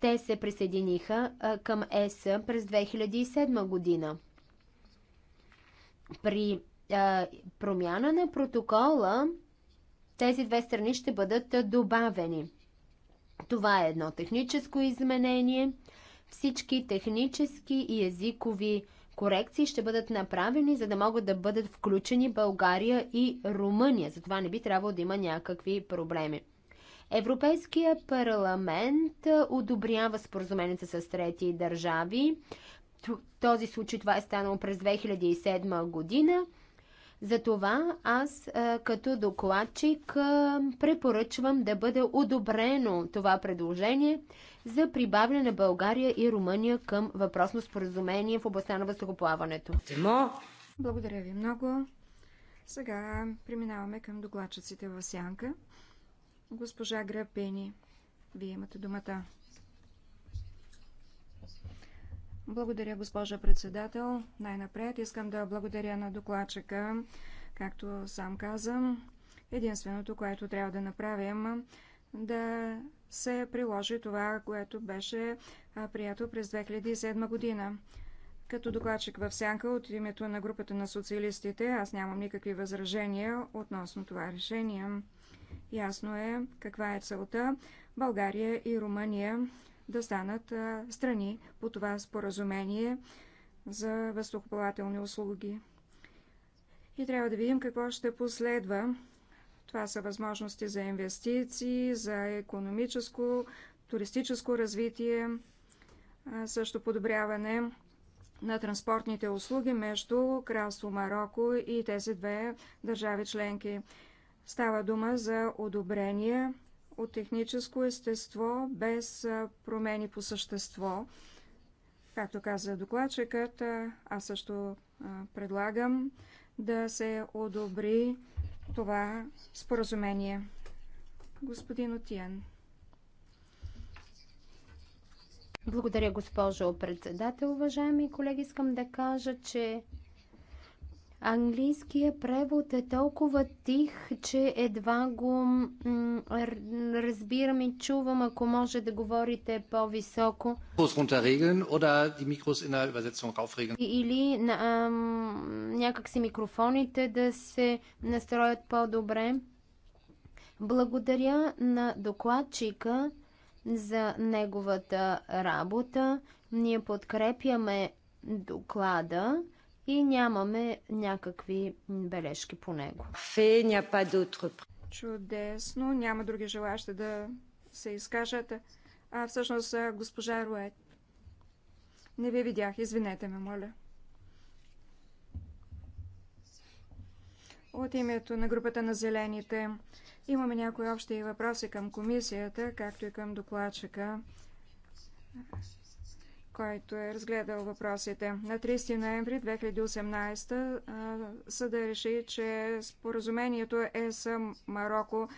Те се присъединиха към ЕС през 2007 година. При промяна на протокола тези две страни ще бъдат добавени. Това е едно техническо изменение. Всички технически и езикови корекции ще бъдат направени, за да могат да бъдат включени България и Румъния. Затова не би трябвало да има някакви проблеми. Европейския парламент одобрява споразумените с трети държави. В този случай това е станало през 2007 година. Затова аз като докладчик препоръчвам да бъде одобрено това предложение за прибавяне на България и Румъния към въпросно споразумение в областта на въздухоплаването. Благодаря ви много. Сега преминаваме към докладчиците в сянка. Госпожа Грапени, вие имате думата. Благодаря, госпожа председател. Най-напред искам да благодаря на докладчика. Както сам казам, единственото, което трябва да направим, да се приложи това, което беше прието през 2007 година. Като докладчик в сянка от името на групата на социалистите, аз нямам никакви възражения относно това решение. Ясно е каква е целта България и Румъния да станат страни по това споразумение за въздухоплавателни услуги. И трябва да видим какво ще последва това са възможности за инвестиции, за економическо, туристическо развитие, също подобряване на транспортните услуги между Кралство Марокко и тези две държави членки. Става дума за одобрение от техническо естество, без промени по същество. Както каза докладчикът, аз също предлагам да се одобри това споразумение. Господин Отиян. Благодаря, госпожо председател. Уважаеми колеги, искам да кажа, че Английският превод е толкова тих, че едва го разбирам и чувам, ако може да говорите по-високо. Или а, някак си микрофоните да се настроят по-добре. Благодаря на докладчика за неговата работа. Ние подкрепяме доклада и нямаме някакви бележки по него. Чудесно, няма други желащи да се изкажат. А всъщност госпожа Рует. Не ви видях, извинете ме, моля. От името на групата на зелените имаме някои общи въпроси към комисията, както и към докладчика който е разгледал въпросите. На 30 ноември 2018 съда реши, че споразумението ЕС Марокко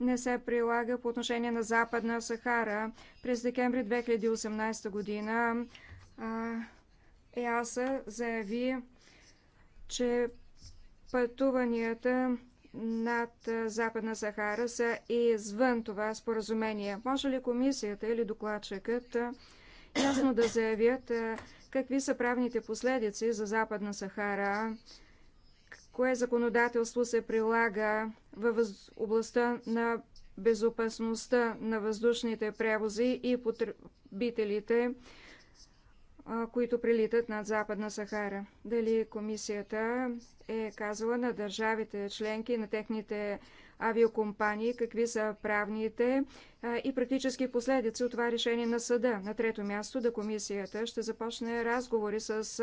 не се прилага по отношение на Западна Сахара. През декември 2018 година ЕАСА заяви, че пътуванията над Западна Сахара са извън това споразумение. Може ли комисията или докладчикът ясно да заявят какви са правните последици за Западна Сахара, кое законодателство се прилага в областта на безопасността на въздушните превози и потребителите, които прилитат над Западна Сахара. Дали комисията е казала на държавите членки, на техните авиокомпании, какви са правните и практически последици от това решение на съда. На трето място да комисията ще започне разговори с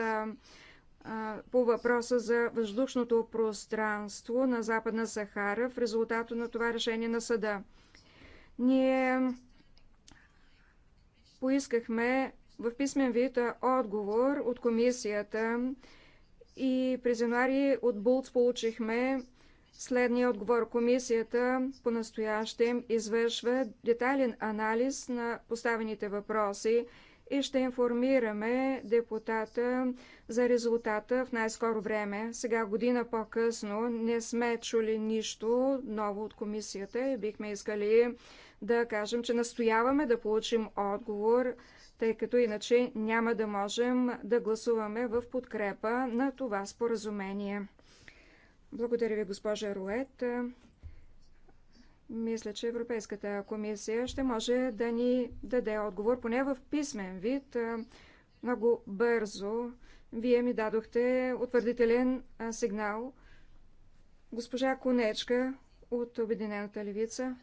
по въпроса за въздушното пространство на Западна Сахара в резултат на това решение на съда. Ние поискахме в писмен вид отговор от комисията и през януари от Булт получихме Следния отговор комисията по-настоящем извършва детайлен анализ на поставените въпроси и ще информираме депутата за резултата в най-скоро време. Сега година по-късно не сме чули нищо ново от комисията и бихме искали да кажем, че настояваме да получим отговор, тъй като иначе няма да можем да гласуваме в подкрепа на това споразумение. Благодаря ви, госпожа Рует. Мисля, че Европейската комисия ще може да ни даде отговор, поне в писмен вид, много бързо. Вие ми дадохте утвърдителен сигнал. Госпожа Конечка от Обединената левица.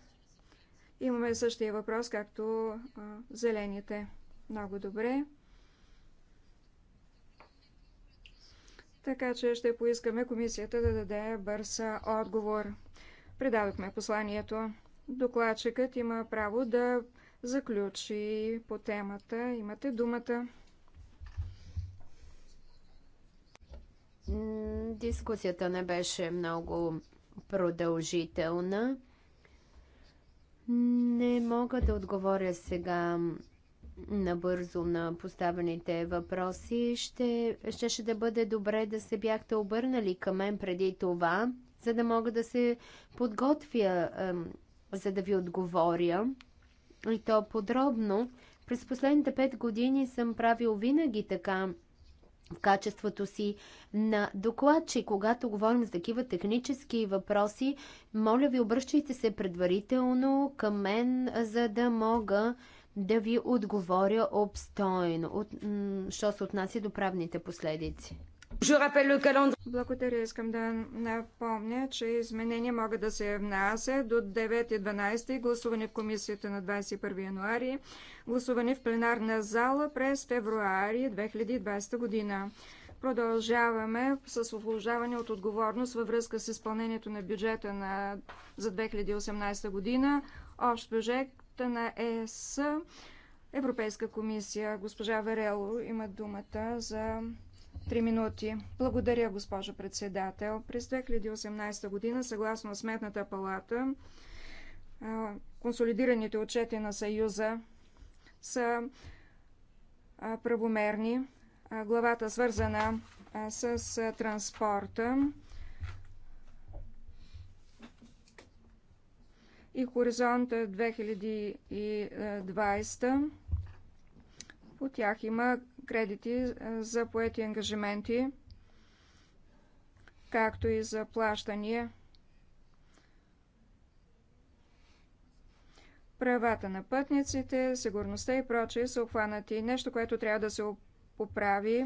Имаме същия въпрос, както зелените. Много добре. Така че ще поискаме комисията да даде бърз отговор. Предадохме посланието. Докладчикът има право да заключи по темата. Имате думата. Дискусията не беше много продължителна. Не мога да отговоря сега набързо на поставените въпроси. Ще, ще, ще да бъде добре да се бяхте обърнали към мен преди това, за да мога да се подготвя, за да ви отговоря. И то подробно. През последните пет години съм правил винаги така в качеството си на докладчик. Когато говорим за такива технически въпроси, моля ви, обръщайте се предварително към мен, за да мога да ви отговоря обстойно, от, що се отнася до правните последици. Благодаря. Искам да напомня, че изменения могат да се внася до 9.12. Гласуване в комисията на 21 януари. Гласуване в пленарна зала през февруари 2020 година. Продължаваме с освобождаване от отговорност във връзка с изпълнението на бюджета на, за 2018 година. Общ бюджет регламент на ЕС. Европейска комисия, госпожа Верело, има думата за 3 минути. Благодаря, госпожо председател. През 2018 година, съгласно Сметната палата, консолидираните отчети на Съюза са правомерни. Главата свързана с транспорта и Хоризонта 2020. По тях има кредити е, за поети ангажименти, както и за плащания. Правата на пътниците, сигурността и прочие са обхванати. Нещо, което трябва да се поправи.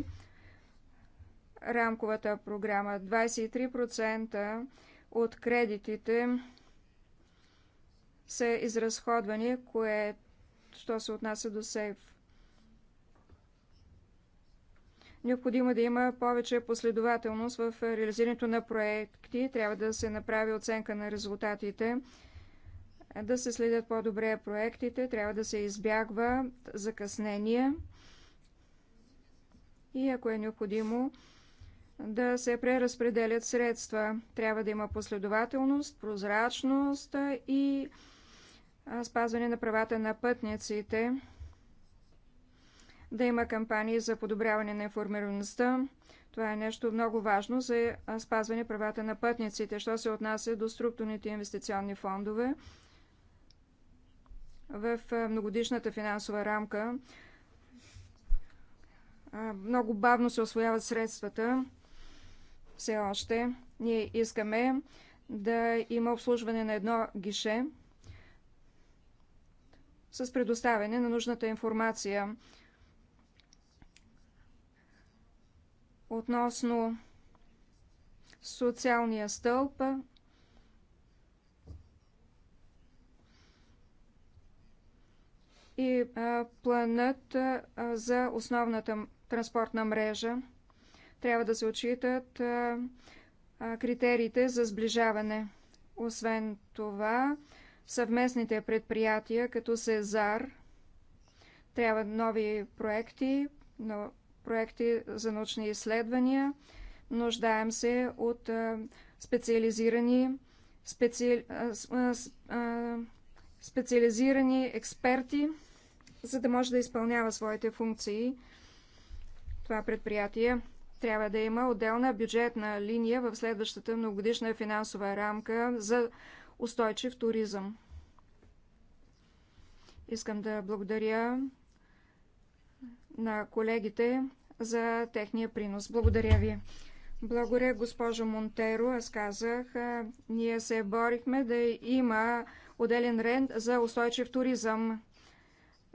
Рамковата програма 23% от кредитите са изразходвани, което що се отнася до сейф. Необходимо е да има повече последователност в реализирането на проекти. Трябва да се направи оценка на резултатите, да се следят по-добре проектите, трябва да се избягва закъснения и ако е необходимо да се преразпределят средства. Трябва да има последователност, прозрачност и спазване на правата на пътниците, да има кампании за подобряване на информираността. Това е нещо много важно за спазване правата на пътниците, що се отнася до структурните инвестиционни фондове. В многодишната финансова рамка много бавно се освояват средствата. Все още ние искаме да има обслужване на едно гише – с предоставяне на нужната информация относно социалния стълб. и планът за основната транспортна мрежа. Трябва да се отчитат критериите за сближаване. Освен това, съвместните предприятия, като Сезар. Трябват нови проекти, но проекти за научни изследвания. Нуждаем се от специализирани, специ... специализирани експерти, за да може да изпълнява своите функции това предприятие трябва да има отделна бюджетна линия в следващата многогодишна финансова рамка за устойчив туризъм. Искам да благодаря на колегите за техния принос. Благодаря ви. Благодаря, госпожо Монтеро. Аз казах, ние се борихме да има отделен рент за устойчив туризъм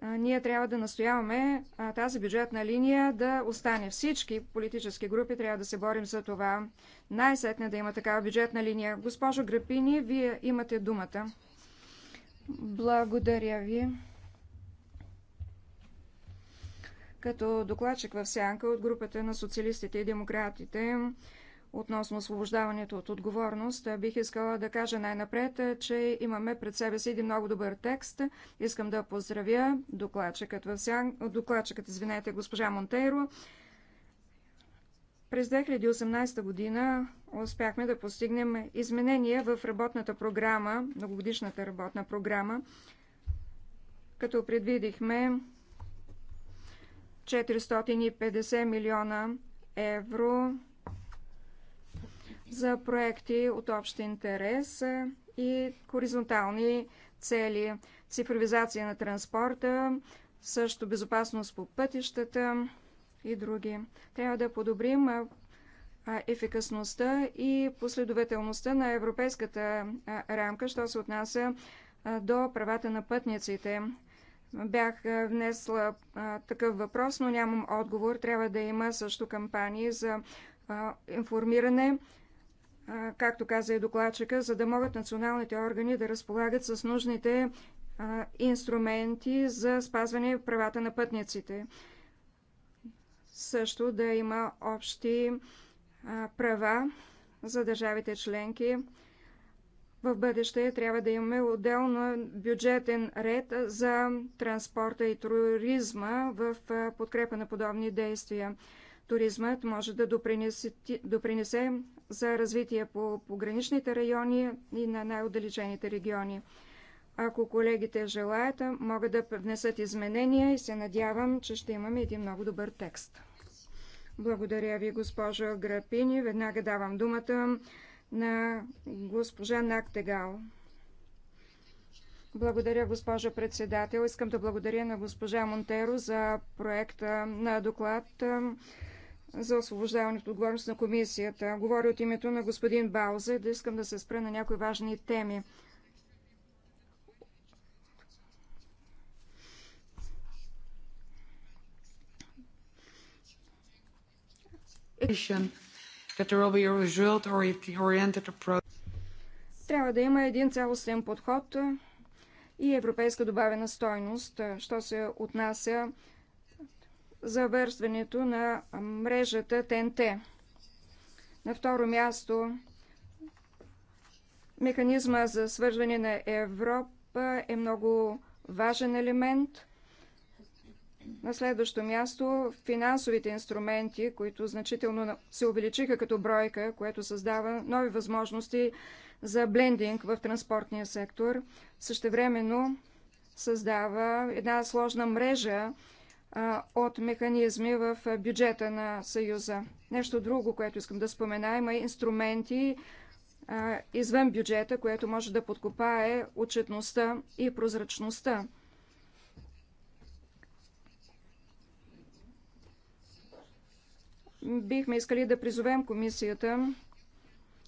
ние трябва да настояваме тази бюджетна линия да остане. Всички политически групи трябва да се борим за това. Най-сетне да има такава бюджетна линия. Госпожо Грапини, вие имате думата. Благодаря ви. Като докладчик в сянка от групата на социалистите и демократите, относно освобождаването от отговорност, бих искала да кажа най-напред, че имаме пред себе си един много добър текст. Искам да поздравя докладчикът, Васян, докладчикът извинете, госпожа Монтейро. През 2018 година успяхме да постигнем изменения в работната програма, многогодишната работна програма, като предвидихме 450 милиона евро за проекти от общ интерес и хоризонтални цели. Цифровизация на транспорта, също безопасност по пътищата и други. Трябва да подобрим ефикасността и последователността на европейската рамка, що се отнася до правата на пътниците. Бях внесла такъв въпрос, но нямам отговор. Трябва да има също кампании за информиране както каза и докладчика, за да могат националните органи да разполагат с нужните инструменти за спазване правата на пътниците. Също да има общи права за държавите членки. В бъдеще трябва да имаме отделно бюджетен ред за транспорта и туризма в подкрепа на подобни действия. Туризмът може да допринесе, допринесе за развитие по пограничните райони и на най-отдалечените региони. Ако колегите желаят, могат да внесат изменения и се надявам, че ще имаме един много добър текст. Благодаря ви, госпожо Грапини. Веднага давам думата на госпожа Нактегал. Благодаря, госпожа председател. Искам да благодаря на госпожа Монтеро за проекта на доклад за освобождаването от отговорност на комисията. Говоря от името на господин Бауза, да искам да се спра на някои важни теми. Трябва да има един цялостен подход и европейска добавена стойност, що се отнася завързването на мрежата ТНТ. На второ място, механизма за свързване на Европа е много важен елемент. На следващо място, финансовите инструменти, които значително се увеличиха като бройка, което създава нови възможности за блендинг в транспортния сектор. Същевременно създава една сложна мрежа от механизми в бюджета на Съюза. Нещо друго, което искам да спомена, има инструменти извън бюджета, което може да подкопае отчетността и прозрачността. Бихме искали да призовем комисията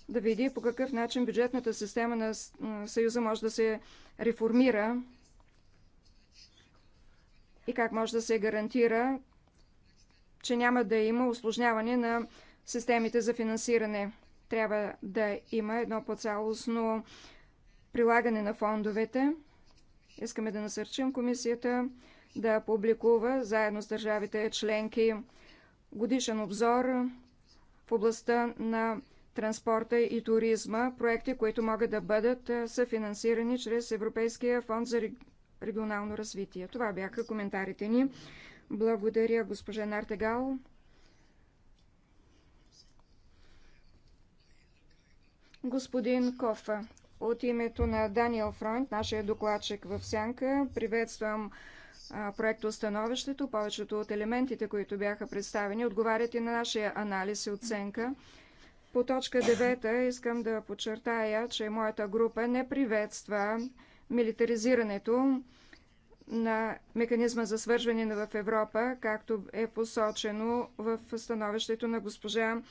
да види по какъв начин бюджетната система на Съюза може да се реформира и как може да се гарантира, че няма да има осложняване на системите за финансиране. Трябва да има едно по-цялостно прилагане на фондовете. Искаме да насърчим комисията да публикува заедно с държавите членки годишен обзор в областта на транспорта и туризма, проекти, които могат да бъдат съфинансирани чрез Европейския фонд за регионално развитие. Това бяха коментарите ни. Благодаря, госпожа Нартегал. Господин Кофа, от името на Даниел Фронт, нашия докладчик в Сянка, приветствам проекто становището. Повечето от елементите, които бяха представени, отговарят и на нашия анализ и оценка. По точка 9 искам да подчертая, че моята група не приветства милитаризирането на механизма за свържване в Европа, както е посочено в становището на госпожа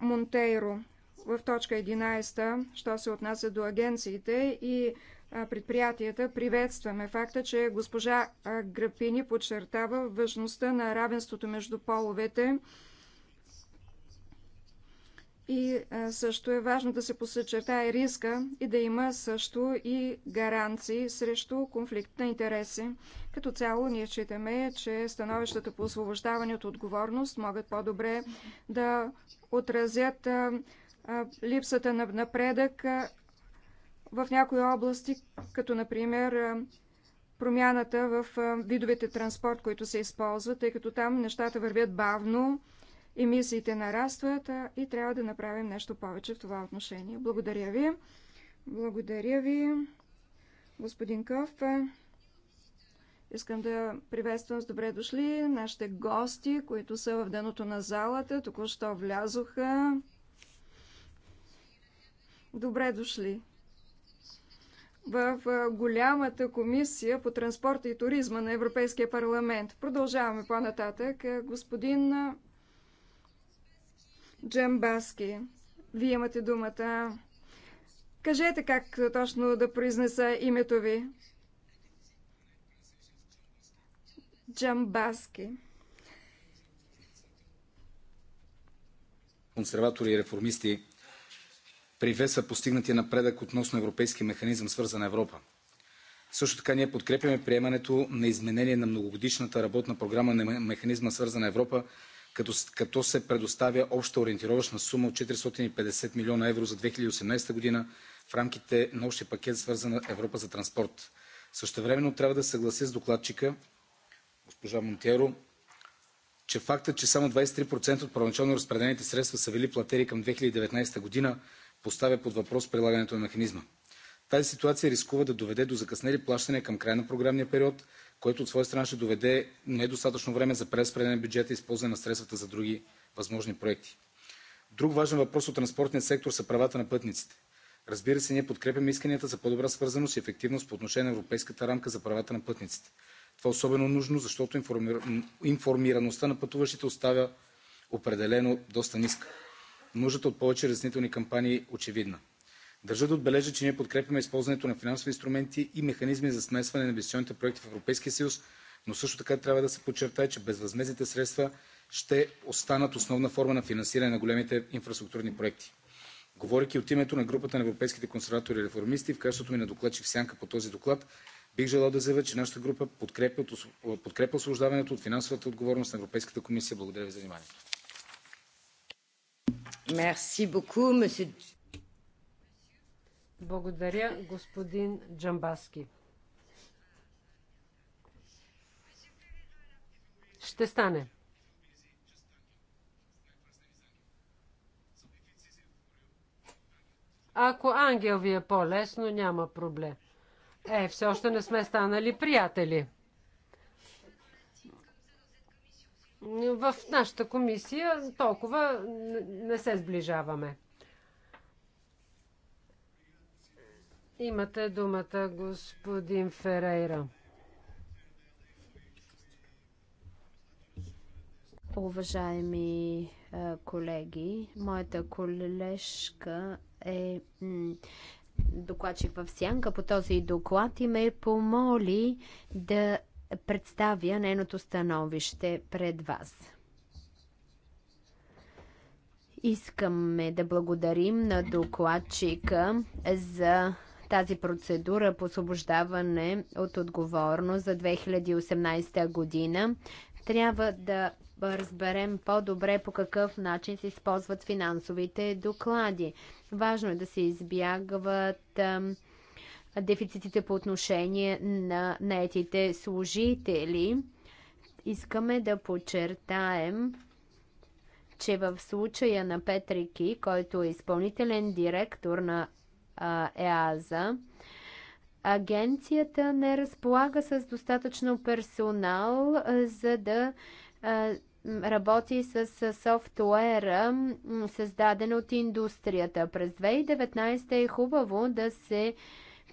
Монтейро. В точка 11, що се отнася до агенциите и предприятията, приветстваме факта, че госпожа Грапини подчертава важността на равенството между половете и също е важно да се посъчертае риска и да има също и гаранции срещу конфликт на интереси. Като цяло ние считаме, че становищата по освобождаване от отговорност могат по-добре да отразят липсата на напредък в някои области, като например промяната в видовете транспорт, които се използват, тъй като там нещата вървят бавно емисиите нарастват и трябва да направим нещо повече в това отношение. Благодаря ви. Благодаря ви, господин Къв. Искам да приветствам с добре дошли нашите гости, които са в дъното на залата, току-що влязоха. Добре дошли в голямата комисия по транспорта и туризма на Европейския парламент. Продължаваме по-нататък. Господин Джамбаски. Вие имате думата. Кажете как точно да произнеса името ви. Джамбаски. Консерватори и реформисти привеса постигнатия напредък относно европейски механизъм свързана Европа. Също така ние подкрепяме приемането на изменение на многогодишната работна програма на механизма свързана Европа като, като се предоставя обща ориентировъчна сума от 450 милиона евро за 2018 година в рамките на общия пакет свързана Европа за транспорт. Същевременно трябва да се съглася с докладчика, госпожа Монтеро, че фактът, че само 23% от първоначално разпределените средства са били платени към 2019 година, поставя под въпрос прилагането на механизма. Тази ситуация рискува да доведе до закъснели плащания към края на програмния период, което от своя страна ще доведе недостатъчно време за преразпределение на бюджета и използване на средствата за други възможни проекти. Друг важен въпрос от транспортния сектор са правата на пътниците. Разбира се, ние подкрепяме исканията за по-добра свързаност и ефективност по отношение на Европейската рамка за правата на пътниците. Това е особено нужно, защото информираността на пътуващите оставя определено доста ниска. Нуждата от повече разяснителни кампании е очевидна. Държа да отбележа, че ние подкрепяме използването на финансови инструменти и механизми за смесване на инвестиционните проекти в Европейския съюз, но също така трябва да се подчертае, че безвъзмезните средства ще останат основна форма на финансиране на големите инфраструктурни проекти. Говорейки от името на групата на европейските консерватори и реформисти, в качеството ми на докладчик сянка по този доклад, бих желал да заявя, че нашата група подкрепя, подкрепя освобождаването от финансовата отговорност на Европейската комисия. Благодаря ви за вниманието. Merci beaucoup, monsieur благодаря, господин Джамбаски. Ще стане. Ако ангел ви е по-лесно, няма проблем. Е, все още не сме станали приятели. В нашата комисия толкова не се сближаваме. Имате думата, господин Ферейра. Уважаеми е, колеги, моята колежка е докладчик в Сянка по този доклад и ме помоли да представя нейното становище пред вас. Искаме да благодарим на докладчика за тази процедура по освобождаване от отговорност за 2018 година трябва да разберем по-добре по какъв начин се използват финансовите доклади. Важно е да се избягват дефицитите по отношение на наетите служители. Искаме да подчертаем, че в случая на Петрики, който е изпълнителен директор на ЕАЗа. Агенцията не разполага с достатъчно персонал, за да работи с софтуера, създаден от индустрията. През 2019 е хубаво да се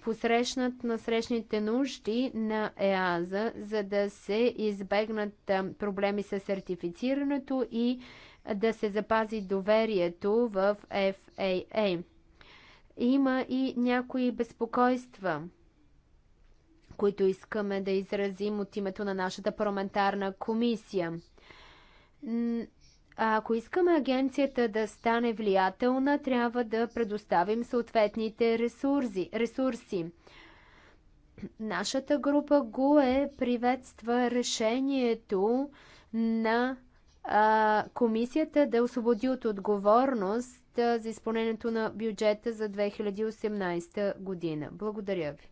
посрещнат насрещните нужди на ЕАЗа, за да се избегнат проблеми с сертифицирането и да се запази доверието в FAA. Има и някои безпокойства, които искаме да изразим от името на нашата парламентарна комисия. А ако искаме агенцията да стане влиятелна, трябва да предоставим съответните ресурси. ресурси. Нашата група ГУЕ приветства решението на а, комисията да освободи от отговорност за изпълнението на бюджета за 2018 година. Благодаря ви.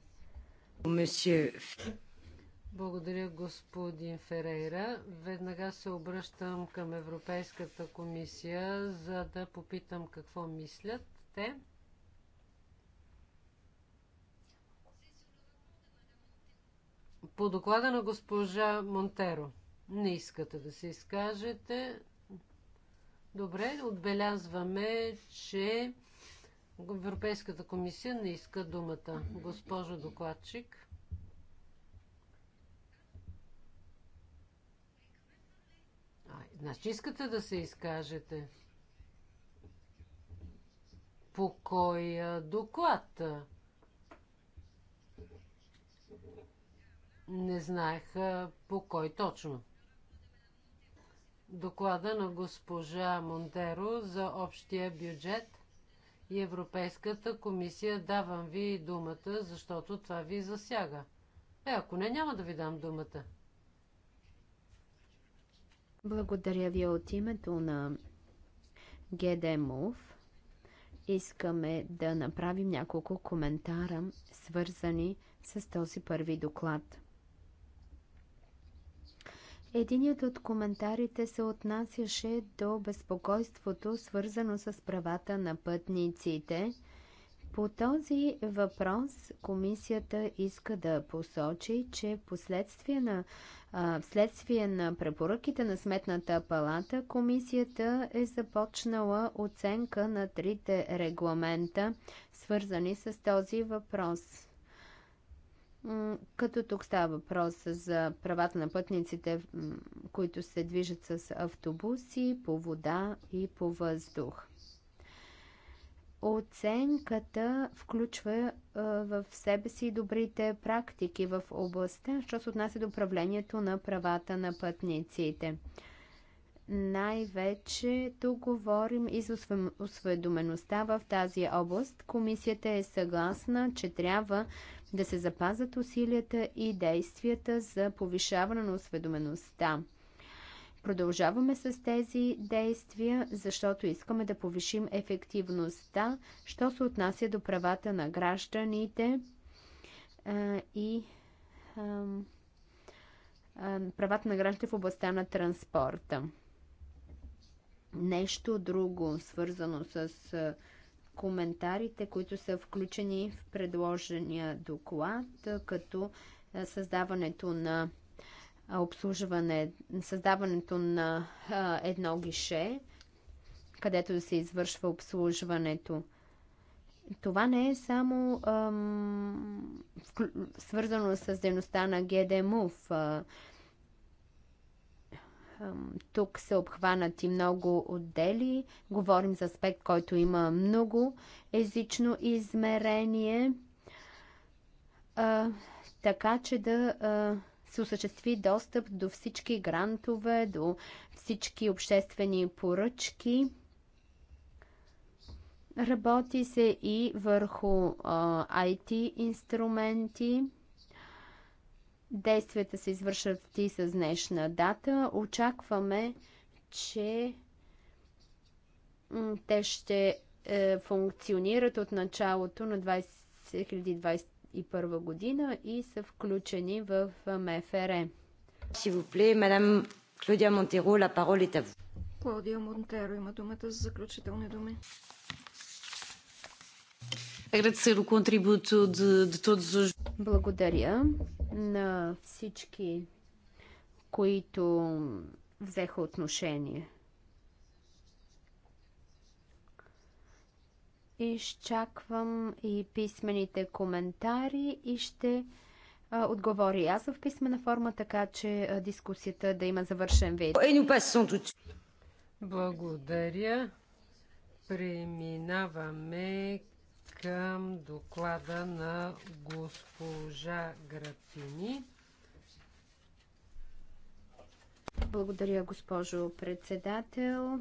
Благодаря, господин Ферейра. Веднага се обръщам към Европейската комисия, за да попитам какво мислят те. По доклада на госпожа Монтеро. Не искате да се изкажете. Добре, отбелязваме, че Европейската комисия не иска думата. Госпожо докладчик. А, значи искате да се изкажете? По кой доклад? Не знаех по кой точно доклада на госпожа Монтеро за общия бюджет и Европейската комисия. Давам ви думата, защото това ви засяга. Е, ако не, няма да ви дам думата. Благодаря ви от името на ГДМОВ. Искаме да направим няколко коментара, свързани с този първи доклад. Единият от коментарите се отнасяше до безпокойството, свързано с правата на пътниците. По този въпрос комисията иска да посочи, че последствие на, а, вследствие на препоръките на Сметната палата, комисията е започнала оценка на трите регламента, свързани с този въпрос като тук става въпрос за правата на пътниците, които се движат с автобуси, по вода и по въздух. Оценката включва в себе си добрите практики в областта, що се отнася до управлението на правата на пътниците. Най-вече тук говорим и за осведомеността в тази област. Комисията е съгласна, че трябва да се запазят усилията и действията за повишаване на осведомеността. Продължаваме с тези действия, защото искаме да повишим ефективността, що се отнася до правата на гражданите а, и а, а, правата на гражданите в областта на транспорта. Нещо друго, свързано с коментарите, които са включени в предложения доклад, като е, създаването на е, обслужване, създаването на е, едно гише, където се извършва обслужването. Това не е само ам, свързано с дейността на а, тук са обхванати много отдели. Говорим за аспект, който има много езично измерение, а, така че да а, се осъществи достъп до всички грантове, до всички обществени поръчки. Работи се и върху а, IT инструменти. Действията се извършват и с днешна дата. Очакваме, че те ще е, функционират от началото на 2021 година и са включени в е, МФР. Клодия Монтеро, Клодия Монтеро има думата за заключителни думи. Благодаря на всички, които взеха отношение. Изчаквам и писмените коментари и ще а, отговори аз в писмена форма, така че а, дискусията да има завършен вид. Е, Благодаря. Преминаваме към доклада на госпожа Грацини. Благодаря, госпожо председател.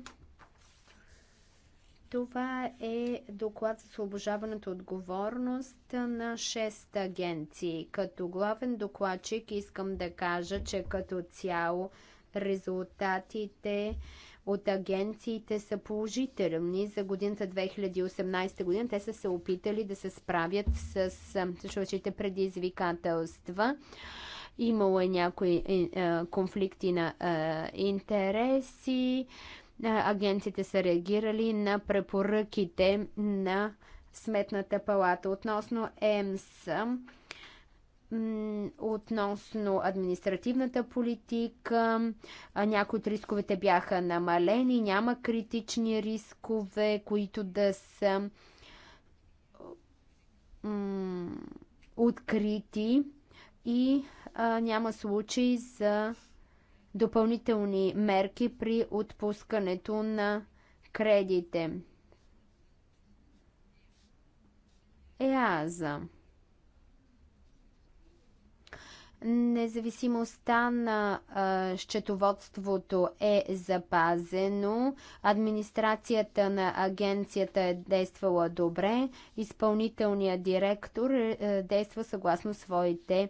Това е доклад за освобождаването отговорност на 6 агенции. Като главен докладчик искам да кажа, че като цяло резултатите от агенциите са положителни. За годината 2018 година те са се опитали да се справят с съществуващите предизвикателства. Имало е някои конфликти на интереси. Агенциите са реагирали на препоръките на Сметната палата. Относно ЕМС, относно административната политика. Някои от рисковете бяха намалени, няма критични рискове, които да са открити и а, няма случаи за допълнителни мерки при отпускането на кредите. ЕАЗа Независимостта на а, счетоводството е запазено. Администрацията на агенцията е действала добре. Изпълнителният директор е, е действа съгласно своите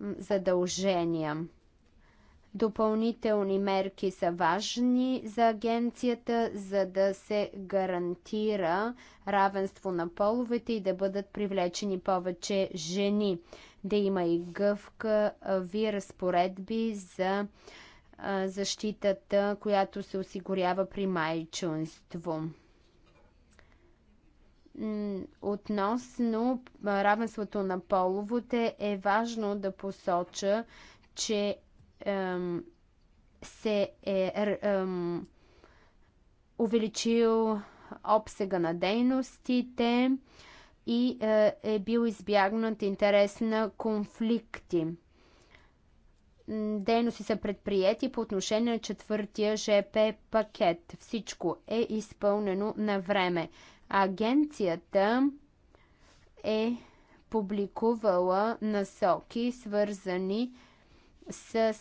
задължения. Допълнителни мерки са важни за агенцията, за да се гарантира равенство на половете и да бъдат привлечени повече жени. Да има и гъвкави разпоредби за защитата, която се осигурява при майчунство. Относно равенството на половете е важно да посоча, че се е увеличил обсега на дейностите и е, е бил избягнат интерес на конфликти. Дейности са предприяти по отношение на четвъртия ЖП пакет. Всичко е изпълнено на време. Агенцията е публикувала насоки, свързани с с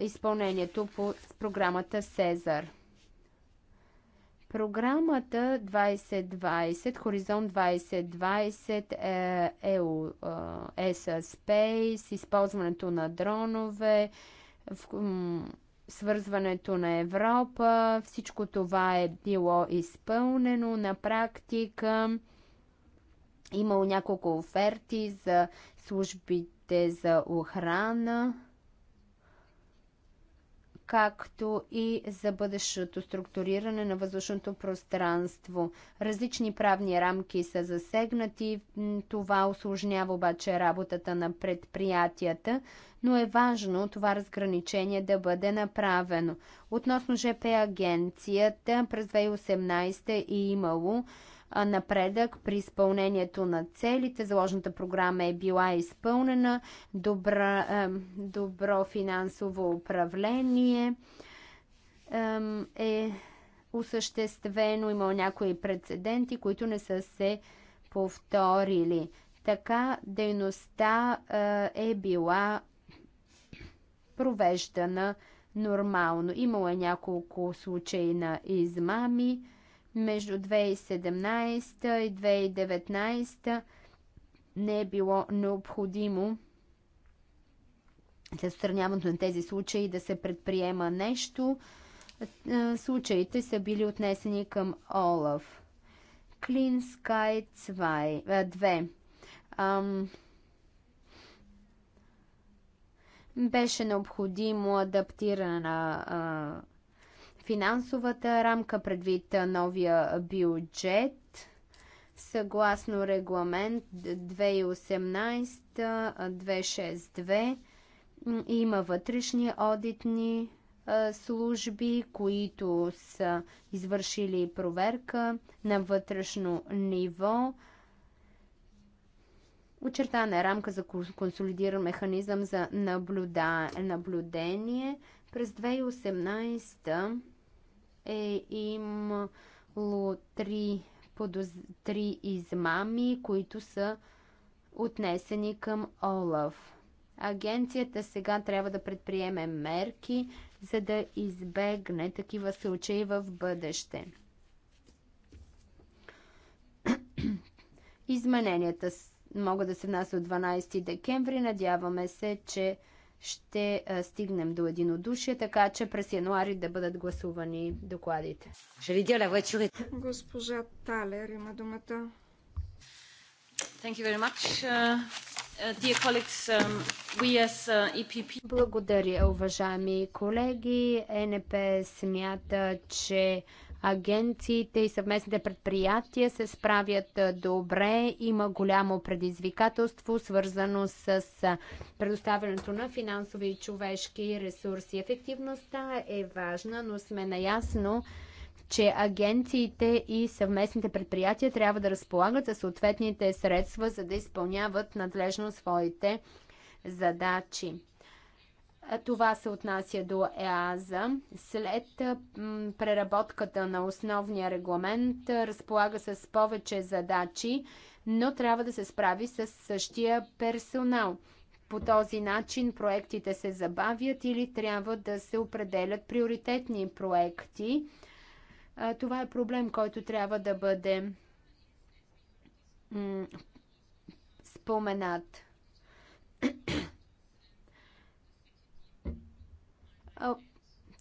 изпълнението по програмата Сезар. Програмата 2020, Хоризонт 2020, е с е, е, е, Space, използването на дронове, свързването на Европа, всичко това е било изпълнено на практика. Имало няколко оферти за службите за охрана както и за бъдещото структуриране на въздушното пространство. Различни правни рамки са засегнати, това осложнява обаче работата на предприятията, но е важно това разграничение да бъде направено. Относно ЖП агенцията, през 2018 е имало напредък при изпълнението на целите. Заложната програма е била изпълнена, добра, добро финансово управление е, осъществено, имало някои прецеденти, които не са се повторили. Така дейността е, е била провеждана нормално. Имало е няколко случаи на измами, между 2017 и 2019 не е било необходимо след отстраняването на тези случаи да се предприема нещо. Е, случаите са били отнесени към Олаф. Clean Sky 2. Е, беше необходимо адаптиране на финансовата рамка, предвид новия бюджет, съгласно регламент 2018-262, има вътрешни одитни служби, които са извършили проверка на вътрешно ниво. Очертана е рамка за консолидиран механизъм за наблюда... наблюдение. През 2018 е имало три, подоз... три измами, които са отнесени към Олаф. Агенцията сега трябва да предприеме мерки, за да избегне такива случаи в бъдеще. Измененията могат да се внасят от 12 декември. Надяваме се, че ще стигнем до единодушие, така че през януари да бъдат гласувани докладите. Госпожа Талер има думата. Благодаря, уважаеми колеги. Е НП смята, че агенциите и съвместните предприятия се справят добре. Има голямо предизвикателство, свързано с предоставянето на финансови и човешки ресурси. Ефективността е важна, но сме наясно, че агенциите и съвместните предприятия трябва да разполагат за съответните средства, за да изпълняват надлежно своите задачи. Това се отнася до ЕАЗа. След преработката на основния регламент разполага с повече задачи, но трябва да се справи с същия персонал. По този начин проектите се забавят или трябва да се определят приоритетни проекти. Това е проблем, който трябва да бъде споменат.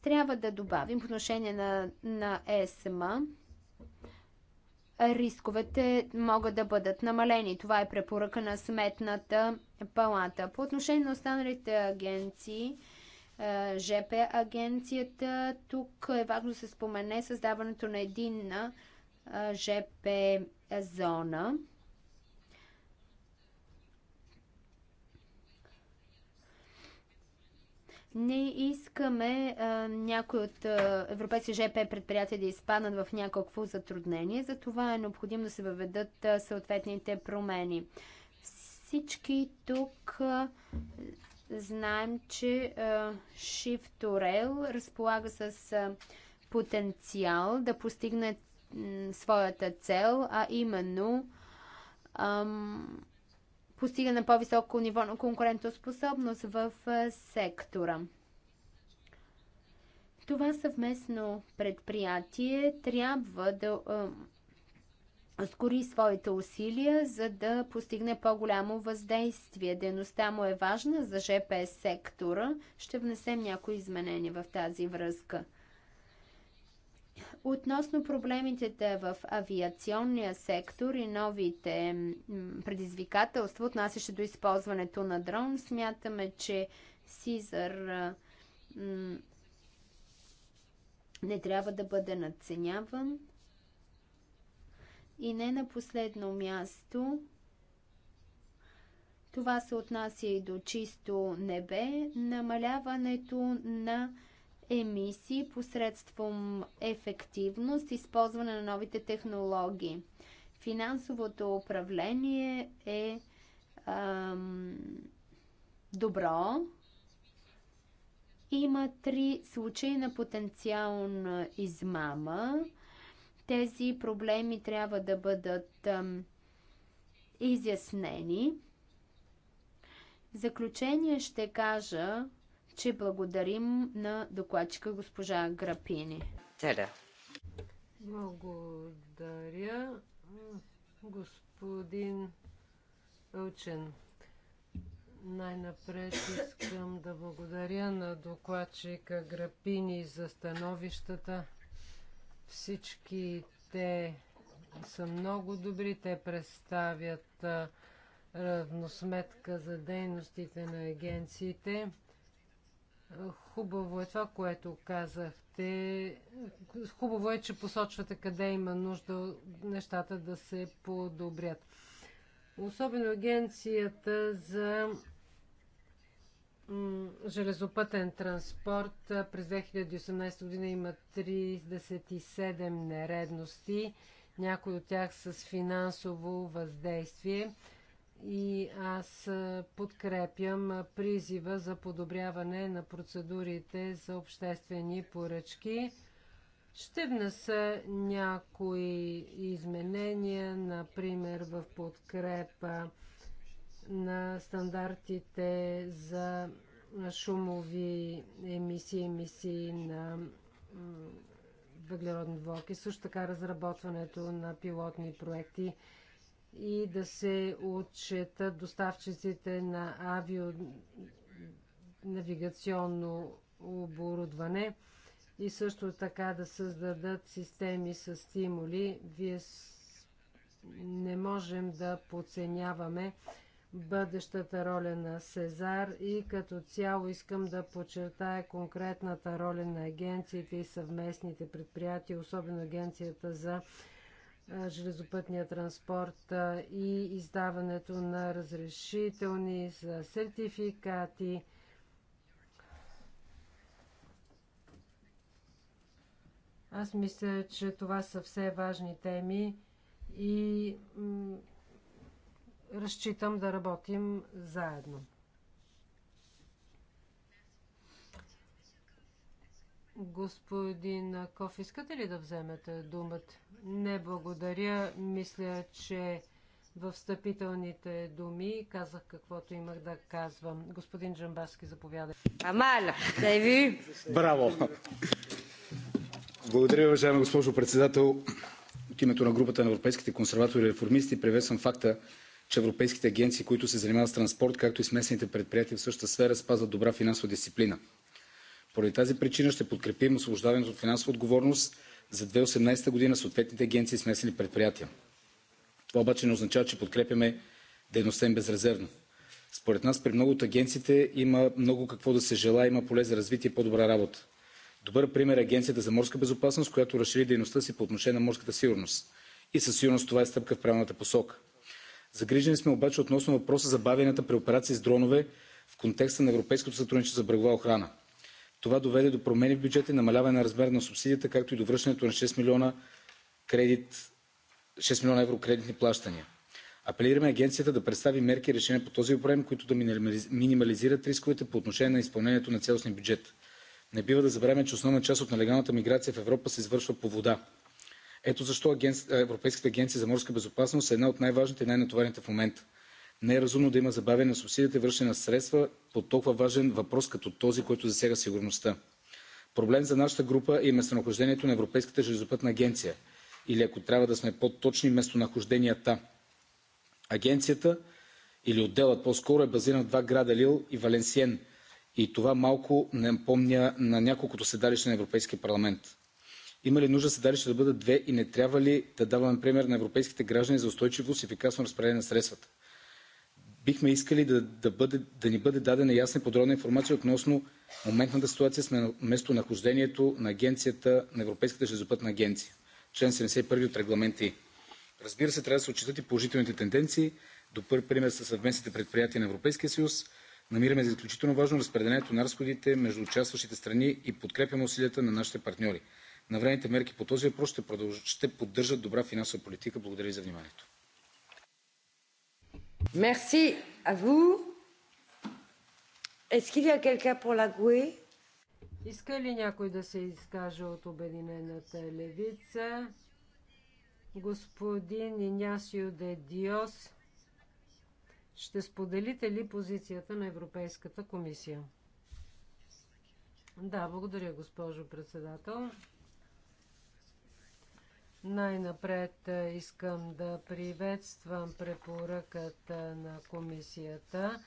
трябва да добавим по отношение на, на ЕСМА, рисковете могат да бъдат намалени. Това е препоръка на сметната палата. По отношение на останалите агенции, ЖП агенцията, тук е важно да се спомене създаването на единна ЖП зона. Не искаме а, някои от а, европейски ЖП предприятия да изпаднат в някакво затруднение, затова е необходимо да се въведат а, съответните промени. Всички тук а, знаем, че а, Shift to Rail разполага с а, потенциал да постигне своята цел, а именно А, постигане на по-високо ниво на конкурентоспособност в сектора. Това съвместно предприятие трябва да ускори своите усилия, за да постигне по-голямо въздействие. Дейността му е важна за ЖПС сектора. Ще внесем някои изменения в тази връзка. Относно проблемите в авиационния сектор и новите предизвикателства, отнасящи до използването на дрон, смятаме, че Сизър не трябва да бъде надценяван. И не на последно място, това се отнася и до чисто небе, намаляването на емисии посредством ефективност, използване на новите технологии. Финансовото управление е ам, добро. Има три случаи на потенциална измама. Тези проблеми трябва да бъдат ам, изяснени. В заключение ще кажа, че благодарим на докладчика госпожа Грапини. Теля. Благодаря, господин Вълчен. Най-напред искам да благодаря на докладчика Грапини за становищата. Всички те са много добри. Те представят равносметка за дейностите на агенциите. Хубаво е това, което казахте. Хубаво е, че посочвате къде има нужда нещата да се подобрят. Особено агенцията за железопътен транспорт през 2018 година има 37 нередности, някои от тях с финансово въздействие и аз подкрепям призива за подобряване на процедурите за обществени поръчки. Ще внеса някои изменения, например в подкрепа на стандартите за шумови емисии, емисии на въглеродни влоки, също така разработването на пилотни проекти и да се отчетат доставчиците на авионавигационно оборудване и също така да създадат системи с стимули. Вие не можем да подценяваме бъдещата роля на Сезар и като цяло искам да подчертая конкретната роля на агенциите и съвместните предприятия, особено агенцията за железопътния транспорт и издаването на разрешителни за сертификати. Аз мисля, че това са все важни теми и разчитам да работим заедно. Господин Ков, искате ли да вземете думата? Не, благодаря. Мисля, че в встъпителните думи казах каквото имах да казвам. Господин Джамбаски, заповядай. Амал, да ви. Браво. Благодаря, уважаема госпожо председател. От името на групата на европейските консерватори и реформисти приветствам факта, че европейските агенции, които се занимават с транспорт, както и с местните предприятия в същата сфера, спазват добра финансова дисциплина. Поради тази причина ще подкрепим освобождаването от финансова отговорност за 2018 година съответните агенции и смесени предприятия. Това обаче не означава, че подкрепяме дейността им безрезервно. Според нас при много от агенциите има много какво да се жела, има поле за развитие и по-добра работа. Добър пример е Агенцията за морска безопасност, която разшири дейността си по отношение на морската сигурност. И със сигурност това е стъпка в правилната посока. Загрижени сме обаче относно въпроса за бавенията при операции с дронове в контекста на европейското сътрудничество за брегова охрана. Това доведе до промени в бюджета и намаляване на размера на субсидията, както и до връщането на 6 милиона, кредит, 6 милиона евро кредитни плащания. Апелираме агенцията да представи мерки и решения по този проблем, които да минимализират рисковете по отношение на изпълнението на цялостния бюджет. Не бива да забравяме, че основна част от нелегалната миграция в Европа се извършва по вода. Ето защо Европейската агенция за морска безопасност е една от най-важните и най-натоварените в момента. Не е разумно да има забавяне на субсидията и връщане на средства по толкова важен въпрос като този, който засяга сигурността. Проблем за нашата група е местонахождението на Европейската железопътна агенция. Или ако трябва да сме по-точни, местонахожденията. Агенцията или отделът по-скоро е базиран в два града Лил и Валенсиен. И това малко не помня на няколкото седалища на Европейския парламент. Има ли нужда седалища да бъдат две и не трябва ли да даваме пример на европейските граждани за устойчивост и ефикасно разпределение на средствата? бихме искали да, да, бъде, да ни бъде дадена ясна и подробна информация относно моментната ситуация с местонахождението на агенцията на Европейската железопътна агенция, член 71 от регламента И. Разбира се, трябва да се отчитат и положителните тенденции, добър пример са съвместните предприятия на Европейския съюз. Намираме за изключително важно разпределението на разходите между участващите страни и подкрепяме усилията на нашите партньори. Навременните мерки по този въпрос ще, продълж... ще поддържат добра финансова политика. Благодаря ви за вниманието. Мерси à vous. Est-ce qu'il y a quelqu'un pour la Goué e? Иска ли някой да се изкаже от Обединената левица? Господин Инясио де Диос, ще споделите ли позицията на Европейската комисия? Да, благодаря, госпожо председател. Най-напред е, искам да приветствам препоръката на комисията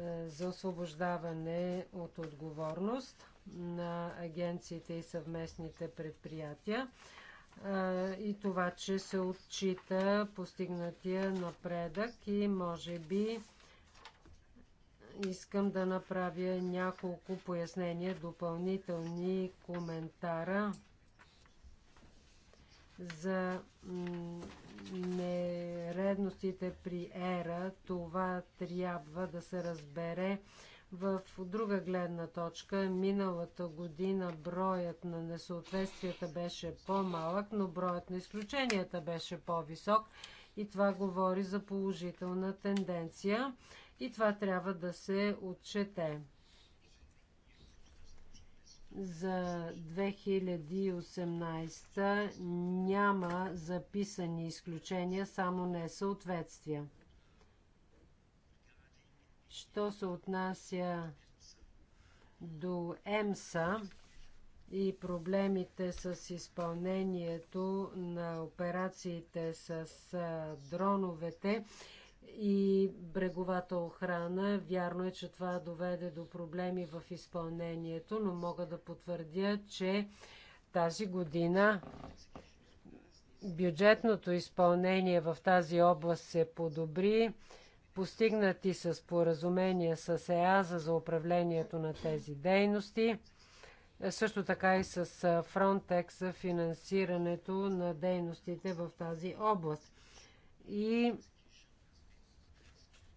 е, за освобождаване от отговорност на агенциите и съвместните предприятия е, и това, че се отчита постигнатия напредък и може би искам да направя няколко пояснения, допълнителни коментара за нередностите при ера. Това трябва да се разбере в друга гледна точка. Миналата година броят на несъответствията беше по-малък, но броят на изключенията беше по-висок и това говори за положителна тенденция и това трябва да се отчете за 2018 няма записани изключения, само несъответствия. Що се отнася до ЕМСА и проблемите с изпълнението на операциите с дроновете и бреговата охрана. Вярно е, че това доведе до проблеми в изпълнението, но мога да потвърдя, че тази година бюджетното изпълнение в тази област се подобри. Постигнати са споразумения с ЕАЗа за управлението на тези дейности. Също така и с Frontex за финансирането на дейностите в тази област. И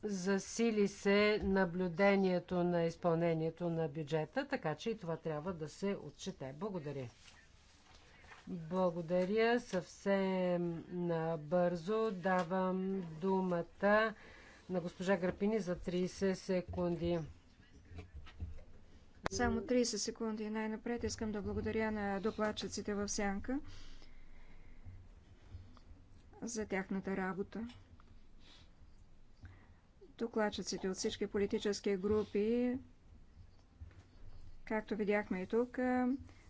Засили се наблюдението на изпълнението на бюджета, така че и това трябва да се отчете. Благодаря. Благодаря. Съвсем набързо давам думата на госпожа Грапини за 30 секунди. Само 30 секунди. Най-напред искам да благодаря на докладчиците в Сянка за тяхната работа. Докладчиците от всички политически групи, както видяхме и тук, е,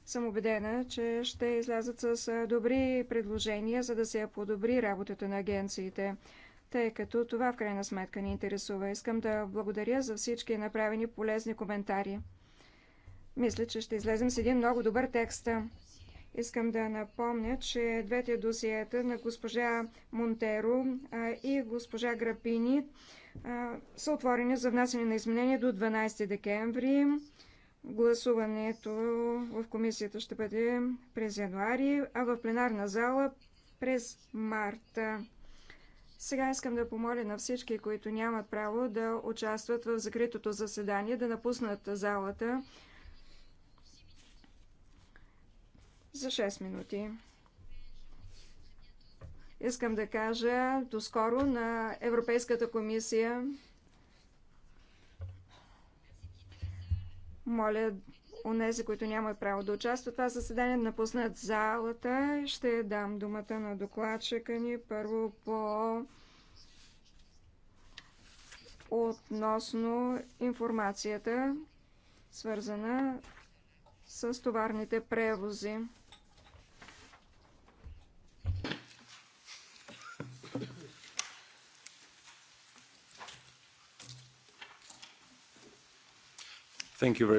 съм убедена, че ще излязат с е, добри предложения, за да се подобри работата на агенциите, тъй като това в крайна сметка ни интересува. Искам да благодаря за всички направени полезни коментари. Мисля, че ще излезем с един много добър текст. Искам да напомня, че двете досиета на госпожа Монтеро и госпожа Грапини са отворени за внасяне на изменения до 12 декември. Гласуването в комисията ще бъде през януари, а в пленарна зала през марта. Сега искам да помоля на всички, които нямат право да участват в закритото заседание, да напуснат залата за 6 минути. Искам да кажа доскоро на Европейската комисия. Моля онези, които нямат право да участват. Това заседание напуснат залата. Ще дам думата на докладчика ни първо по относно информацията, свързана с товарните превози. Thank you very